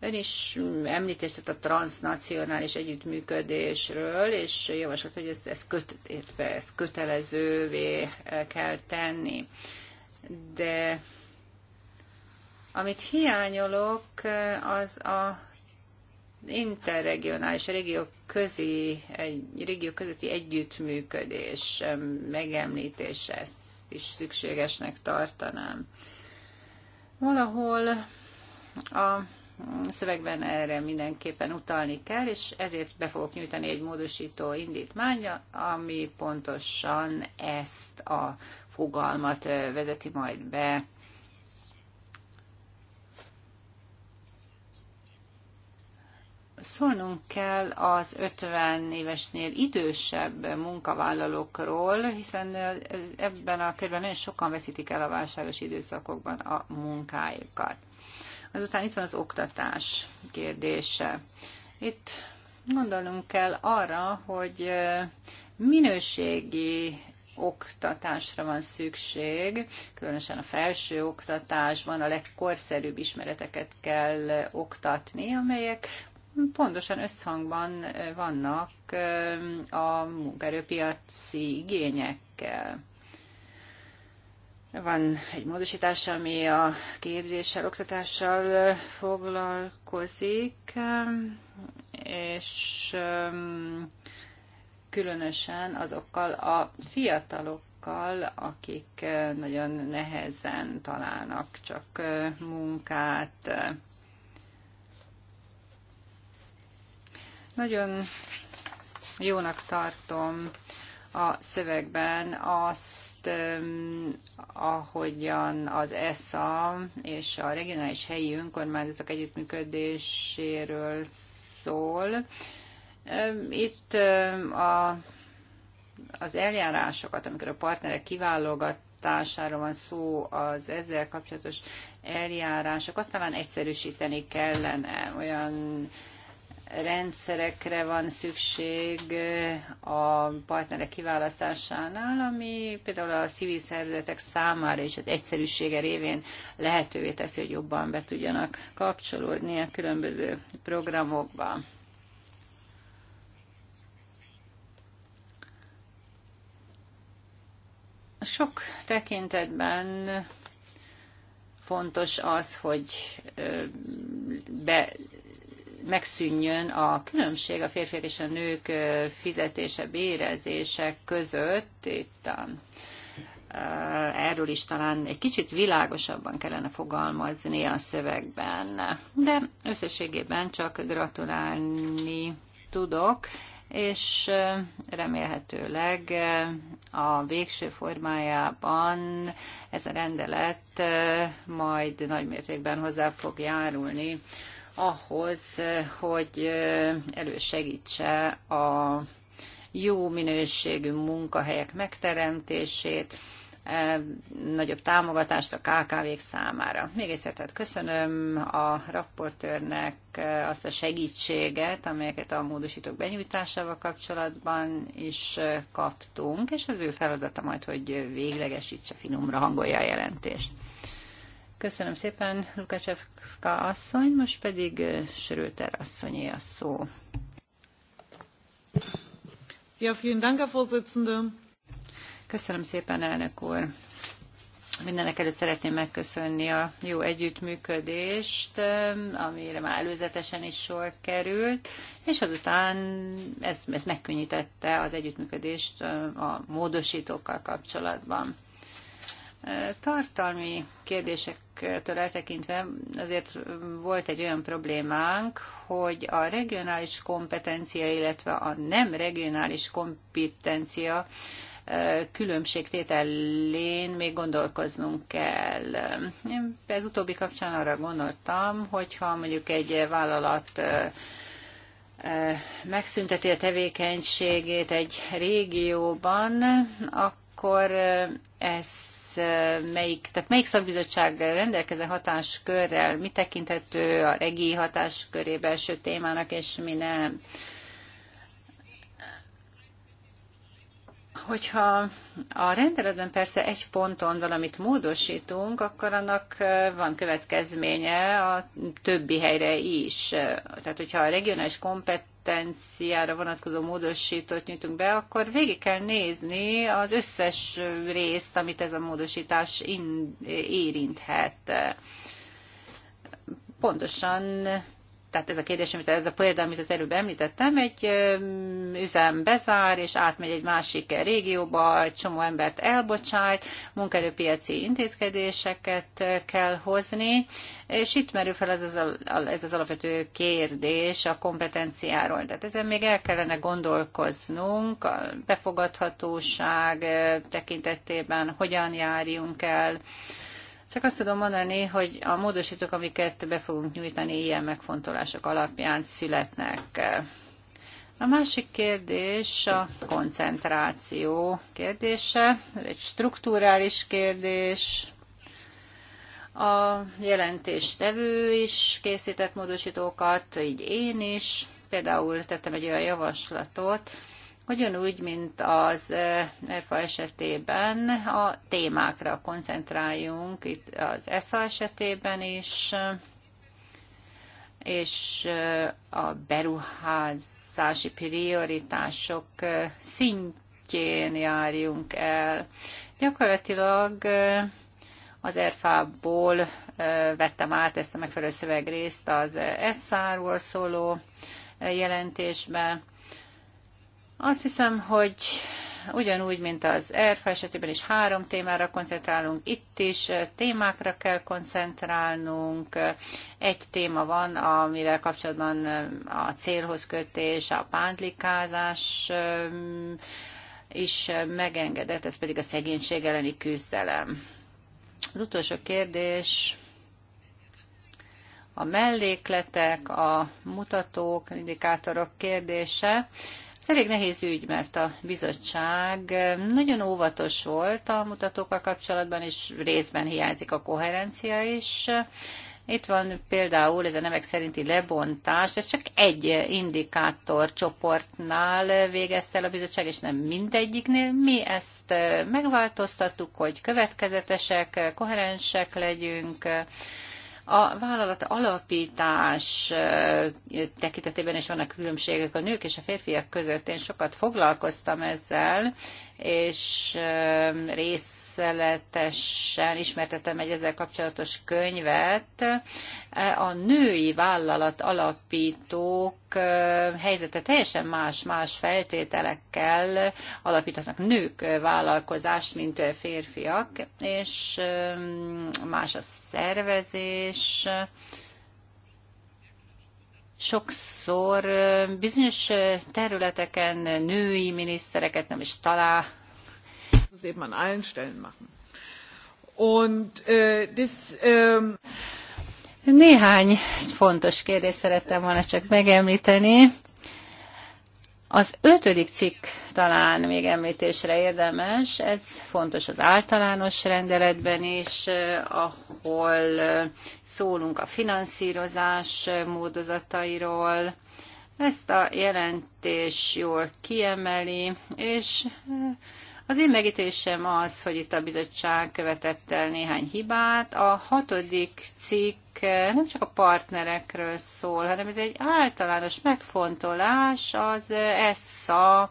Ön is említést tett a transnacionális együttműködésről, és javasolt, hogy ez, ez, köt, ez kötelezővé kell tenni. De amit hiányolok, az a interregionális, a régió, közi, egy, régió közötti együttműködés megemlítése is szükségesnek tartanám. Valahol a szövegben erre mindenképpen utalni kell, és ezért be fogok nyújtani egy módosító indítmány, ami pontosan ezt a fogalmat vezeti majd be szólnunk kell az 50 évesnél idősebb munkavállalókról, hiszen ebben a körben nagyon sokan veszítik el a válságos időszakokban a munkájukat. Azután itt van az oktatás kérdése. Itt gondolnunk kell arra, hogy minőségi oktatásra van szükség, különösen a felső oktatásban a legkorszerűbb ismereteket kell oktatni, amelyek pontosan összhangban vannak a munkaerőpiaci igényekkel. Van egy módosítás, ami a képzéssel, oktatással foglalkozik, és különösen azokkal a fiatalokkal, akik nagyon nehezen találnak csak munkát. Nagyon jónak tartom a szövegben azt, ahogyan az ESA és a regionális helyi önkormányzatok együttműködéséről szól. Itt a, az eljárásokat, amikor a partnerek kiválogatásáról van szó, az ezzel kapcsolatos eljárásokat talán egyszerűsíteni kellene, olyan rendszerekre van szükség eh, a partnerek kiválasztásánál, ami például a civil szervezetek számára és az egyszerűsége révén lehetővé teszi, hogy jobban be tudjanak kapcsolódni a különböző programokba. Sok tekintetben fontos az, hogy eh, be megszűnjön a különbség a férfiak és a nők fizetése, bérezések között. Itt a, erről is talán egy kicsit világosabban kellene fogalmazni a szövegben. De összességében csak gratulálni tudok, és remélhetőleg a végső formájában ez a rendelet majd nagymértékben hozzá fog járulni ahhoz, hogy elősegítse a jó minőségű munkahelyek megteremtését, nagyobb támogatást a KKV-k számára. Még egyszer, tehát köszönöm a rapportőrnek azt a segítséget, amelyeket a módosítók benyújtásával kapcsolatban is kaptunk, és az ő feladata majd, hogy véglegesítse, finomra hangolja a jelentést. Köszönöm szépen, Lukácsevszka asszony, most pedig Schröter asszonyé a szó. Ja, vielen Dank, Herr Vorsitzende. Köszönöm szépen, elnök úr. Mindenek előtt szeretném megköszönni a jó együttműködést, amire már előzetesen is sor került, és azután ez, ez megkönnyítette az együttműködést a módosítókkal kapcsolatban. Tartalmi kérdésektől eltekintve azért volt egy olyan problémánk, hogy a regionális kompetencia, illetve a nem regionális kompetencia különbségtételén még gondolkoznunk kell. Én ez utóbbi kapcsán arra gondoltam, hogyha mondjuk egy vállalat megszünteti a tevékenységét egy régióban, akkor ez melyik, tehát melyik szakbizottság rendelkező hatáskörrel, mi tekinthető a regi hatáskörébe első témának, és mi nem. Hogyha a rendeletben persze egy ponton valamit módosítunk, akkor annak van következménye a többi helyre is. Tehát, hogyha a regionális kompetenciára vonatkozó módosítót nyújtunk be, akkor végig kell nézni az összes részt, amit ez a módosítás érinthet pontosan tehát ez a kérdés, amit ez a példa, amit az előbb említettem, egy üzem bezár, és átmegy egy másik régióba, egy csomó embert elbocsájt, munkaerőpiaci intézkedéseket kell hozni, és itt merül fel ez az, ez az alapvető kérdés a kompetenciáról. Tehát ezen még el kellene gondolkoznunk, a befogadhatóság tekintetében hogyan járjunk el, csak azt tudom mondani, hogy a módosítók, amiket be fogunk nyújtani, ilyen megfontolások alapján születnek. A másik kérdés a koncentráció kérdése. Ez egy strukturális kérdés. A jelentéstevő is készített módosítókat, így én is. Például tettem egy olyan javaslatot, Ugyanúgy, mint az EFA esetében a témákra koncentráljunk, itt az ESA esetében is, és a beruházási prioritások szintjén járjunk el. Gyakorlatilag az ERFA-ból vettem át ezt a megfelelő szövegrészt az SR-ról szóló jelentésbe, azt hiszem, hogy ugyanúgy, mint az ERF esetében is három témára koncentrálunk, itt is eh, témákra kell koncentrálnunk. Egy téma van, amivel kapcsolatban eh, a célhoz kötés, a pántlikázás eh, is megengedett, ez pedig a szegénység elleni küzdelem. Az utolsó kérdés, a mellékletek, a mutatók, indikátorok kérdése. Ez elég nehéz ügy, mert a bizottság nagyon óvatos volt a mutatókkal kapcsolatban, és részben hiányzik a koherencia is. Itt van például ez a nemek szerinti lebontás, ez csak egy indikátor csoportnál végezte el a bizottság, és nem mindegyiknél. Mi ezt megváltoztattuk, hogy következetesek, koherensek legyünk, a vállalat alapítás tekintetében is vannak különbségek a nők és a férfiak között. Én sokat foglalkoztam ezzel, és rész részletesen ismertetem egy ezzel kapcsolatos könyvet. A női vállalat alapítók helyzete teljesen más, más feltételekkel alapítanak nők vállalkozást, mint férfiak, és más a szervezés, sokszor bizonyos területeken női minisztereket nem is talál, das eben an allen Stellen machen. Und äh, das... Ähm Néhány fontos kérdést szerettem volna csak megemlíteni. Az ötödik cikk talán még említésre érdemes, ez fontos az általános rendeletben is, ahol szólunk a finanszírozás módozatairól. Ezt a jelentés jól kiemeli, és az én megítésem az, hogy itt a bizottság követett el néhány hibát. A hatodik cikk nem csak a partnerekről szól, hanem ez egy általános megfontolás az ESSA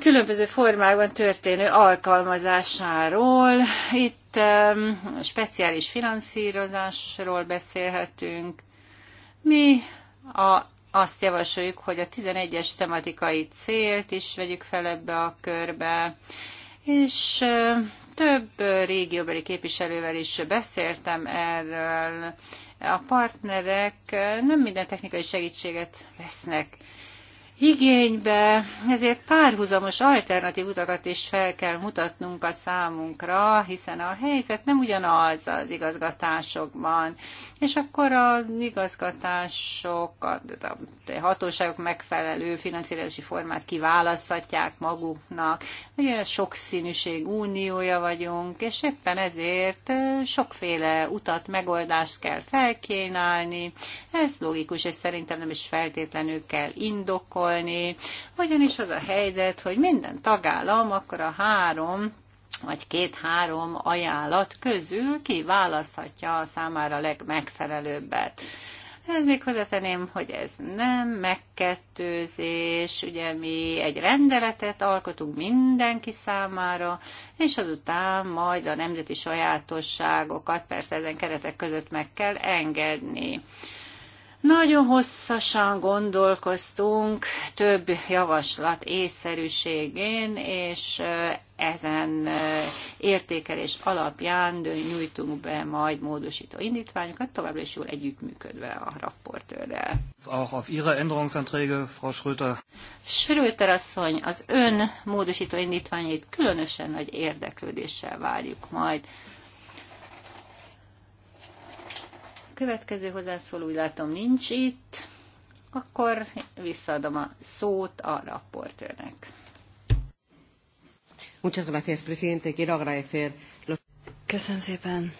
különböző formában történő alkalmazásáról. Itt um, speciális finanszírozásról beszélhetünk. Mi a azt javasoljuk, hogy a 11-es tematikai célt is vegyük fel ebbe a körbe, és több régióbeli képviselővel is beszéltem erről. A partnerek nem minden technikai segítséget vesznek igénybe, ezért párhuzamos alternatív utakat is fel kell mutatnunk a számunkra, hiszen a helyzet nem ugyanaz az igazgatásokban, és akkor az igazgatások, a, a hatóságok megfelelő finanszírozási formát kiválaszthatják maguknak. Ugye sokszínűség uniója vagyunk, és éppen ezért sokféle utat, megoldást kell felkínálni. Ez logikus, és szerintem nem is feltétlenül kell indokolni, indokolni, ugyanis az a helyzet, hogy minden tagállam akkor a három vagy két-három ajánlat közül kiválaszthatja a számára legmegfelelőbbet. Ez még hozzáteném, hogy ez nem megkettőzés, ugye mi egy rendeletet alkotunk mindenki számára, és azután majd a nemzeti sajátosságokat persze ezen keretek között meg kell engedni. Nagyon hosszasan gondolkoztunk több javaslat észszerűségén, és ezen értékelés alapján nyújtunk be majd módosító indítványokat, továbbra is jól együttműködve a rapportőrrel. Auch auf Ihre Änderungsanträge, Frau Schröter. Schröter asszony, az ön módosító indítványait különösen nagy érdeklődéssel várjuk majd. következő hozzászóló úgy látom nincs itt, akkor visszaadom a szót a raportőrnek. Muchas gracias, presidente. Quiero agradecer Köszönöm szépen,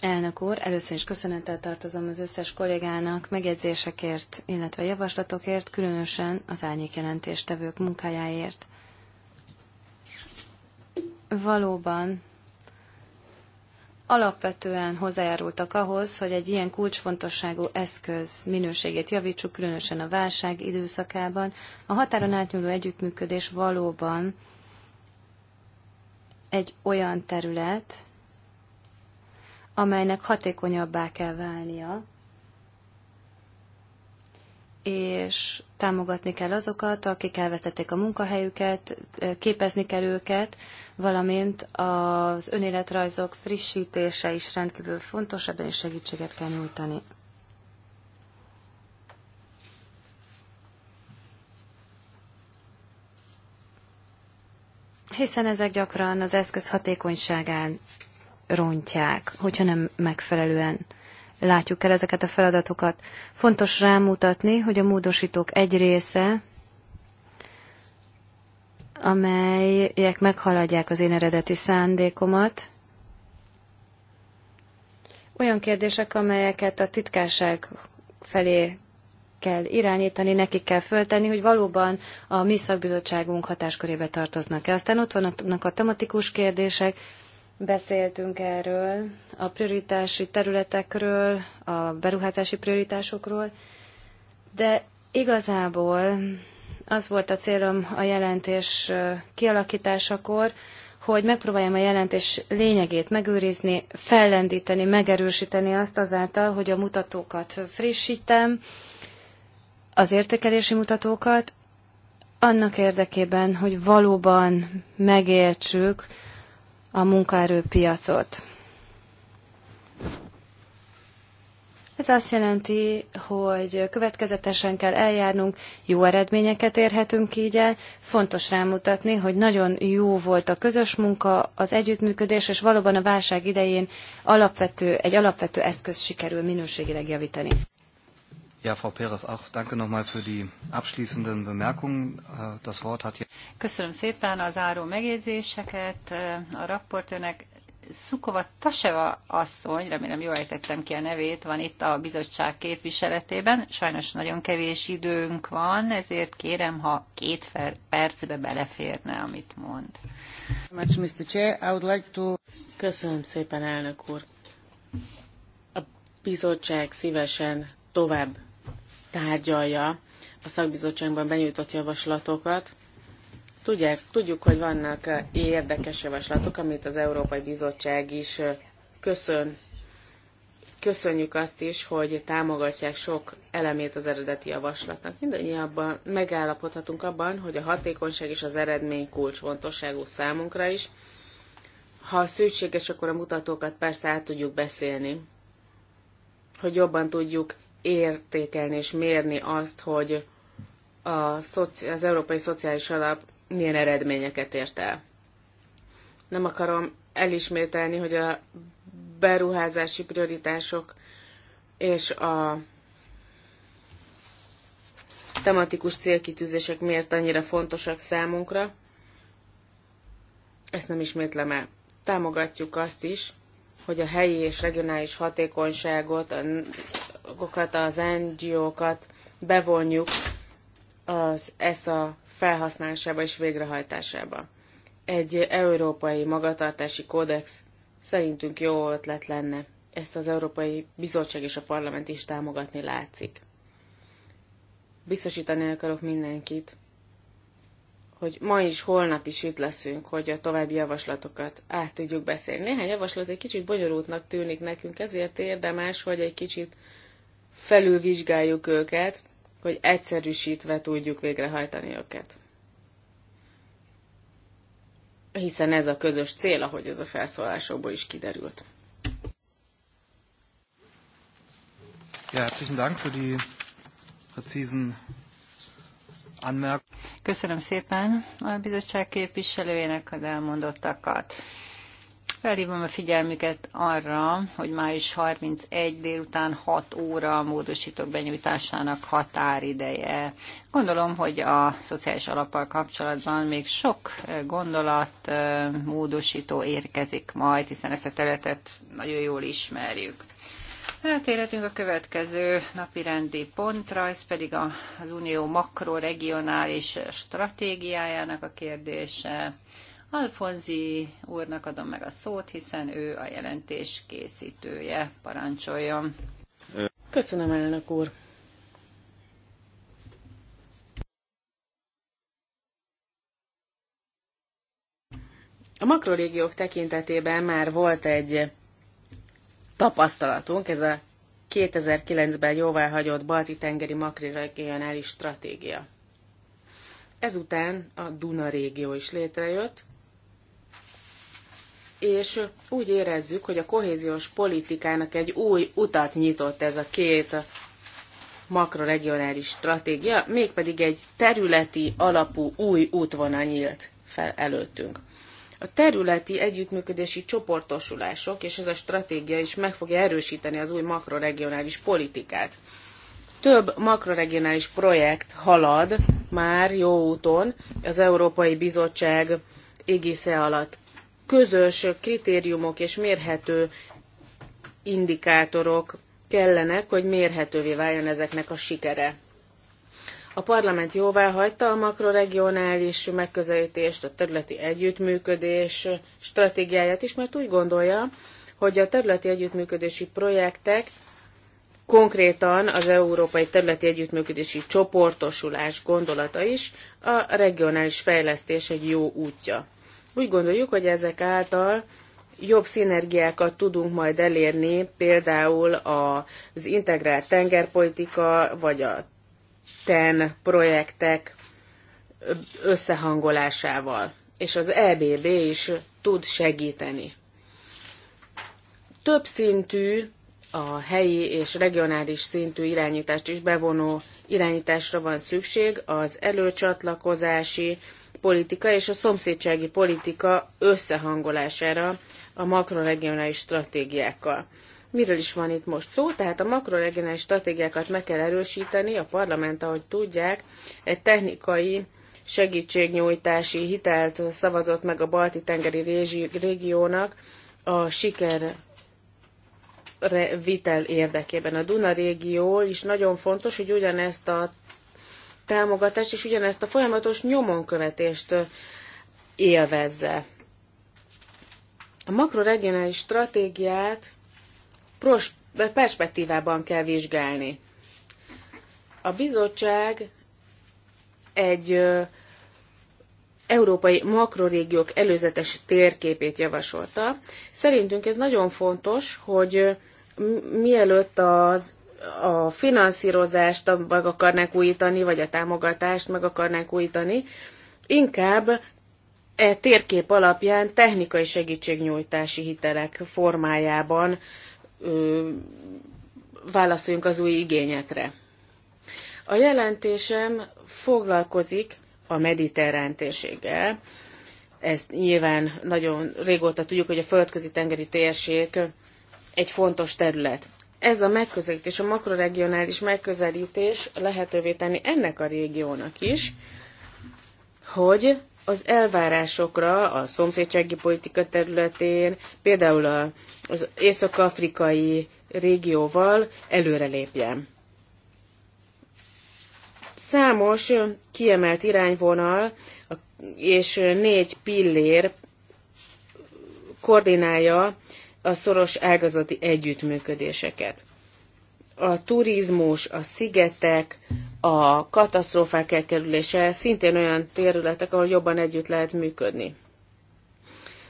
elnök úr. Először is köszönettel tartozom az összes kollégának megjegyzésekért, illetve javaslatokért, különösen az árnyék jelentéstevők munkájáért. Valóban alapvetően hozzájárultak ahhoz, hogy egy ilyen kulcsfontosságú eszköz minőségét javítsuk, különösen a válság időszakában. A határon átnyúló együttműködés valóban egy olyan terület, amelynek hatékonyabbá kell válnia, és támogatni kell azokat, akik elvesztették a munkahelyüket, képezni kell őket, valamint az önéletrajzok frissítése is rendkívül fontos, ebben is segítséget kell nyújtani. Hiszen ezek gyakran az eszköz hatékonyságán rontják, hogyha nem megfelelően látjuk el ezeket a feladatokat. Fontos rámutatni, hogy a módosítók egy része, amelyek meghaladják az én eredeti szándékomat, olyan kérdések, amelyeket a titkárság felé kell irányítani, nekik kell föltenni, hogy valóban a mi szakbizottságunk hatáskörébe tartoznak-e. Aztán ott vannak a tematikus kérdések, Beszéltünk erről, a prioritási területekről, a beruházási prioritásokról, de igazából az volt a célom a jelentés kialakításakor, hogy megpróbáljam a jelentés lényegét megőrizni, fellendíteni, megerősíteni azt azáltal, hogy a mutatókat frissítem, az értékelési mutatókat, annak érdekében, hogy valóban megértsük, a munkaerőpiacot. Ez azt jelenti, hogy következetesen kell eljárnunk, jó eredményeket érhetünk így el. Fontos rámutatni, hogy nagyon jó volt a közös munka, az együttműködés, és valóban a válság idején alapvető, egy alapvető eszköz sikerül minőségileg javítani. Ja, Frau Peres, auch danke nochmal für die abschließenden Bemerkungen. Äh, das Wort hat hier... Köszönöm szépen a záró megjegyzéseket äh, a rapportőnek. Szukova Taseva asszony, remélem jól ejtettem ki a nevét, van itt a bizottság képviseletében. Sajnos nagyon kevés időnk van, ezért kérem, ha két percbe beleférne, amit mond. Köszönöm szépen, elnök úr. A bizottság szívesen tovább tárgyalja a szakbizottságban benyújtott javaslatokat. Tudják, tudjuk, hogy vannak eh, érdekes javaslatok, amit az Európai Bizottság is eh, köszön. Köszönjük azt is, hogy támogatják sok elemét az eredeti javaslatnak. Mindannyian megállapodhatunk abban, hogy a hatékonyság és az eredmény kulcsfontosságú számunkra is. Ha szükséges, akkor a mutatókat persze át tudjuk beszélni, hogy jobban tudjuk értékelni és mérni azt, hogy a szoci- az Európai Szociális Alap milyen eredményeket ért el. Nem akarom elismételni, hogy a beruházási prioritások és a tematikus célkitűzések miért annyira fontosak számunkra. Ezt nem ismétlem el. Támogatjuk azt is, hogy a helyi és regionális hatékonyságot, a országokat, az NGO-kat bevonjuk az ESA felhasználásába és végrehajtásába. Egy európai magatartási kódex szerintünk jó ötlet lenne. Ezt az Európai Bizottság és a Parlament is támogatni látszik. Biztosítani akarok mindenkit, hogy ma is, holnap is itt leszünk, hogy a további javaslatokat át tudjuk beszélni. Néhány javaslat egy kicsit bonyolultnak tűnik nekünk, ezért érdemes, hogy egy kicsit felülvizsgáljuk őket, hogy egyszerűsítve tudjuk végrehajtani őket. Hiszen ez a közös cél, ahogy ez a felszólásokból is kiderült. Ja, herzlichen Dank für die präzisen Köszönöm szépen a bizottság képviselőjének az elmondottakat. Felhívom a figyelmüket arra, hogy május 31 délután 6 óra a módosítók benyújtásának határideje. Gondolom, hogy a szociális alappal kapcsolatban még sok gondolat, módosító érkezik majd, hiszen ezt a területet nagyon jól ismerjük. Eltérhetünk a következő napirendi pontra, ez pedig az Unió makroregionális stratégiájának a kérdése. Alfonzi úrnak adom meg a szót, hiszen ő a jelentés készítője. Parancsoljon! Köszönöm, elnök úr! A makrorégiók tekintetében már volt egy tapasztalatunk, ez a 2009-ben jóváhagyott Balti-tengeri makroregionális stratégia. Ezután a Duna régió is létrejött, és úgy érezzük, hogy a kohéziós politikának egy új utat nyitott ez a két makroregionális stratégia, mégpedig egy területi alapú új útvonal nyílt fel előttünk. A területi együttműködési csoportosulások és ez a stratégia is meg fogja erősíteni az új makroregionális politikát. Több makroregionális projekt halad már jó úton az Európai Bizottság égisze alatt közös kritériumok és mérhető indikátorok kellenek, hogy mérhetővé váljon ezeknek a sikere. A parlament jóvá hagyta a makroregionális megközelítést, a területi együttműködés stratégiáját is, mert úgy gondolja, hogy a területi együttműködési projektek konkrétan az Európai Területi Együttműködési Csoportosulás gondolata is a regionális fejlesztés egy jó útja. Úgy gondoljuk, hogy ezek által jobb szinergiákat tudunk majd elérni, például az integrált tengerpolitika, vagy a TEN projektek összehangolásával. És az EBB is tud segíteni. Több szintű a helyi és regionális szintű irányítást is bevonó irányításra van szükség az előcsatlakozási politika és a szomszédsági politika összehangolására a makroregionális stratégiákkal. Miről is van itt most szó? Tehát a makroregionális stratégiákat meg kell erősíteni, a parlament, ahogy tudják, egy technikai segítségnyújtási hitelt szavazott meg a balti tengeri régiónak a siker vitel érdekében. A Duna régió is nagyon fontos, hogy ugyanezt a támogatást, és ugyanezt a folyamatos nyomonkövetést élvezze. A makroregionális stratégiát perspektívában kell vizsgálni. A bizottság egy európai makrorégiók előzetes térképét javasolta. Szerintünk ez nagyon fontos, hogy mielőtt az a finanszírozást meg akarnák újítani, vagy a támogatást meg akarnák újítani, inkább e térkép alapján technikai segítségnyújtási hitelek formájában ö, válaszoljunk az új igényekre. A jelentésem foglalkozik a mediterrán térséggel. Ezt nyilván nagyon régóta tudjuk, hogy a földközi tengeri térség egy fontos terület ez a megközelítés, a makroregionális megközelítés lehetővé tenni ennek a régiónak is, hogy az elvárásokra a szomszédsági politika területén, például az észak-afrikai régióval előrelépjen. Számos kiemelt irányvonal és négy pillér koordinálja a szoros ágazati együttműködéseket. A turizmus, a szigetek, a katasztrófák elkerülése szintén olyan területek, ahol jobban együtt lehet működni.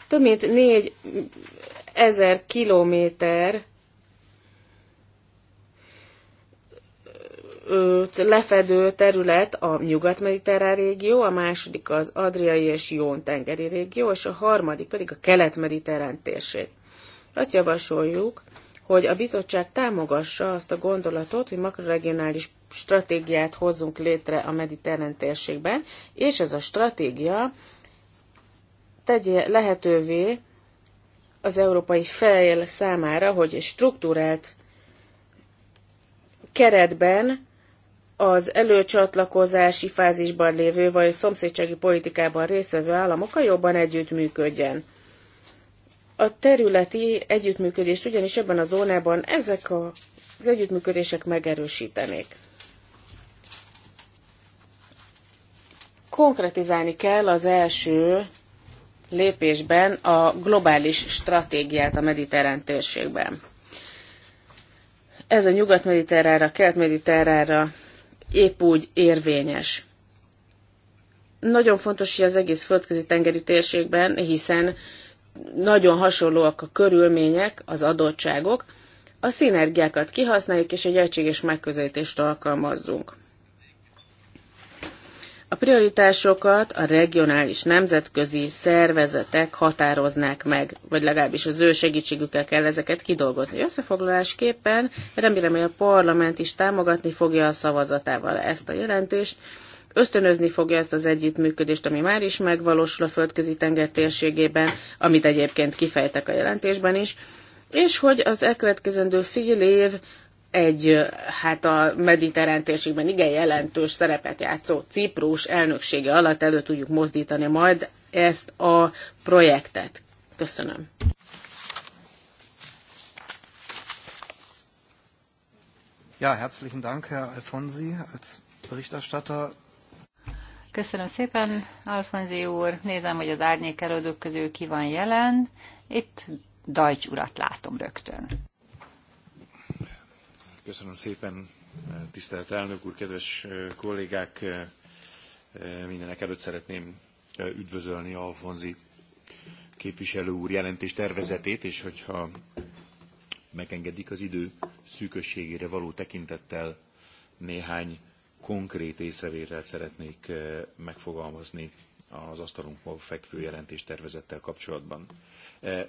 Több mint négy ezer kilométer lefedő terület a nyugat-mediterrán régió, a második az adriai és jón tengeri régió, és a harmadik pedig a kelet-mediterrán térség. Azt javasoljuk, hogy a bizottság támogassa azt a gondolatot, hogy makroregionális stratégiát hozzunk létre a mediterrán térségben, és ez a stratégia tegye lehetővé az európai fejl számára, hogy struktúrált keretben az előcsatlakozási fázisban lévő vagy szomszédsági politikában részvevő államokkal jobban együttműködjen. A területi együttműködést ugyanis ebben a zónában ezek a, az együttműködések megerősítenék. Konkretizálni kell az első lépésben a globális stratégiát a mediterrán térségben. Ez a nyugat-mediterrára, kelet-mediterrára épp úgy érvényes. Nagyon fontos, hogy az egész földközi tengeri térségben, hiszen nagyon hasonlóak a körülmények, az adottságok, a szinergiákat kihasználjuk, és egy egységes megközelítést alkalmazzunk. A prioritásokat a regionális nemzetközi szervezetek határoznák meg, vagy legalábbis az ő segítségükkel kell ezeket kidolgozni. Összefoglalásképpen remélem, hogy a parlament is támogatni fogja a szavazatával ezt a jelentést, ösztönözni fogja ezt az együttműködést, ami már is megvalósul a földközi tenger térségében, amit egyébként kifejtek a jelentésben is, és hogy az elkövetkezendő fél év egy, hát a mediterrán térségben igen jelentős szerepet játszó Ciprus elnöksége alatt elő tudjuk mozdítani majd ezt a projektet. Köszönöm. Ja, herzlichen Dank, Herr Alfonsi, als Berichterstatter. Köszönöm szépen, Alfonzi úr. Nézem, hogy az árnyék előadók közül ki van jelen. Itt Dajcs urat látom rögtön. Köszönöm szépen, tisztelt elnök úr, kedves kollégák! Mindenek előtt szeretném üdvözölni Alfonzi képviselő úr jelentés tervezetét, és hogyha megengedik az idő szűkösségére való tekintettel néhány konkrét észrevételt szeretnék eh, megfogalmazni az asztalunkon fekvő jelentés tervezettel kapcsolatban. Eh,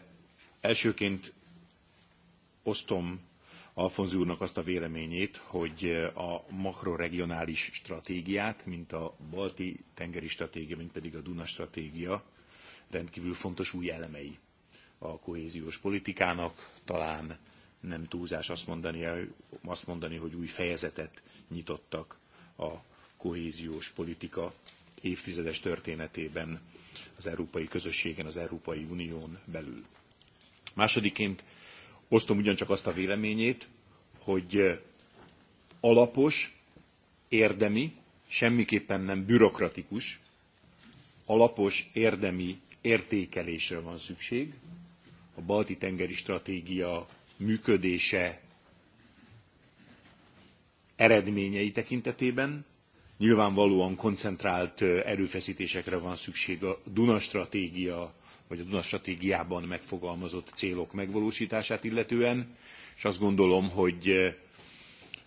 elsőként osztom Alfonzi úrnak azt a véleményét, hogy eh, a makroregionális stratégiák, mint a balti tengeri stratégia, mint pedig a Duna stratégia rendkívül fontos új elemei a kohéziós politikának. Talán nem túlzás azt mondani, azt mondani hogy új fejezetet nyitottak a kohéziós politika évtizedes történetében az európai közösségen, az Európai Unión belül. Másodiként osztom ugyancsak azt a véleményét, hogy alapos, érdemi, semmiképpen nem bürokratikus, alapos, érdemi értékelésre van szükség. A balti tengeri stratégia működése eredményei tekintetében. Nyilvánvalóan koncentrált erőfeszítésekre van szükség a Duna stratégia, vagy a Duna stratégiában megfogalmazott célok megvalósítását illetően, és azt gondolom, hogy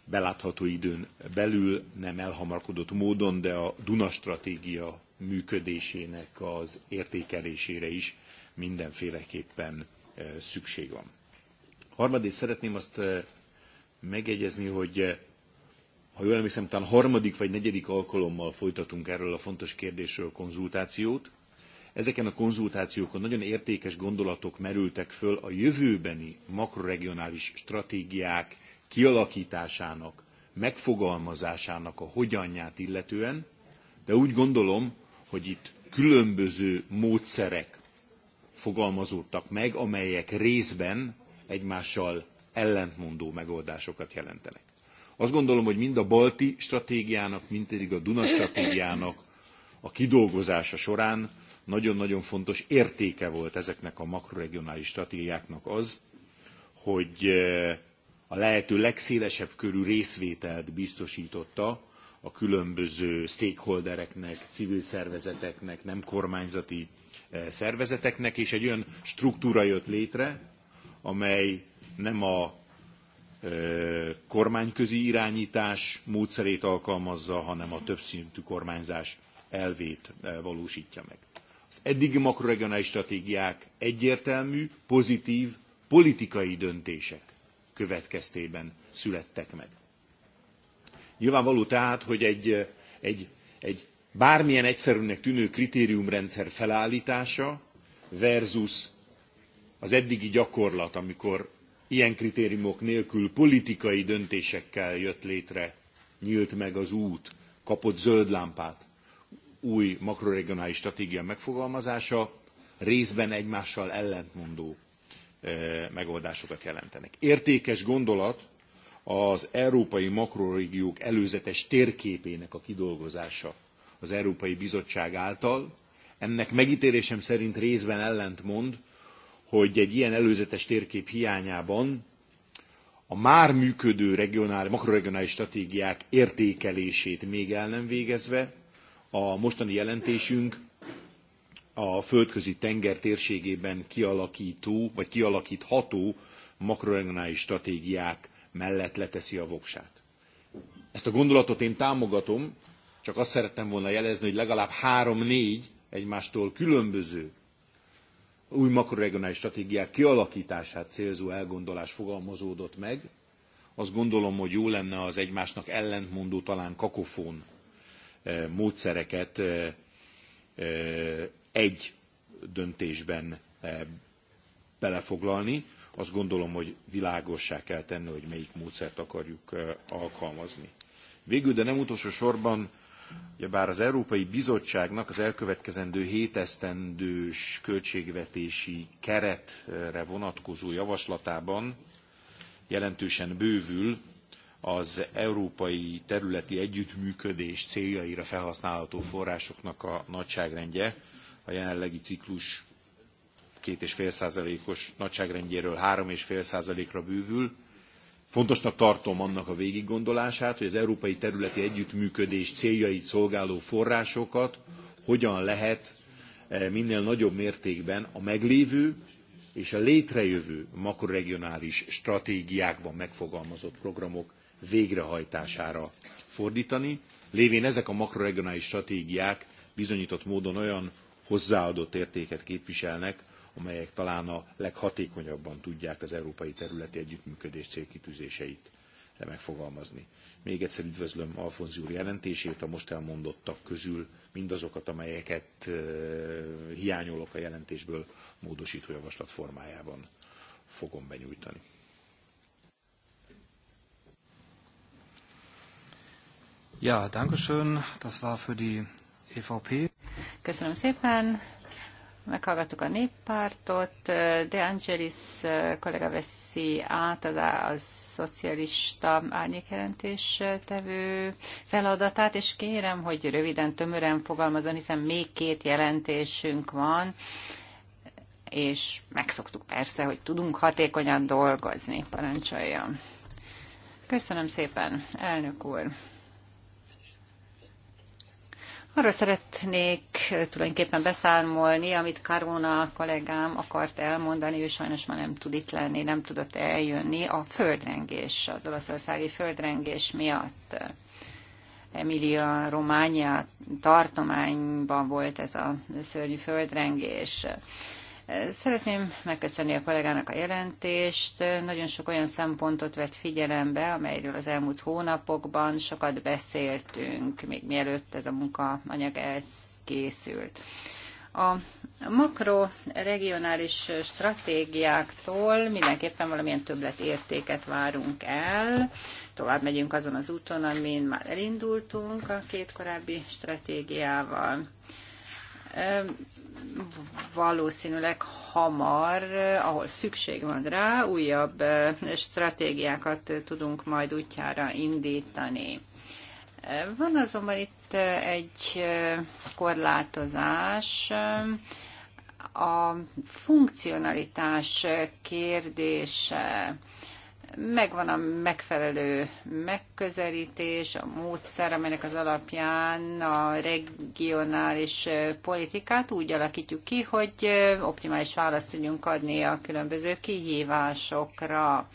belátható időn belül, nem elhamarkodott módon, de a Duna stratégia működésének az értékelésére is mindenféleképpen szükség van. Harmadét szeretném azt megegyezni, hogy ha jól emlékszem, talán harmadik vagy negyedik alkalommal folytatunk erről a fontos kérdésről konzultációt. Ezeken a konzultációkon nagyon értékes gondolatok merültek föl a jövőbeni makroregionális stratégiák kialakításának, megfogalmazásának a hogyanját illetően, de úgy gondolom, hogy itt különböző módszerek fogalmazódtak meg, amelyek részben egymással ellentmondó megoldásokat jelentenek. Azt gondolom, hogy mind a balti stratégiának, mind pedig a Duna stratégiának a kidolgozása során nagyon-nagyon fontos értéke volt ezeknek a makroregionális stratégiáknak az, hogy eh, a lehető legszélesebb körű részvételt biztosította a különböző stakeholdereknek, civil szervezeteknek, nem kormányzati eh, szervezeteknek, és egy olyan struktúra jött létre, amely nem a kormányközi irányítás módszerét alkalmazza, hanem a többszintű kormányzás elvét valósítja meg. Az eddigi makroregionális stratégiák egyértelmű, pozitív politikai döntések következtében születtek meg. Nyilvánvaló tehát, hogy egy, egy, egy bármilyen egyszerűnek tűnő kritériumrendszer felállítása versus az eddigi gyakorlat, amikor ilyen kritériumok nélkül politikai döntésekkel jött létre, nyílt meg az út, kapott zöld lámpát új makroregionális stratégia megfogalmazása, részben egymással ellentmondó e, megoldásokat jelentenek. Értékes gondolat az európai makroregiók előzetes térképének a kidolgozása az Európai Bizottság által. Ennek megítélésem szerint részben ellentmond hogy egy ilyen előzetes térkép hiányában a már működő regionális, makroregionális stratégiák értékelését még el nem végezve, a mostani jelentésünk a földközi tenger térségében kialakító, vagy kialakítható makroregionális stratégiák mellett leteszi a voksát. Ezt a gondolatot én támogatom, csak azt szerettem volna jelezni, hogy legalább három-négy egymástól különböző új makroregionális stratégiák kialakítását célzó elgondolás fogalmazódott meg. Azt gondolom, hogy jó lenne az egymásnak ellentmondó, talán kakofón eh, módszereket eh, eh, egy döntésben belefoglalni. Azt gondolom, hogy világossá kell tenni, hogy melyik módszert akarjuk alkalmazni. Végül, de nem utolsó sorban Ugyebár az Európai Bizottságnak az elkövetkezendő hétesztendős költségvetési keretre vonatkozó javaslatában jelentősen bővül az európai területi együttműködés céljaira felhasználható forrásoknak a nagyságrendje a jelenlegi ciklus 2,5%-os nagyságrendjéről 3,5%-ra bővül, Fontosnak tartom annak a végiggondolását, hogy az európai területi együttműködés céljait szolgáló forrásokat hogyan lehet eh, minél nagyobb mértékben a meglévő és a létrejövő makroregionális stratégiákban megfogalmazott programok végrehajtására fordítani. Lévén ezek a makroregionális stratégiák bizonyított módon olyan hozzáadott értéket képviselnek, amelyek talán a leghatékonyabban tudják az európai területi együttműködés célkitűzéseit megfogalmazni. Még egyszer üdvözlöm Alfonzi úr jelentését, a most elmondottak közül mindazokat, amelyeket hiányolok a jelentésből módosító javaslat formájában fogom benyújtani. Ja, danke schön. Das war für die EVP. Köszönöm szépen meghallgattuk a néppártot, De Angelis eh, kollega veszi át az, az szocialista árnyékjelentés tevő feladatát, és kérem, hogy röviden, tömören fogalmazon, hiszen még két jelentésünk van, és megszoktuk persze, hogy tudunk hatékonyan dolgozni, parancsoljam. Köszönöm szépen, elnök úr! Arra szeretnék tulajdonképpen beszámolni, amit Karona kollégám akart elmondani, ő sajnos már nem tud itt lenni, nem tudott eljönni a földrengés, az olaszországi földrengés miatt. Emilia Románia tartományban volt ez a szörnyű földrengés. Szeretném megköszönni a kollégának a jelentést. Nagyon sok olyan szempontot vett figyelembe, amelyről az elmúlt hónapokban sokat beszéltünk, még mielőtt ez a munkaanyag elkészült. A regionális stratégiáktól mindenképpen valamilyen értéket várunk el. Tovább megyünk azon az úton, amin már elindultunk a két korábbi stratégiával valószínűleg hamar, ahol szükség van rá, újabb stratégiákat tudunk majd útjára indítani. Van azonban itt egy korlátozás, a funkcionalitás kérdése megvan a megfelelő megközelítés, a módszer, amelynek az alapján a regionális politikát úgy alakítjuk ki, hogy optimális választ tudjunk adni a különböző kihívásokra,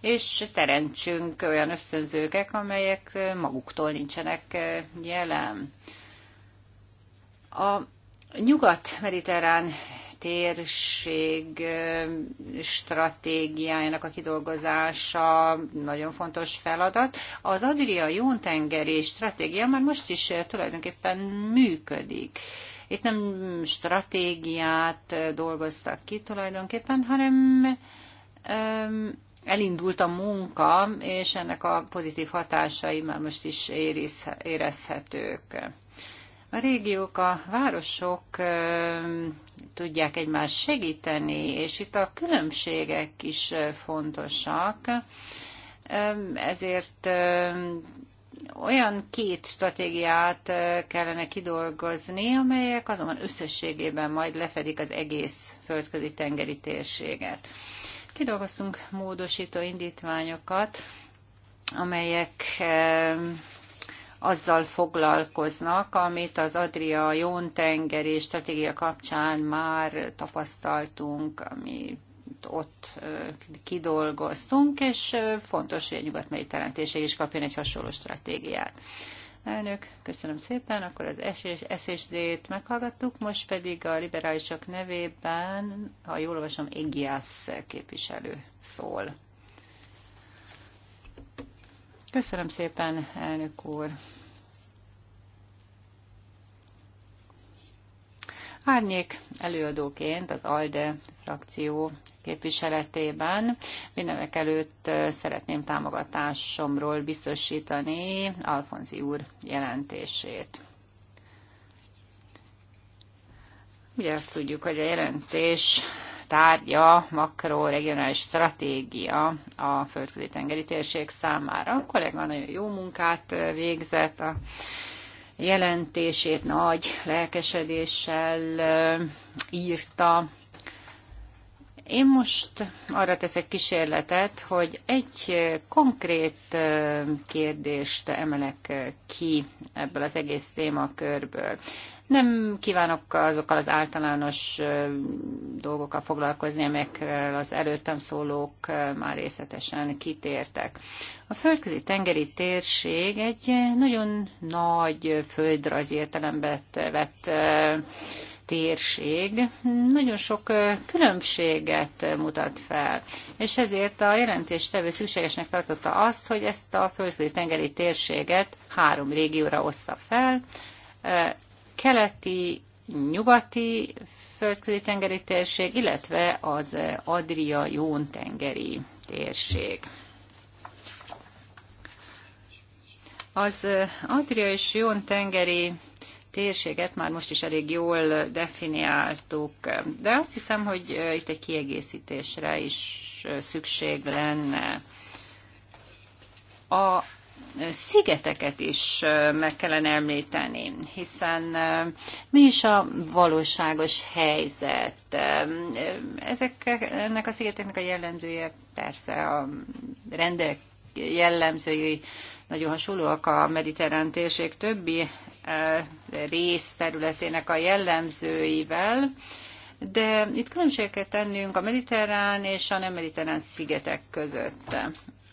és teremtsünk olyan összönzőkek, amelyek maguktól nincsenek jelen. A nyugat-mediterrán térség stratégiájának a kidolgozása nagyon fontos feladat. Az Adria-Jóntengeri stratégia már most is tulajdonképpen működik. Itt nem stratégiát dolgoztak ki tulajdonképpen, hanem elindult a munka, és ennek a pozitív hatásai már most is érezhetők. A régiók, a városok tudják egymást segíteni, és itt a különbségek is fontosak. Ezért olyan két stratégiát kellene kidolgozni, amelyek azonban összességében majd lefedik az egész földközi tengeri térséget. Kidolgoztunk módosító indítványokat, amelyek azzal foglalkoznak, amit az Adria Jóntengeri stratégia kapcsán már tapasztaltunk, amit ott kidolgoztunk, és fontos, hogy a nyugat teremtése is kapjon egy hasonló stratégiát. Elnök, köszönöm szépen, akkor az SSD-t meghallgattuk, most pedig a liberálisok nevében, ha jól olvasom, Egiász képviselő szól. Köszönöm szépen, elnök úr. Árnyék előadóként az ALDE frakció képviseletében mindenek előtt szeretném támogatásomról biztosítani Alfonzi úr jelentését. Ugye azt tudjuk, hogy a jelentés tárgya makro, regionális stratégia a földközi tengeri térség számára. A kollega nagyon jó munkát végzett, a jelentését nagy lelkesedéssel írta, én most arra teszek kísérletet, hogy egy konkrét kérdést emelek ki ebből az egész témakörből. Nem kívánok azokkal az általános dolgokkal foglalkozni, amelyekről az előttem szólók már részletesen kitértek. A földközi tengeri térség egy nagyon nagy földrajzi értelembe vett térség nagyon sok különbséget mutat fel, és ezért a jelentéstevő szükségesnek tartotta azt, hogy ezt a földközi tengeri térséget három régióra ossza fel, keleti, nyugati földközi tengeri térség, illetve az Adria-Jón tengeri térség. Az Adria és Jón tengeri térséget már most is elég jól definiáltuk, de azt hiszem, hogy itt egy kiegészítésre is szükség lenne. A szigeteket is meg kellene említeni, hiszen mi is a valóságos helyzet? Ezek, ennek a szigeteknek a jellemzője persze a rendek jellemzői nagyon hasonlóak a mediterrán térség többi rész területének a jellemzőivel, de itt különbségeket tennünk a mediterrán és a nem mediterrán szigetek között.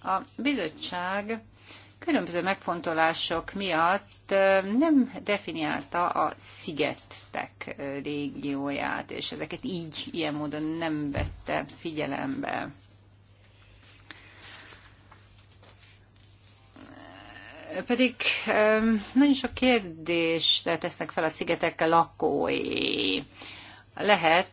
A bizottság különböző megfontolások miatt nem definiálta a szigetek régióját, és ezeket így, ilyen módon nem vette figyelembe. Pedig nagyon sok kérdést tesznek fel a szigetek lakói. Lehet,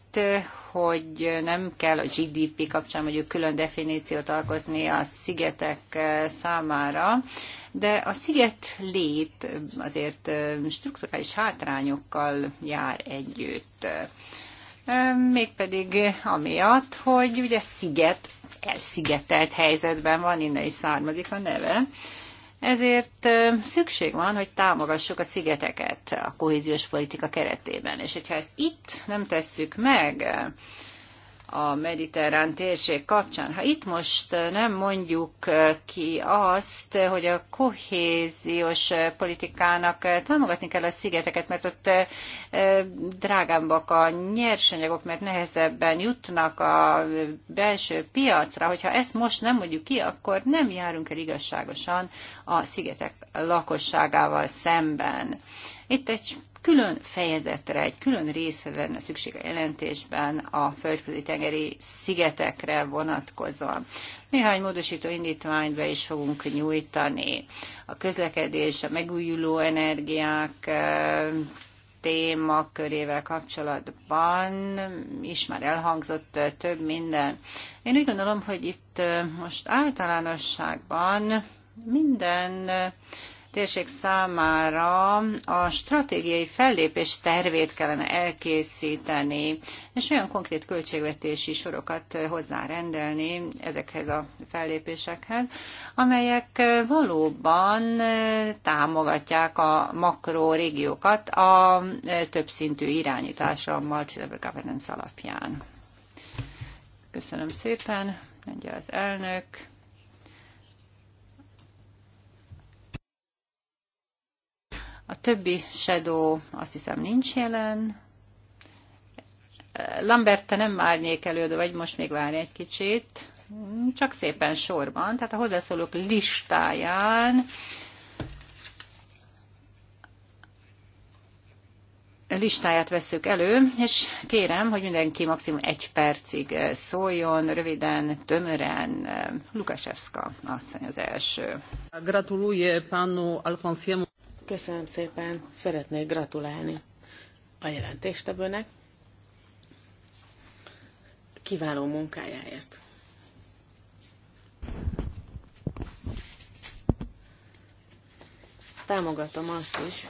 hogy nem kell a GDP kapcsán mondjuk külön definíciót alkotni a szigetek eh, számára, de a sziget lét azért eh, strukturális hátrányokkal jár együtt. Eh, mégpedig amiatt, hogy ugye sziget elszigetelt helyzetben van, innen is származik a neve, ezért szükség van, hogy támogassuk a szigeteket a kohéziós politika keretében. És hogyha ezt itt nem tesszük meg, a mediterrán térség kapcsán. Ha itt most nem mondjuk eh, ki azt, hogy a kohéziós eh, politikának eh, támogatni kell a szigeteket, mert ott drágábbak a nyersanyagok, mert nehezebben jutnak a belső piacra. Hogyha ezt most nem mondjuk ki, akkor nem járunk el igazságosan a szigetek lakosságával szemben. Itt egy külön fejezetre, egy külön részre lenne szükség a jelentésben a földközi tengeri szigetekre vonatkozóan. Néhány módosító indítványt be is fogunk nyújtani. A közlekedés, a megújuló energiák, témakörével kapcsolatban is már elhangzott több minden. Én úgy gondolom, hogy itt most általánosságban minden térség számára a stratégiai fellépés tervét kellene elkészíteni, és olyan konkrét költségvetési sorokat eh, hozzárendelni ezekhez a fellépésekhez, amelyek eh, valóban eh, támogatják a makrorégiókat a többszintű irányításra, a multilevel governance alapján. Köszönöm szépen, mondja az elnök. A többi Shadow azt hiszem nincs jelen. Lambert, te nem árnyék előadó, vagy, most még várj egy kicsit. Csak szépen sorban, tehát a hozzászólók listáján listáját veszük elő, és kérem, hogy mindenki maximum egy percig szóljon, röviden, tömören. Lukasevska asszony az első. Gratulálok panu Alfonsiemu. Köszönöm szépen, szeretnék gratulálni a jelentéstevőnek kiváló munkájáért. Támogatom azt is,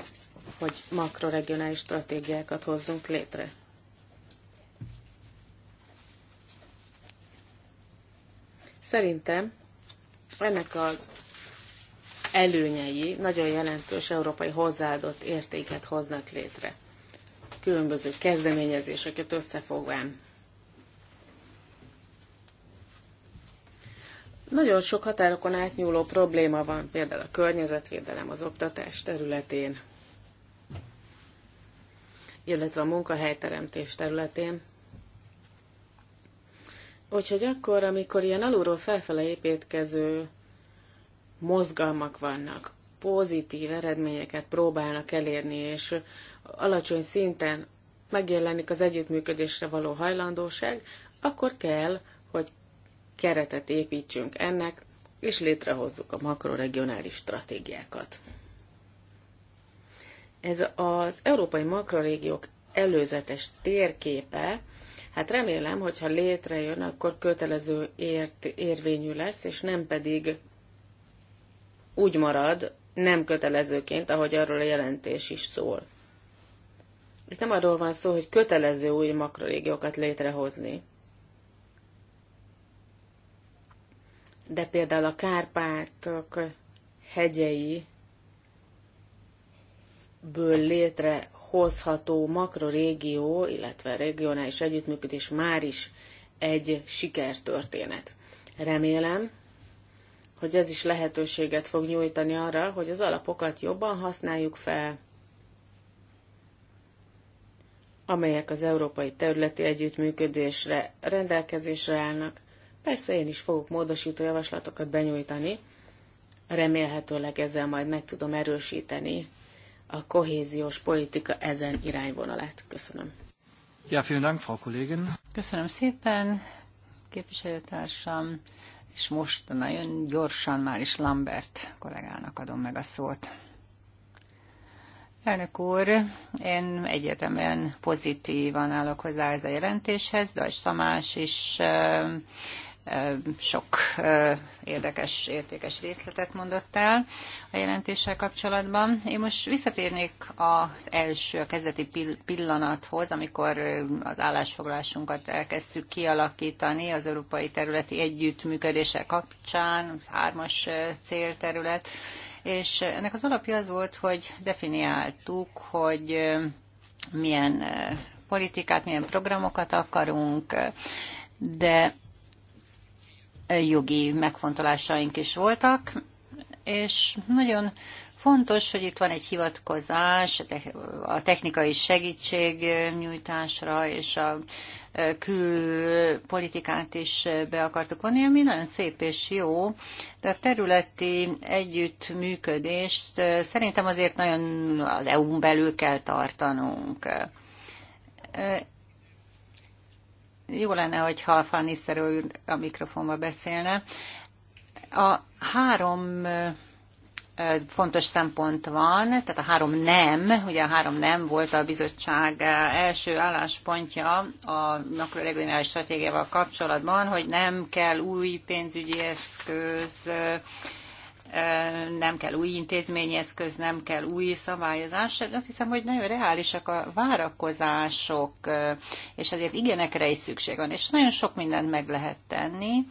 hogy makroregionális stratégiákat hozzunk létre. Szerintem ennek az előnyei nagyon jelentős európai hozzáadott értéket hoznak létre. Különböző kezdeményezéseket összefogván. Nagyon sok határokon átnyúló probléma van, például a környezetvédelem az oktatás területén, illetve a munkahelyteremtés területén. Úgyhogy akkor, amikor ilyen alulról felfele építkező mozgalmak vannak, pozitív eredményeket próbálnak elérni, és alacsony szinten megjelenik az együttműködésre való hajlandóság, akkor kell, hogy keretet építsünk ennek, és létrehozzuk a makroregionális stratégiákat. Ez az európai makrorégiók előzetes térképe, hát remélem, hogyha létrejön, akkor kötelező ért, érvényű lesz, és nem pedig úgy marad, nem kötelezőként, ahogy arról a jelentés is szól. Itt nem arról van szó, hogy kötelező új makrorégiókat létrehozni. De például a Kárpátok hegyei ből létrehozható makrorégió, illetve regionális együttműködés már is egy sikertörténet. Remélem, hogy ez is lehetőséget fog nyújtani arra, hogy az alapokat jobban használjuk fel, amelyek az európai területi együttműködésre rendelkezésre állnak. Persze én is fogok módosító javaslatokat benyújtani, remélhetőleg ezzel majd meg tudom erősíteni a kohéziós politika ezen irányvonalát. Köszönöm. Ja, vielen Dank, Frau Kollegin. Köszönöm szépen, képviselőtársam és most nagyon gyorsan már is Lambert kollégának adom meg a szót. Elnök úr, én egyetemen pozitívan állok hozzá ez a jelentéshez, Dajs Tamás is sok érdekes, értékes részletet mondott el a jelentéssel kapcsolatban. Én most visszatérnék az első, a kezdeti pillanathoz, amikor az állásfoglalásunkat elkezdtük kialakítani az európai területi együttműködése kapcsán, az hármas célterület, és ennek az alapja az volt, hogy definiáltuk, hogy milyen politikát, milyen programokat akarunk, de jogi megfontolásaink is voltak, és nagyon fontos, hogy itt van egy hivatkozás a technikai segítség nyújtásra és a e, külpolitikát is be akartuk vonni, ami nagyon szép és jó, de a területi együttműködést e, szerintem azért nagyon az EU-n belül kell tartanunk e, jó lenne, hogyha Van Nistelrooy a mikrofonba beszélne. A három fontos szempont van, tehát a három nem, ugye a három nem volt a bizottság első álláspontja a makroregionális stratégiával kapcsolatban, hogy nem kell új pénzügyi eszköz, nem kell új intézményeszköz, nem kell új szabályozás. Azt hiszem, hogy nagyon reálisak a várakozások, és ezért igenekre is szükség van, és nagyon sok mindent meg lehet tenni,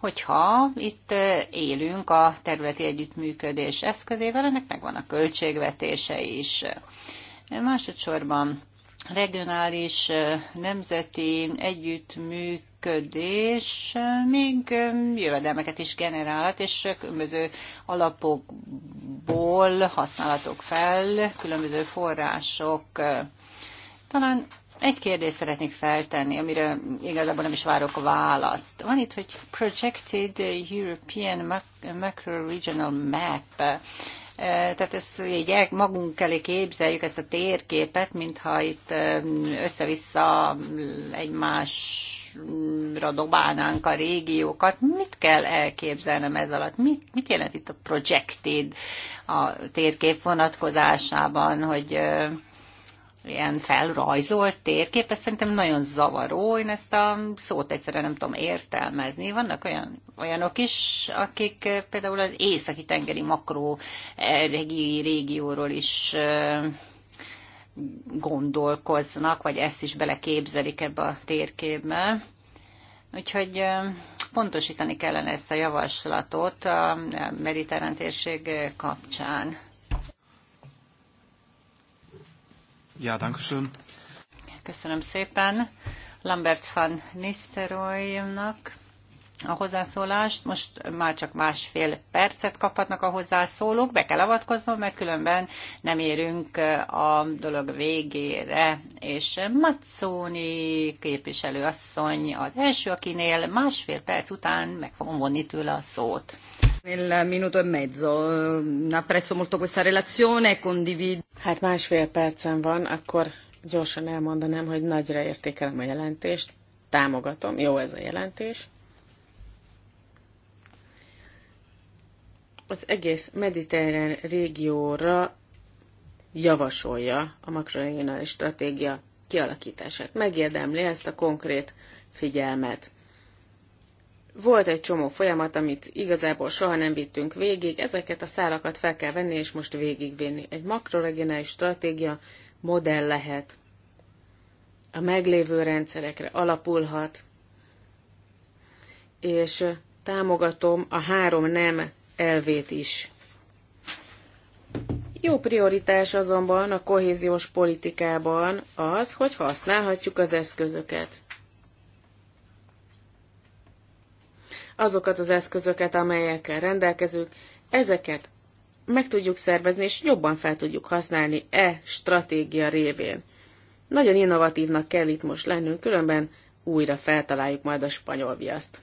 hogyha itt élünk a területi együttműködés eszközével, ennek megvan a költségvetése is. Másodszorban regionális, nemzeti együttműködés működés még um, jövedelmeket is generált, és különböző alapokból használatok fel különböző források. Talán egy kérdést szeretnék feltenni, amire igazából nem is várok a választ. Van itt, hogy Projected European Macro-Regional Map. Tehát ezt így magunk elé képzeljük ezt a térképet, mintha itt um, össze-vissza egymás egymásra dobálnánk a régiókat. Mit kell elképzelnem ez alatt? Mit, mit jelent itt a projected a térkép vonatkozásában, hogy ilyen felrajzolt térkép, ez szerintem nagyon zavaró, én ezt a szót egyszerűen nem tudom értelmezni. Vannak olyan, olyanok is, akik például az északi tengeri makró eh, régióról is gondolkoznak, vagy ezt is beleképzelik ebbe a térképbe. Úgyhogy pontosítani kellene ezt a javaslatot a mediterrán térség kapcsán. Ja, dankeschön. Köszönöm szépen Lambert van Nisteroynak a hozzászólást. Most már csak másfél percet kaphatnak a hozzászólók, be kell avatkoznom, mert különben nem érünk a dolog végére. És Mazzoni képviselőasszony az első, akinél másfél perc után meg fogom vonni tőle a szót. Nel minuto e mezzo. Apprezzo molto questa relazione e condivido. Hát másfél percen van, akkor gyorsan elmondanám, hogy nagyra értékelem a jelentést, támogatom, jó ez a jelentés az egész mediterrán régióra javasolja a makroregionális stratégia kialakítását. Megérdemli ezt a konkrét figyelmet. Volt egy csomó folyamat, amit igazából soha nem vittünk végig, ezeket a szálakat fel kell venni, és most végigvinni. Egy makroregionális stratégia modell lehet. A meglévő rendszerekre alapulhat, és támogatom a három nem elvét is. Jó prioritás azonban a kohéziós politikában az, hogy használhatjuk az eszközöket. Azokat az eszközöket, amelyekkel rendelkezünk, ezeket meg tudjuk szervezni, és jobban fel tudjuk használni e stratégia révén. Nagyon innovatívnak kell itt most lennünk, különben újra feltaláljuk majd a spanyol viaszt.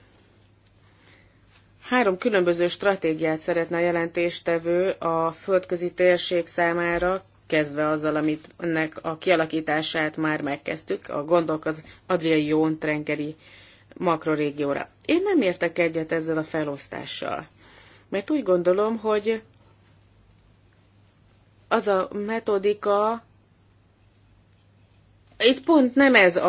Három különböző stratégiát szeretne a jelentéstevő a földközi térség számára, kezdve azzal, amit ennek a kialakítását már megkezdtük, a gondok az Adriai Jón trengeri makrorégióra. Én nem értek egyet ezzel a felosztással, mert úgy gondolom, hogy az a metodika, itt pont nem ez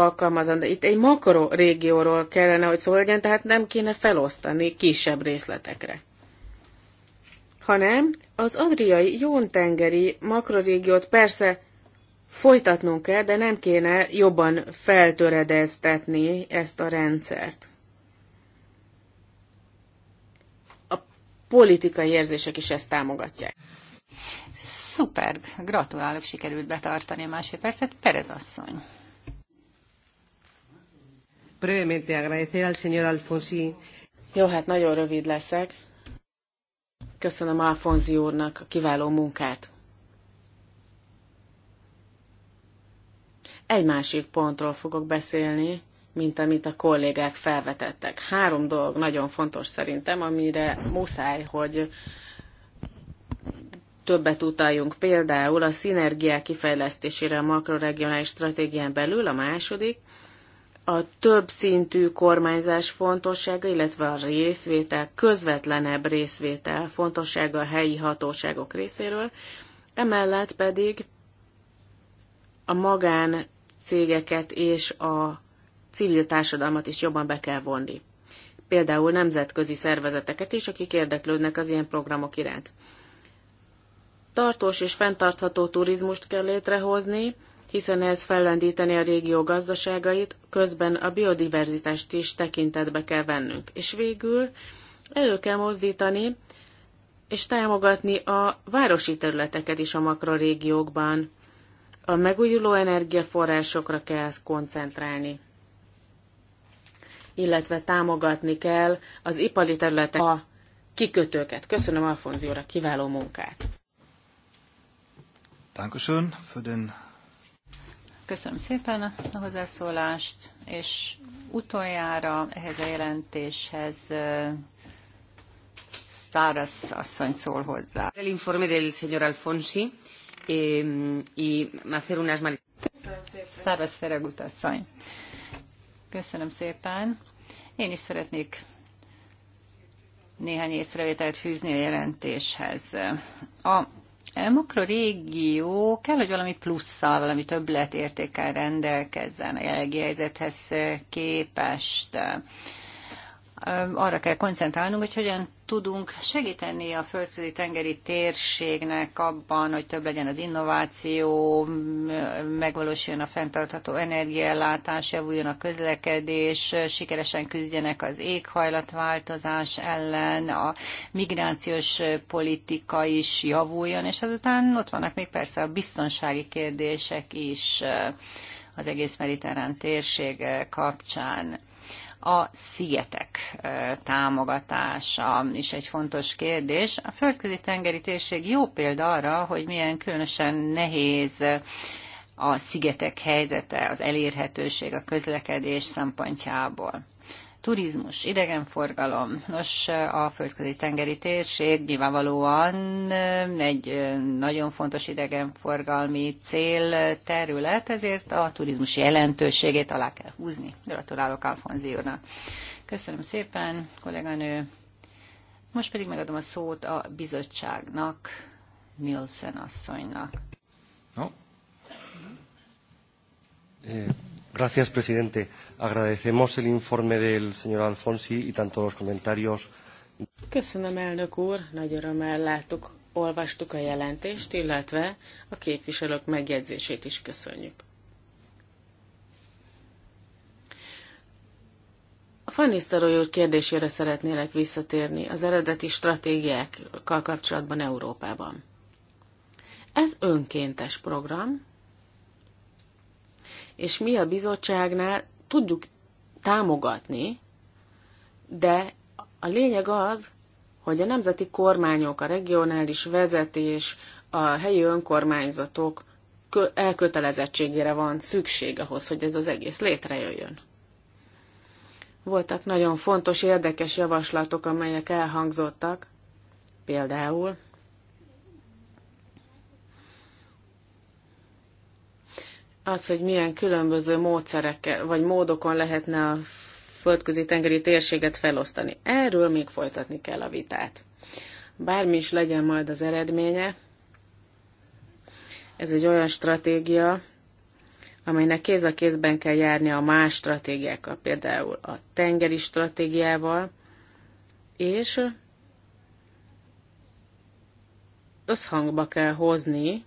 de itt egy makro régióról kellene, hogy szó legyen, tehát nem kéne felosztani kisebb részletekre. Hanem az adriai jóntengeri makrorégiót persze folytatnunk kell, de nem kéne jobban feltöredeztetni ezt a rendszert. A politikai érzések is ezt támogatják. Szuper, gratulálok, sikerült betartani a másfél percet. Perez asszony. Brevemente agradecer al señor Alfonsi. Jó, hát nagyon rövid leszek. Köszönöm Alfonzi úrnak a kiváló munkát. Egy másik pontról fogok beszélni, mint amit a kollégák felvetettek. Három dolog nagyon fontos szerintem, amire muszáj, hogy többet utaljunk például a szinergiák kifejlesztésére a makroregionális stratégián belül, a második, a több szintű kormányzás fontossága, illetve a részvétel, közvetlenebb részvétel fontossága a helyi hatóságok részéről, emellett pedig a magán cégeket és a civil társadalmat is jobban be kell vonni. Például nemzetközi szervezeteket is, akik érdeklődnek az ilyen programok iránt. Tartós és fenntartható turizmust kell létrehozni, hiszen ez fellendíteni a régió gazdaságait, közben a biodiverzitást is tekintetbe kell vennünk. És végül elő kell mozdítani és támogatni a városi területeket is a makrorégiókban. A megújuló energiaforrásokra kell koncentrálni illetve támogatni kell az ipari területek a kikötőket. Köszönöm Alfonzióra kiváló munkát! Dankeschön für den Köszönöm szépen a hozzászólást, és utoljára ehhez a jelentéshez Staras asszony szól hozzá. El informe del señor Alfonsi, y hacer unas Staras Feregut asszony. Köszönöm szépen. Én is szeretnék néhány észrevételt fűzni a jelentéshez. A régió kell, hogy valami plusszal, valami többletértékkel rendelkezzen a jelenlegi helyzethez képest arra kell koncentrálnunk, hogy hogyan tudunk segíteni a földközi tengeri térségnek abban, hogy több legyen az innováció, megvalósuljon a fenntartható energiállátás, javuljon a közlekedés, sikeresen küzdjenek az éghajlatváltozás ellen, a migrációs politika is javuljon, és azután ott vannak még persze a biztonsági kérdések is az egész mediterrán térség kapcsán a szigetek támogatása is egy fontos kérdés. A földközi tengeri térség jó példa arra, hogy milyen különösen nehéz a szigetek helyzete, az elérhetőség a közlekedés szempontjából turizmus, idegenforgalom. Nos, a földközi tengeri térség nyilvánvalóan egy nagyon fontos idegenforgalmi cél terület, ezért a turizmus jelentőségét alá kell húzni. Gratulálok Alfonzi úrnak. Köszönöm szépen, kolléganő. Most pedig megadom a szót a bizottságnak, Nielsen asszonynak. No. Eh, Gracias, presidente. Agradecemos el informe del señor Alfonsi y tanto los comentarios. Köszönöm, elnök úr, nagy örömmel láttuk, olvastuk a jelentést, illetve a képviselők megjegyzését is köszönjük. A Fanisztaroly úr kérdésére szeretnélek visszatérni az eredeti stratégiákkal kapcsolatban Európában. Ez önkéntes program, és mi a bizottságnál tudjuk támogatni, de a lényeg az, hogy a nemzeti kormányok, a regionális vezetés, a helyi önkormányzatok elkötelezettségére van szükség ahhoz, hogy ez az egész létrejöjjön. Voltak nagyon fontos, érdekes javaslatok, amelyek elhangzottak, például az, hogy milyen különböző módszerekkel, vagy módokon lehetne a földközi tengeri térséget felosztani. Erről még folytatni kell a vitát. Bármi is legyen majd az eredménye, ez egy olyan stratégia, amelynek kéz a kézben kell járni a más stratégiákkal, például a tengeri stratégiával, és összhangba kell hozni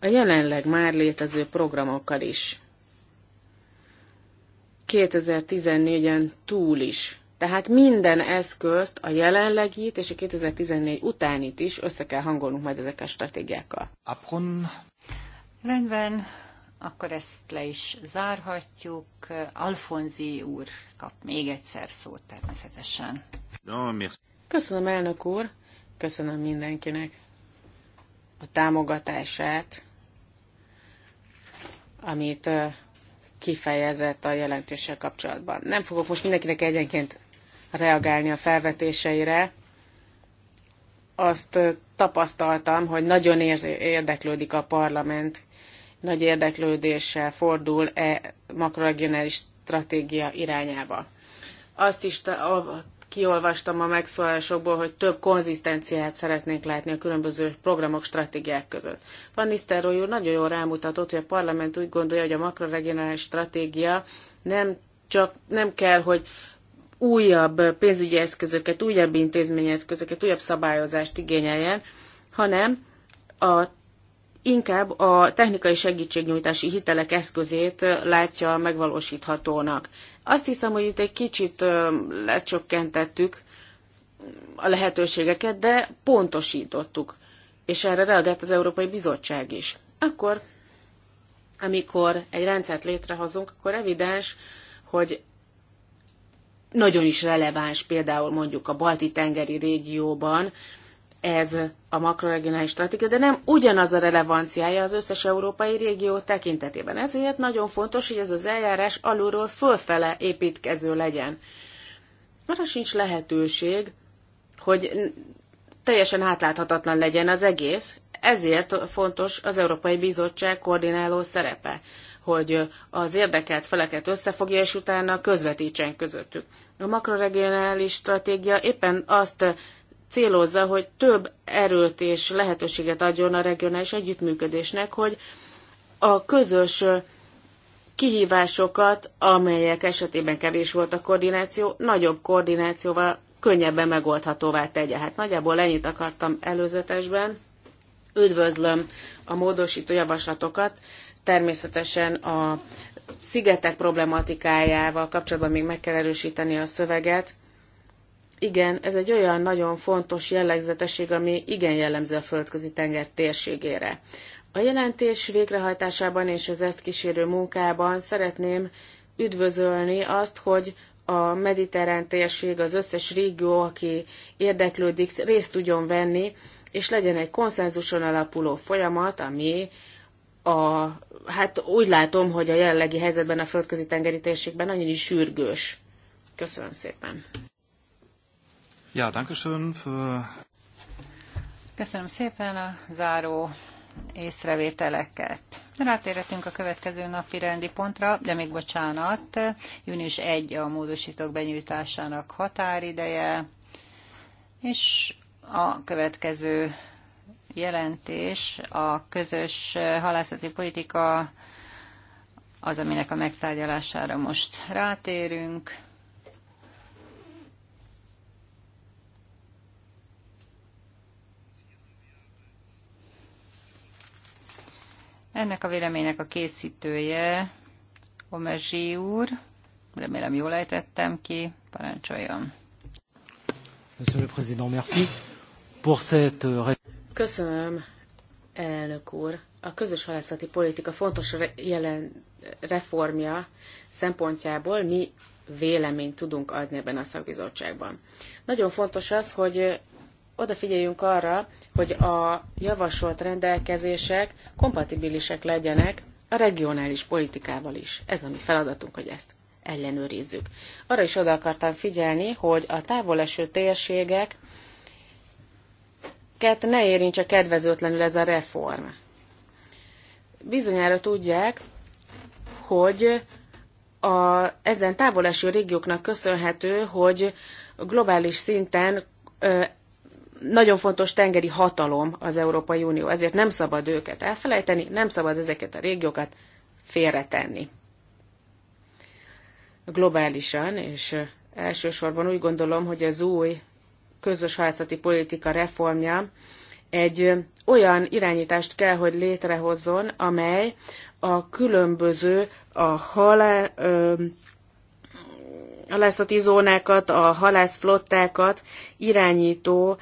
a jelenleg már létező programokkal is. 2014-en túl is. Tehát minden eszközt, a jelenlegit és a 2014 utánit is össze kell hangolnunk majd ezekkel a stratégiákkal. Apron. Rendben, akkor ezt le is zárhatjuk. Alfonzi úr kap még egyszer szót természetesen. Köszönöm, elnök úr, köszönöm mindenkinek a támogatását amit kifejezett a jelentéssel kapcsolatban. Nem fogok most mindenkinek egyenként reagálni a felvetéseire. Azt tapasztaltam, hogy nagyon érdeklődik a parlament, nagy érdeklődéssel fordul e makroregionális stratégia irányába. Azt is kiolvastam a megszólásokból, hogy több konzisztenciát szeretnénk látni a különböző programok, stratégiák között. Van Nisztelrooy úr nagyon jól rámutatott, hogy a parlament úgy gondolja, hogy a makroregionális stratégia nem csak nem kell, hogy újabb pénzügyi eszközöket, újabb intézményeszközöket, újabb szabályozást igényeljen, hanem a inkább a technikai segítségnyújtási hitelek eszközét látja megvalósíthatónak. Azt hiszem, hogy itt egy kicsit lecsökkentettük a lehetőségeket, de pontosítottuk, és erre reagált az Európai Bizottság is. Akkor, amikor egy rendszert létrehozunk, akkor evidens, hogy nagyon is releváns például mondjuk a balti tengeri régióban ez a makroregionális stratégia, de nem ugyanaz a relevanciája az összes európai régió tekintetében. Ezért nagyon fontos, hogy ez az eljárás alulról fölfele építkező legyen. Arra sincs lehetőség, hogy teljesen átláthatatlan legyen az egész, ezért fontos az Európai Bizottság koordináló szerepe, hogy az érdekelt feleket összefogja, és utána közvetítsen közöttük. A makroregionális stratégia éppen azt célozza, hogy több erőt és lehetőséget adjon a regionális együttműködésnek, hogy a közös kihívásokat, amelyek esetében kevés volt a koordináció, nagyobb koordinációval könnyebben megoldhatóvá tegye. Hát nagyjából ennyit akartam előzetesben. Üdvözlöm a módosító javaslatokat. Természetesen a szigetek problematikájával kapcsolatban még meg kell erősíteni a szöveget, igen, ez egy olyan nagyon fontos jellegzetesség, ami igen jellemző a földközi tenger térségére. A jelentés végrehajtásában és az ezt kísérő munkában szeretném üdvözölni azt, hogy a mediterrán térség, az összes régió, aki érdeklődik, részt tudjon venni, és legyen egy konszenzuson alapuló folyamat, ami a, hát úgy látom, hogy a jelenlegi helyzetben a földközi tengeri térségben annyira sürgős. Köszönöm szépen. Ja, danke schön für... Köszönöm szépen a záró észrevételeket. Rátérhetünk a következő napi rendi pontra, de még bocsánat, június 1 a módosítók benyújtásának határideje, és a következő jelentés a közös halászati politika az, aminek a megtárgyalására most rátérünk. Ennek a véleménynek a készítője Omezsi úr. Remélem jól ejtettem ki. Parancsoljon. Monsieur le Président, merci pour cette... Euh, Köszönöm, elnök úr. A közös halászati politika fontos jelen reformja szempontjából mi véleményt tudunk adni ebben a szakbizottságban. Nagyon fontos az, hogy odafigyeljünk arra, hogy a javasolt rendelkezések kompatibilisek legyenek a regionális politikával is. Ez a mi feladatunk, hogy ezt ellenőrizzük. Arra is oda akartam figyelni, hogy a távoleső térségek ne érintse kedvezőtlenül ez a reform. Bizonyára tudják, hogy a, ezen távoleső régióknak köszönhető, hogy globális szinten nagyon fontos tengeri hatalom az Európai Unió, ezért nem szabad őket elfelejteni, nem szabad ezeket a régiókat félretenni. Globálisan, és elsősorban úgy gondolom, hogy az új közös halászati politika reformja egy olyan irányítást kell, hogy létrehozzon, amely a különböző a halál, ö, halászati zónákat, a halászflottákat irányító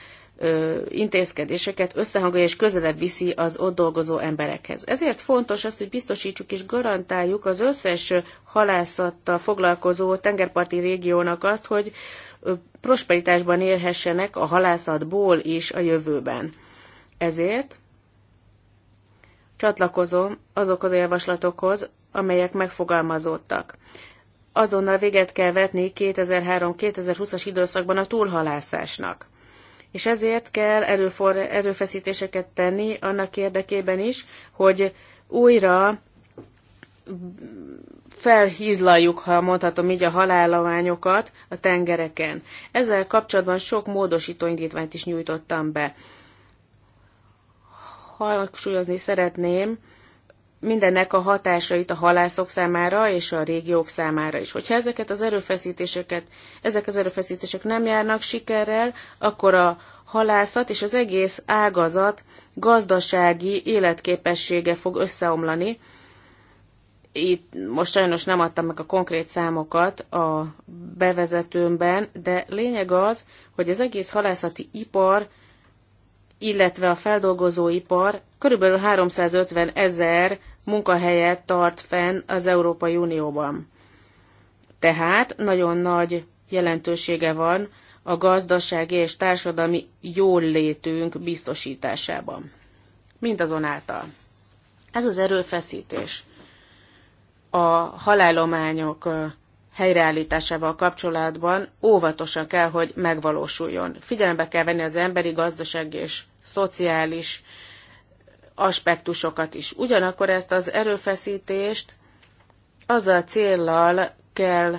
intézkedéseket összehangolja és közelebb viszi az ott dolgozó emberekhez. Ezért fontos az, hogy biztosítsuk és garantáljuk az összes halászattal foglalkozó tengerparti régiónak azt, hogy prosperitásban élhessenek a halászatból is a jövőben. Ezért csatlakozom azokhoz a javaslatokhoz, amelyek megfogalmazódtak. Azonnal véget kell vetni 2003-2020-as időszakban a túlhalászásnak és ezért kell erőfor, erőfeszítéseket tenni annak érdekében is, hogy újra felhízlaljuk, ha mondhatom így, a halállaványokat a tengereken. Ezzel kapcsolatban sok módosító indítványt is nyújtottam be. Hangsúlyozni szeretném, mindennek a hatásait a halászok számára és a régiók számára is. Hogyha ezeket az erőfeszítéseket, ezek az erőfeszítések nem járnak sikerrel, akkor a halászat és az egész ágazat gazdasági életképessége fog összeomlani. Itt most sajnos nem adtam meg a konkrét számokat a bevezetőmben, de lényeg az, hogy az egész halászati ipar illetve a feldolgozóipar körülbelül 350 ezer munkahelyet tart fenn az Európai Unióban. Tehát nagyon nagy jelentősége van a gazdasági és társadalmi jóllétünk biztosításában. Mindazonáltal. Ez az erőfeszítés a halálományok helyreállításával kapcsolatban óvatosan kell, hogy megvalósuljon. Figyelembe kell venni az emberi, gazdaság és szociális aspektusokat is. Ugyanakkor ezt az erőfeszítést azzal céllal kell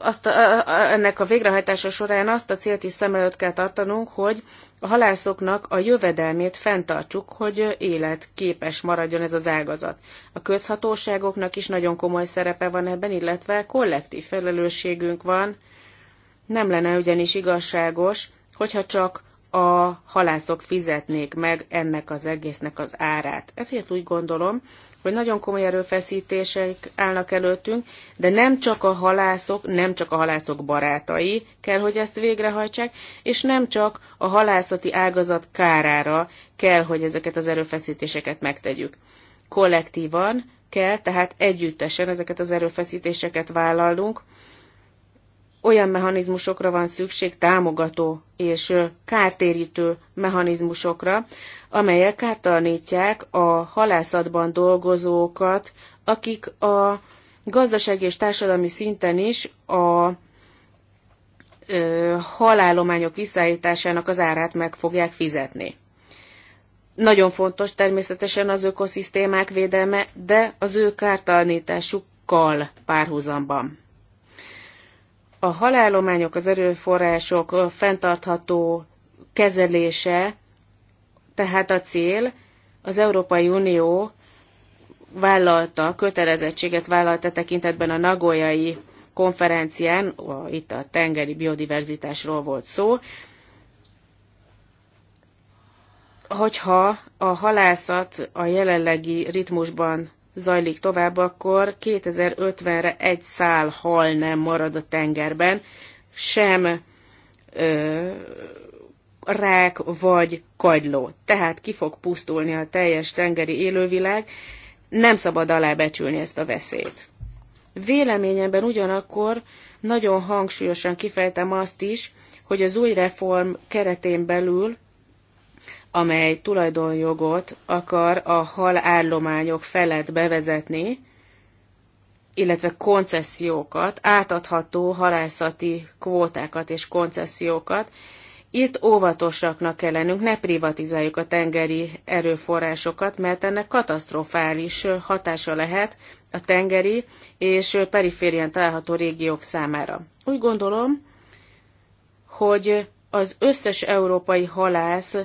azt a, a, ennek a végrehajtása során azt a célt is szem előtt kell tartanunk, hogy a halászoknak a jövedelmét fenntartsuk, hogy életképes maradjon ez az ágazat. A közhatóságoknak is nagyon komoly szerepe van ebben, illetve kollektív felelősségünk van. Nem lenne ugyanis igazságos, hogyha csak a halászok fizetnék meg ennek az egésznek az árát. Ezért úgy gondolom, hogy nagyon komoly erőfeszítések állnak előttünk, de nem csak a halászok, nem csak a halászok barátai kell, hogy ezt végrehajtsák, és nem csak a halászati ágazat kárára kell, hogy ezeket az erőfeszítéseket megtegyük. Kollektívan kell, tehát együttesen ezeket az erőfeszítéseket vállalnunk, olyan mechanizmusokra van szükség, támogató és kártérítő mechanizmusokra, amelyek kártalanítják a halászatban dolgozókat, akik a gazdasági és társadalmi szinten is a halálományok visszaállításának az árát meg fogják fizetni. Nagyon fontos természetesen az ökoszisztémák védelme, de az ő kártalanításukkal párhuzamban a halálományok, az erőforrások fenntartható kezelése, tehát a cél, az Európai Unió vállalta, kötelezettséget vállalta e tekintetben a Nagoyai konferencián, itt a tengeri biodiverzitásról volt szó, hogyha a halászat a jelenlegi ritmusban zajlik tovább, akkor 2050-re egy szál hal nem marad a tengerben, sem ö, rák vagy kagyló. Tehát ki fog pusztulni a teljes tengeri élővilág, nem szabad alábecsülni ezt a veszélyt. Véleményemben ugyanakkor nagyon hangsúlyosan kifejtem azt is, hogy az új reform keretén belül amely tulajdonjogot akar a halállományok felett bevezetni, illetve koncesziókat, átadható halászati kvótákat és koncesziókat. Itt óvatosaknak kell lennünk, ne privatizáljuk a tengeri erőforrásokat, mert ennek katasztrofális hatása lehet a tengeri és periférián található régiók számára. Úgy gondolom, hogy az összes európai halász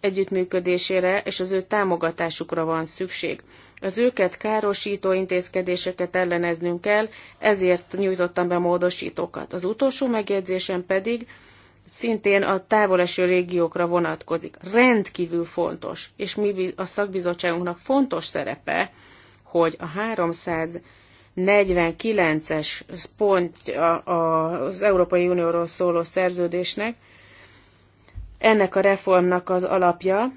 együttműködésére és az ő támogatásukra van szükség. Az őket károsító intézkedéseket elleneznünk kell, ezért nyújtottam be módosítókat. Az utolsó megjegyzésem pedig szintén a távoleső régiókra vonatkozik. Rendkívül fontos, és mi a szakbizottságunknak fontos szerepe, hogy a 300 49-es pont az Európai Unióról szóló szerződésnek ennek a reformnak az alapja,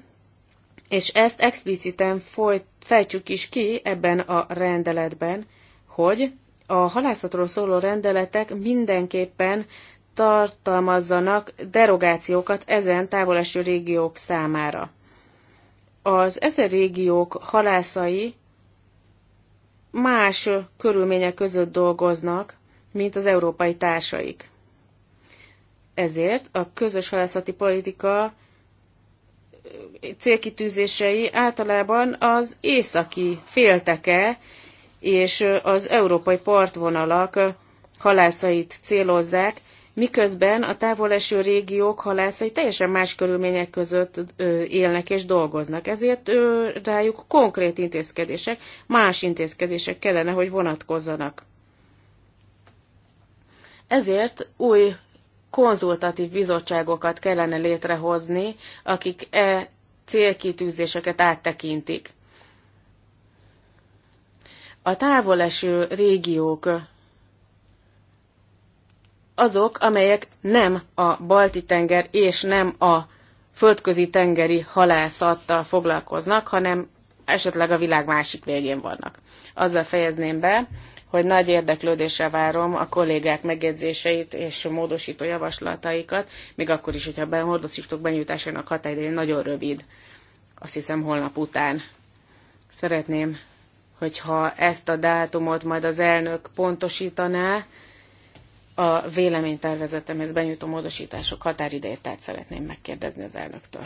és ezt expliciten folyt, fejtsük is ki ebben a rendeletben, hogy a halászatról szóló rendeletek mindenképpen tartalmazzanak derogációkat ezen távoleső régiók számára. Az ezen régiók halászai más körülmények között dolgoznak, mint az európai társaik. Ezért a közös halászati politika eh, célkitűzései általában az északi félteke és eh, az európai partvonalak eh, halászait célozzák, miközben a távoleső régiók halászai teljesen más körülmények között élnek és dolgoznak. Ezért rájuk konkrét intézkedések, más intézkedések kellene, hogy vonatkozzanak. Ezért új konzultatív bizottságokat kellene létrehozni, akik e célkitűzéseket áttekintik. A távoleső régiók azok, amelyek nem a Balti-tenger és nem a földközi tengeri halászattal foglalkoznak, hanem esetleg a világ másik végén vannak. Azzal fejezném be, hogy nagy érdeklődésre várom a kollégák megjegyzéseit és módosító javaslataikat, még akkor is, hogyha a módosítók benyújtásának határideje nagyon rövid, azt hiszem holnap után. Szeretném, hogyha ezt a dátumot majd az elnök pontosítaná, a véleménytervezetemhez benyújtó módosítások határidejét, tehát szeretném megkérdezni az elnöktől.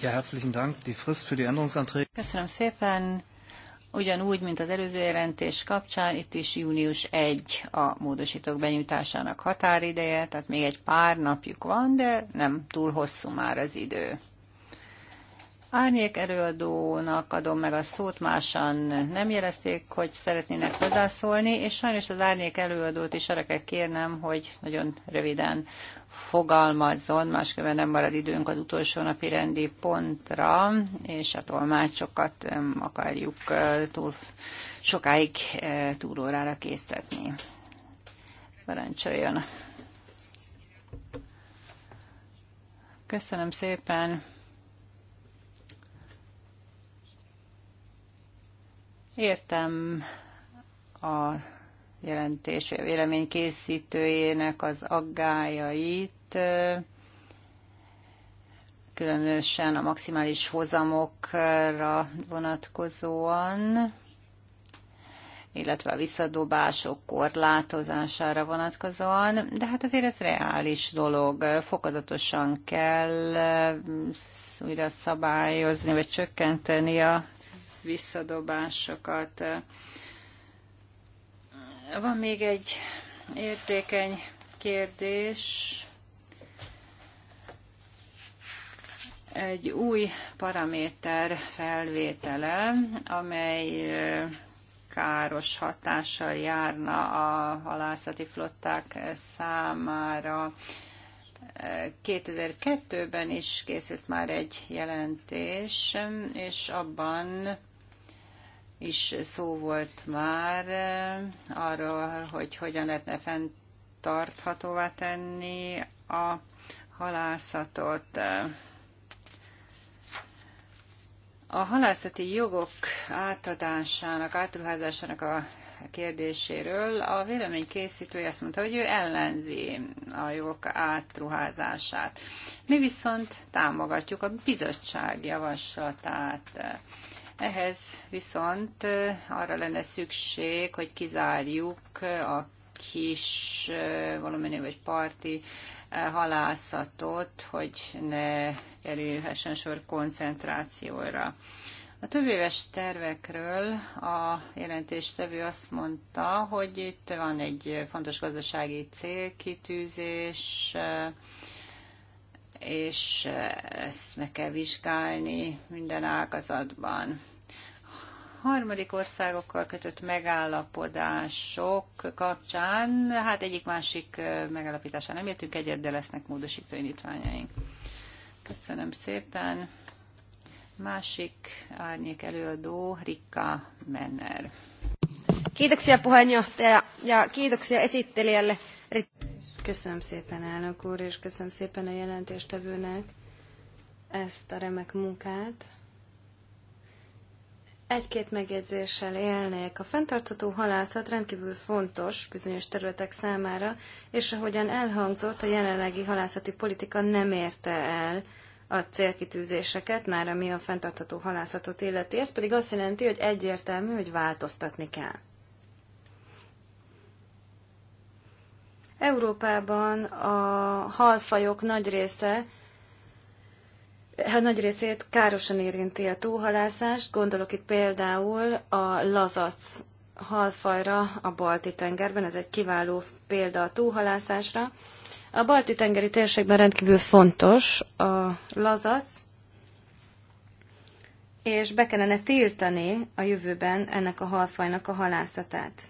Ja, herzlichen Dank. Die Frist für die Änderungsanträge. Köszönöm szépen. Ugyanúgy, mint az előző jelentés kapcsán, itt is június 1 a módosítók benyújtásának határideje, tehát még egy pár napjuk van, de nem túl hosszú már az idő. Árnyék előadónak adom meg a szót, másan nem jelezték, hogy szeretnének hozzászólni, és sajnos az árnyék előadót is arra kell kérnem, hogy nagyon röviden fogalmazzon, másképpen nem marad időnk az utolsó napi rendi pontra, és a tolmácsokat akarjuk túl sokáig túlórára készíteni. Parancsoljon! Köszönöm szépen! Értem a jelentés vélemény készítőjének az aggájait, különösen a maximális hozamokra vonatkozóan, illetve a visszadobások korlátozására vonatkozóan, de hát azért ez reális dolog. Fokozatosan kell újra szabályozni, vagy csökkenteni a visszadobásokat. Van még egy értékeny kérdés. Egy új paraméter felvétele, amely eh, káros hatással járna a halászati flották számára. 2002-ben eh, is készült már egy jelentés, és abban is szó volt már eh, arról, hogy hogyan lehetne fenntarthatóvá tenni a halászatot. A halászati jogok átadásának, átruházásának a kérdéséről a vélemény készítője azt mondta, hogy ő ellenzi a jogok átruházását. Mi viszont támogatjuk a bizottság javaslatát. Ehhez viszont arra lenne szükség, hogy kizárjuk a kis valamennyi vagy parti halászatot, hogy ne kerülhessen sor koncentrációra. A több éves tervekről a jelentéstevő azt mondta, hogy itt van egy fontos gazdasági célkitűzés, és eh, ezt meg kell vizsgálni minden ágazatban. Harmadik országokkal kötött megállapodások kapcsán, hát egyik-másik eh, megállapításán nem értünk egyet, de lesznek módosító indítványaink. Köszönöm szépen. Másik árnyék előadó Rikka Menner. Kiitoksia puheenjohtaja ja kiitoksia esittelijälle Köszönöm szépen, elnök úr, és köszönöm szépen a jelentéstevőnek ezt a remek munkát. Egy-két megjegyzéssel élnék. A fenntartható halászat rendkívül fontos bizonyos területek számára, és ahogyan elhangzott, a jelenlegi halászati politika nem érte el a célkitűzéseket, már ami a fenntartható halászatot illeti. Ez pedig azt jelenti, hogy egyértelmű, hogy változtatni kell. Európában a halfajok nagy része a nagy részét károsan érinti a túlhalászást, gondolok itt például a lazac halfajra a balti tengerben, ez egy kiváló példa a túlhalászásra. A balti tengeri térségben rendkívül fontos a lazac, és be kellene tiltani a jövőben ennek a halfajnak a halászatát.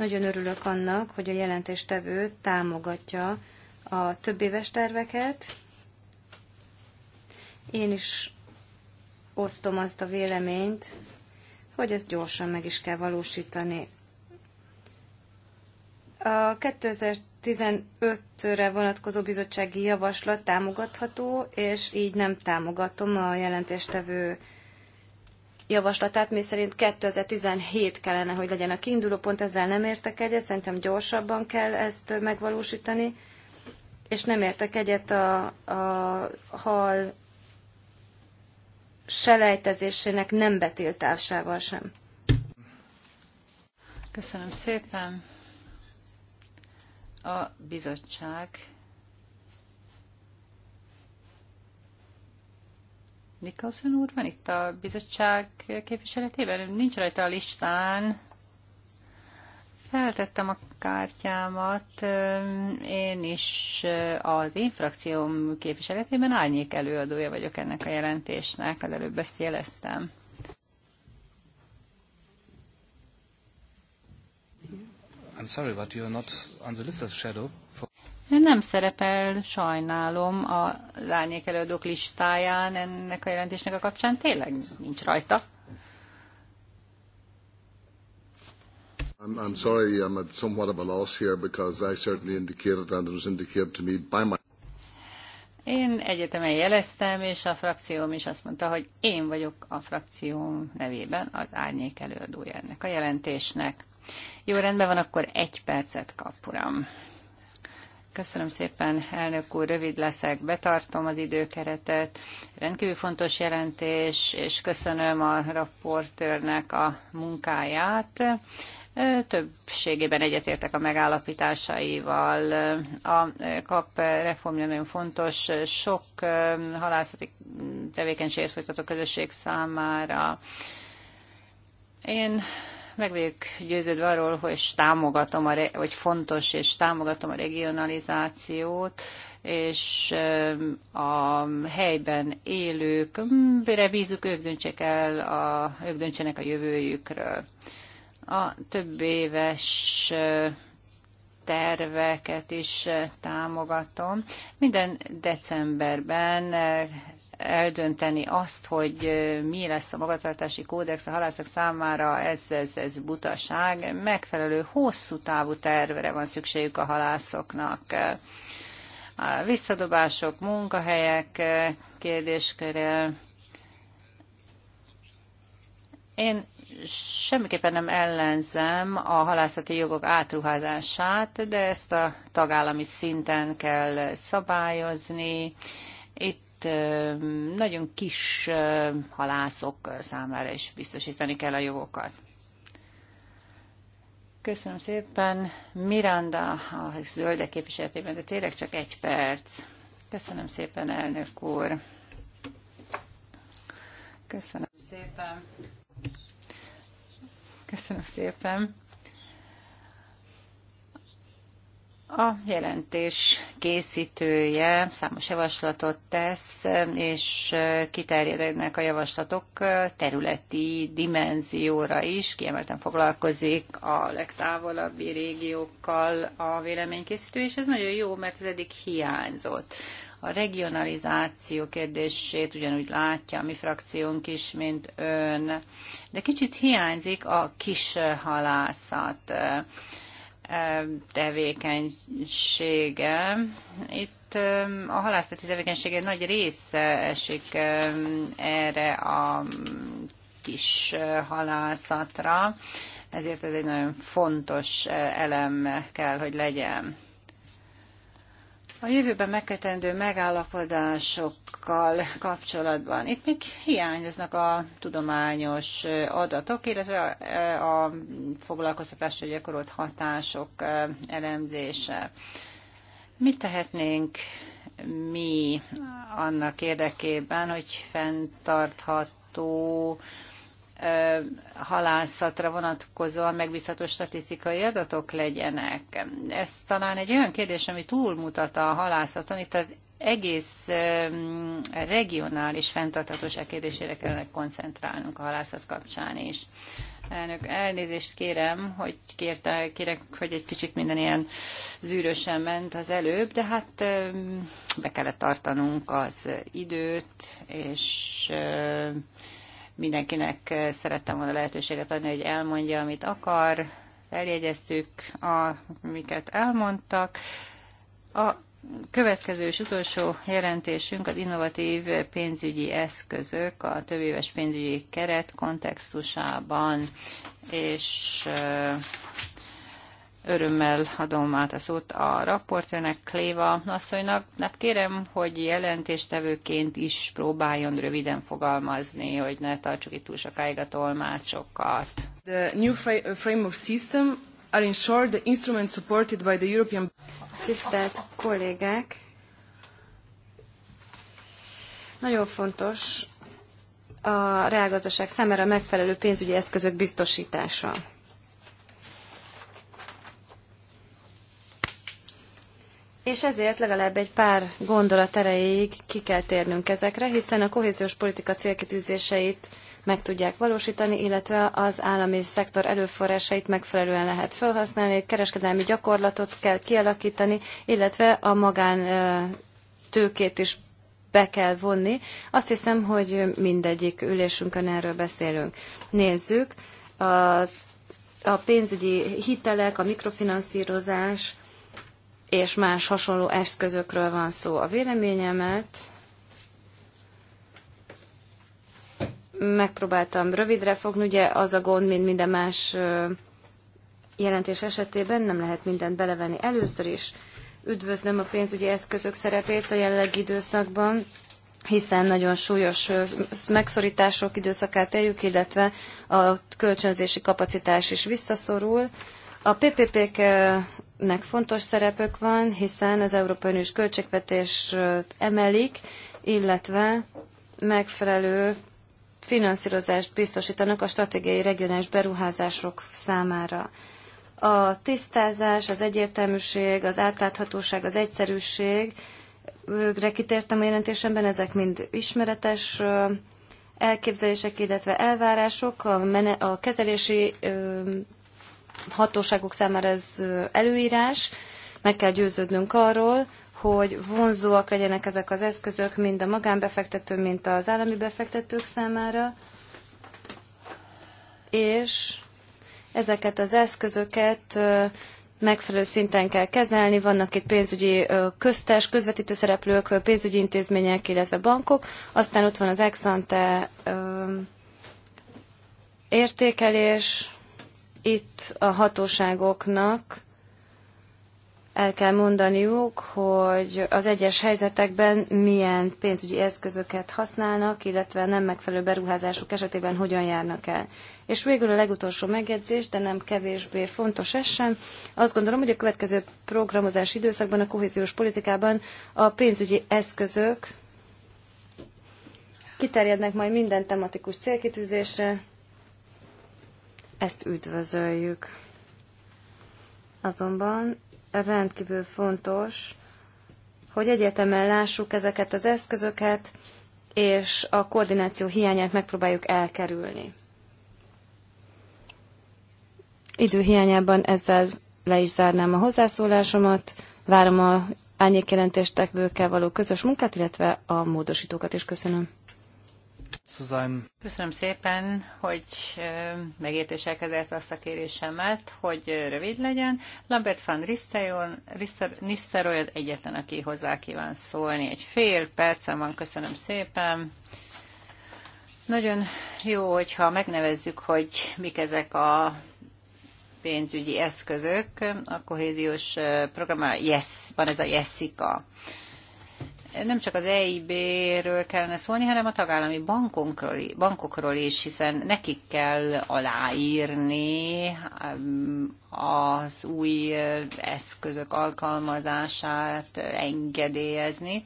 Nagyon örülök annak, hogy a jelentéstevő támogatja a éves terveket. Én is osztom azt a véleményt, hogy ezt gyorsan meg is kell valósítani. A 2015-re vonatkozó bizottsági javaslat támogatható, és így nem támogatom a jelentéstevő javaslatát, mi szerint 2017 kellene, hogy legyen a kiinduló pont, ezzel nem értek egyet, szerintem gyorsabban kell ezt megvalósítani, és nem értek egyet a, a hal selejtezésének nem betiltásával sem. Köszönöm szépen. A bizottság Nicholson úr van itt a bizottság képviseletében? Nincs rajta a listán. Feltettem a kártyámat. Én is az én frakcióm képviseletében árnyék előadója vagyok ennek a jelentésnek. Az előbb ezt jeleztem. I'm sorry, but you're not on the list as shadow. For... Nem szerepel, sajnálom, a lányék előadók listáján ennek a jelentésnek a kapcsán. Tényleg nincs rajta. I'm, I'm sorry, I'm at somewhat of a loss here because I certainly indicated and it was indicated to me by my... Én egyetemen jeleztem, és a frakcióm is azt mondta, hogy én vagyok a frakcióm nevében az árnyék előadója ennek a jelentésnek. Jó, rendben van, akkor egy percet kap, uram. Köszönöm szépen, elnök úr, rövid leszek, betartom az időkeretet. Rendkívül fontos jelentés, és köszönöm a raportőrnek a munkáját. Többségében egyetértek a megállapításaival. A kap reformja nagyon fontos, sok halászati tevékenységet folytató közösség számára. Én meg vagyok győződve arról, hogy támogatom, a, hogy fontos és támogatom a regionalizációt, és a helyben élők, mire bízunk, ők, döntsenek el a, ők döntsenek a jövőjükről. A több éves terveket is támogatom. Minden decemberben eldönteni azt, hogy mi lesz a magatartási kódex a halászok számára, ez, ez, ez butaság. Megfelelő hosszú távú tervre van szükségük a halászoknak. A visszadobások, munkahelyek kérdésköre. Én semmiképpen nem ellenzem a halászati jogok átruházását, de ezt a tagállami szinten kell szabályozni. Itt nagyon kis halászok számára is biztosítani kell a jogokat. Köszönöm szépen. Miranda a zöldek képviseletében, de tényleg csak egy perc. Köszönöm szépen, elnök úr. Köszönöm szépen. Köszönöm szépen. A jelentés készítője számos javaslatot tesz, és kiterjednek a javaslatok területi dimenzióra is. Kiemelten foglalkozik a legtávolabbi régiókkal a véleménykészítő, és ez nagyon jó, mert ez eddig hiányzott. A regionalizáció kérdését ugyanúgy látja a mi frakciónk is, mint ön, de kicsit hiányzik a kis halászat tevékenysége. Itt um, a halászati tevékenysége nagy része esik um, erre a kis uh, halászatra, ezért ez egy nagyon fontos uh, elem kell, hogy legyen a jövőben megkötendő megállapodásokkal kapcsolatban. Itt még hiányoznak a tudományos adatok, illetve a, foglalkoztatásra gyakorolt hatások elemzése. Mit tehetnénk mi annak érdekében, hogy fenntartható halászatra vonatkozóan megbízható statisztikai adatok legyenek. Ez talán egy olyan kérdés, ami túlmutat a halászaton. Itt az egész regionális fenntarthatóság kérdésére kellene koncentrálnunk a halászat kapcsán is. Elnök, elnézést kérem, hogy kérte, kérek, hogy egy kicsit minden ilyen zűrösen ment az előbb, de hát be kellett tartanunk az időt, és Mindenkinek eh, szerettem volna lehetőséget adni, hogy elmondja, amit akar. Eljegyeztük, amiket elmondtak. A következő és utolsó jelentésünk az innovatív pénzügyi eszközök a többéves pénzügyi keret kontextusában, és eh, Örömmel adom át a szót a raportőnek, Kléva asszonynak. Hát kérem, hogy jelentéstevőként is próbáljon röviden fogalmazni, hogy ne tartsuk itt túl sokáig a tolmácsokat. The new uh, frame of system are in short the instruments supported by the European... Tisztelt kollégák! Nagyon fontos a reálgazdaság számára megfelelő pénzügyi eszközök biztosítása. és ezért legalább egy pár gondolat erejéig ki kell térnünk ezekre, hiszen a kohéziós politika célkitűzéseit meg tudják valósítani, illetve az állami szektor előforrásait megfelelően lehet felhasználni, kereskedelmi gyakorlatot kell kialakítani, illetve a magán tőkét is be kell vonni. Azt hiszem, hogy mindegyik ülésünkön erről beszélünk. Nézzük, a, a pénzügyi hitelek, a mikrofinanszírozás, és más hasonló eszközökről van szó. A véleményemet megpróbáltam rövidre fogni, ugye az a gond, mint minden más jelentés esetében nem lehet mindent belevenni. Először is üdvözlöm a pénzügyi eszközök szerepét a jelenlegi időszakban, hiszen nagyon súlyos megszorítások időszakát éljük, illetve a kölcsönzési kapacitás is visszaszorul. A PPP-k nek fontos szerepük van, hiszen az Európai Uniós költségvetés emelik, illetve megfelelő finanszírozást biztosítanak a stratégiai regionális beruházások számára. A tisztázás, az egyértelműség, az átláthatóság, az egyszerűség, őkre kitértem a jelentésemben, ezek mind ismeretes elképzelések, illetve elvárások, a, mene, a kezelési hatóságok számára ez előírás, meg kell győződnünk arról, hogy vonzóak legyenek ezek az eszközök mind a magánbefektető, mint az állami befektetők számára, és ezeket az eszközöket megfelelő szinten kell kezelni, vannak itt pénzügyi köztes, közvetítő szereplők, pénzügyi intézmények, illetve bankok, aztán ott van az Exante értékelés, itt a hatóságoknak el kell mondaniuk, hogy az egyes helyzetekben milyen pénzügyi eszközöket használnak, illetve nem megfelelő beruházások esetében hogyan járnak el. És végül a legutolsó megjegyzés, de nem kevésbé fontos ez sem. Azt gondolom, hogy a következő programozási időszakban, a kohéziós politikában a pénzügyi eszközök kiterjednek majd minden tematikus célkitűzésre, ezt üdvözöljük. Azonban rendkívül fontos, hogy egyetemen lássuk ezeket az eszközöket, és a koordináció hiányát megpróbáljuk elkerülni. Időhiányában ezzel le is zárnám a hozzászólásomat, várom a árnyékjelentéstekből való közös munkát, illetve a módosítókat is köszönöm. Köszönöm szépen, hogy megértéssel kezelt azt a kérésemet, hogy rövid legyen. Lambert van Nisztelrooy az egyetlen, aki hozzá kíván szólni. Egy fél percem van, köszönöm szépen. Nagyon jó, hogyha megnevezzük, hogy mik ezek a pénzügyi eszközök. A kohéziós programá yes, van ez a Jessica nem csak az EIB-ről kellene szólni, hanem a tagállami bankokról is, hiszen nekik kell aláírni um, az új eh, eszközök alkalmazását, engedélyezni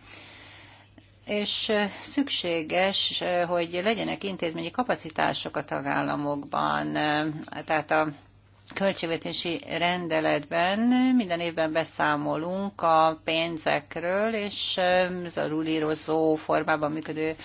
és eh, szükséges, eh, hogy legyenek intézményi kapacitások a tagállamokban, tehát a költségvetési rendeletben minden évben beszámolunk a pénzekről, és ez um, a rulírozó formában működő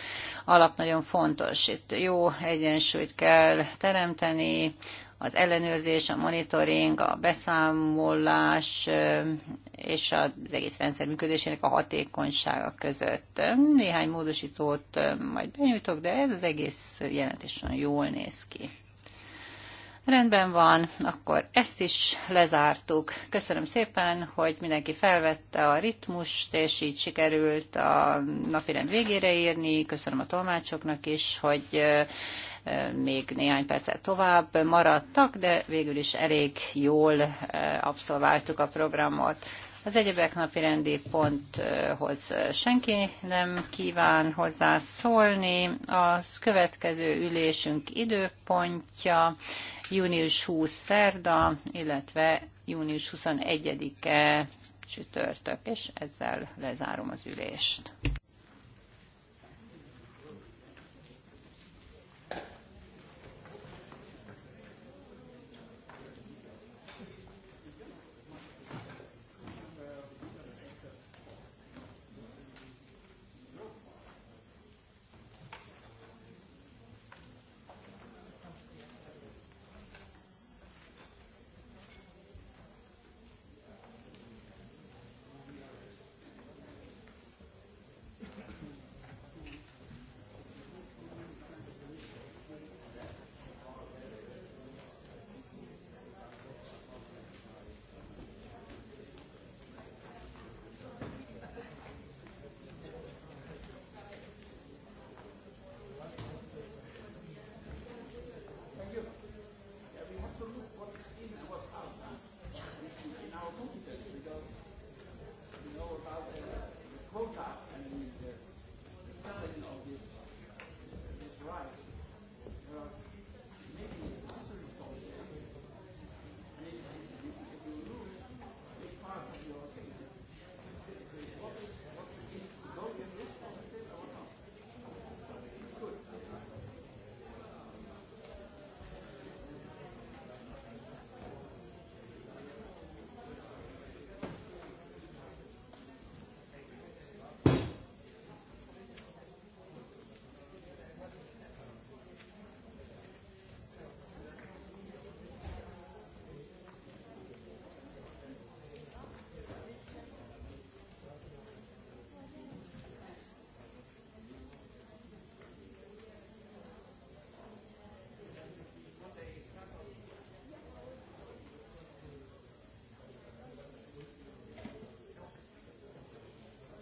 alap nagyon fontos. Itt jó egyensúlyt kell teremteni, az ellenőrzés, a monitoring, a beszámolás um, és az egész rendszer működésének a hatékonysága között. Néhány módosítót um, majd benyújtok, de ez az egész jelentésen jól néz ki. Rendben van, akkor ezt is lezártuk. Köszönöm szépen, hogy mindenki felvette a ritmust, és így sikerült a napirend végére írni. Köszönöm a tolmácsoknak is, hogy még néhány percet tovább maradtak, de végül is elég jól abszolváltuk a programot. Az egyebek napi rendi ponthoz senki nem kíván hozzászólni. Az következő ülésünk időpontja június 20 szerda, illetve június 21-e csütörtök, és ezzel lezárom az ülést.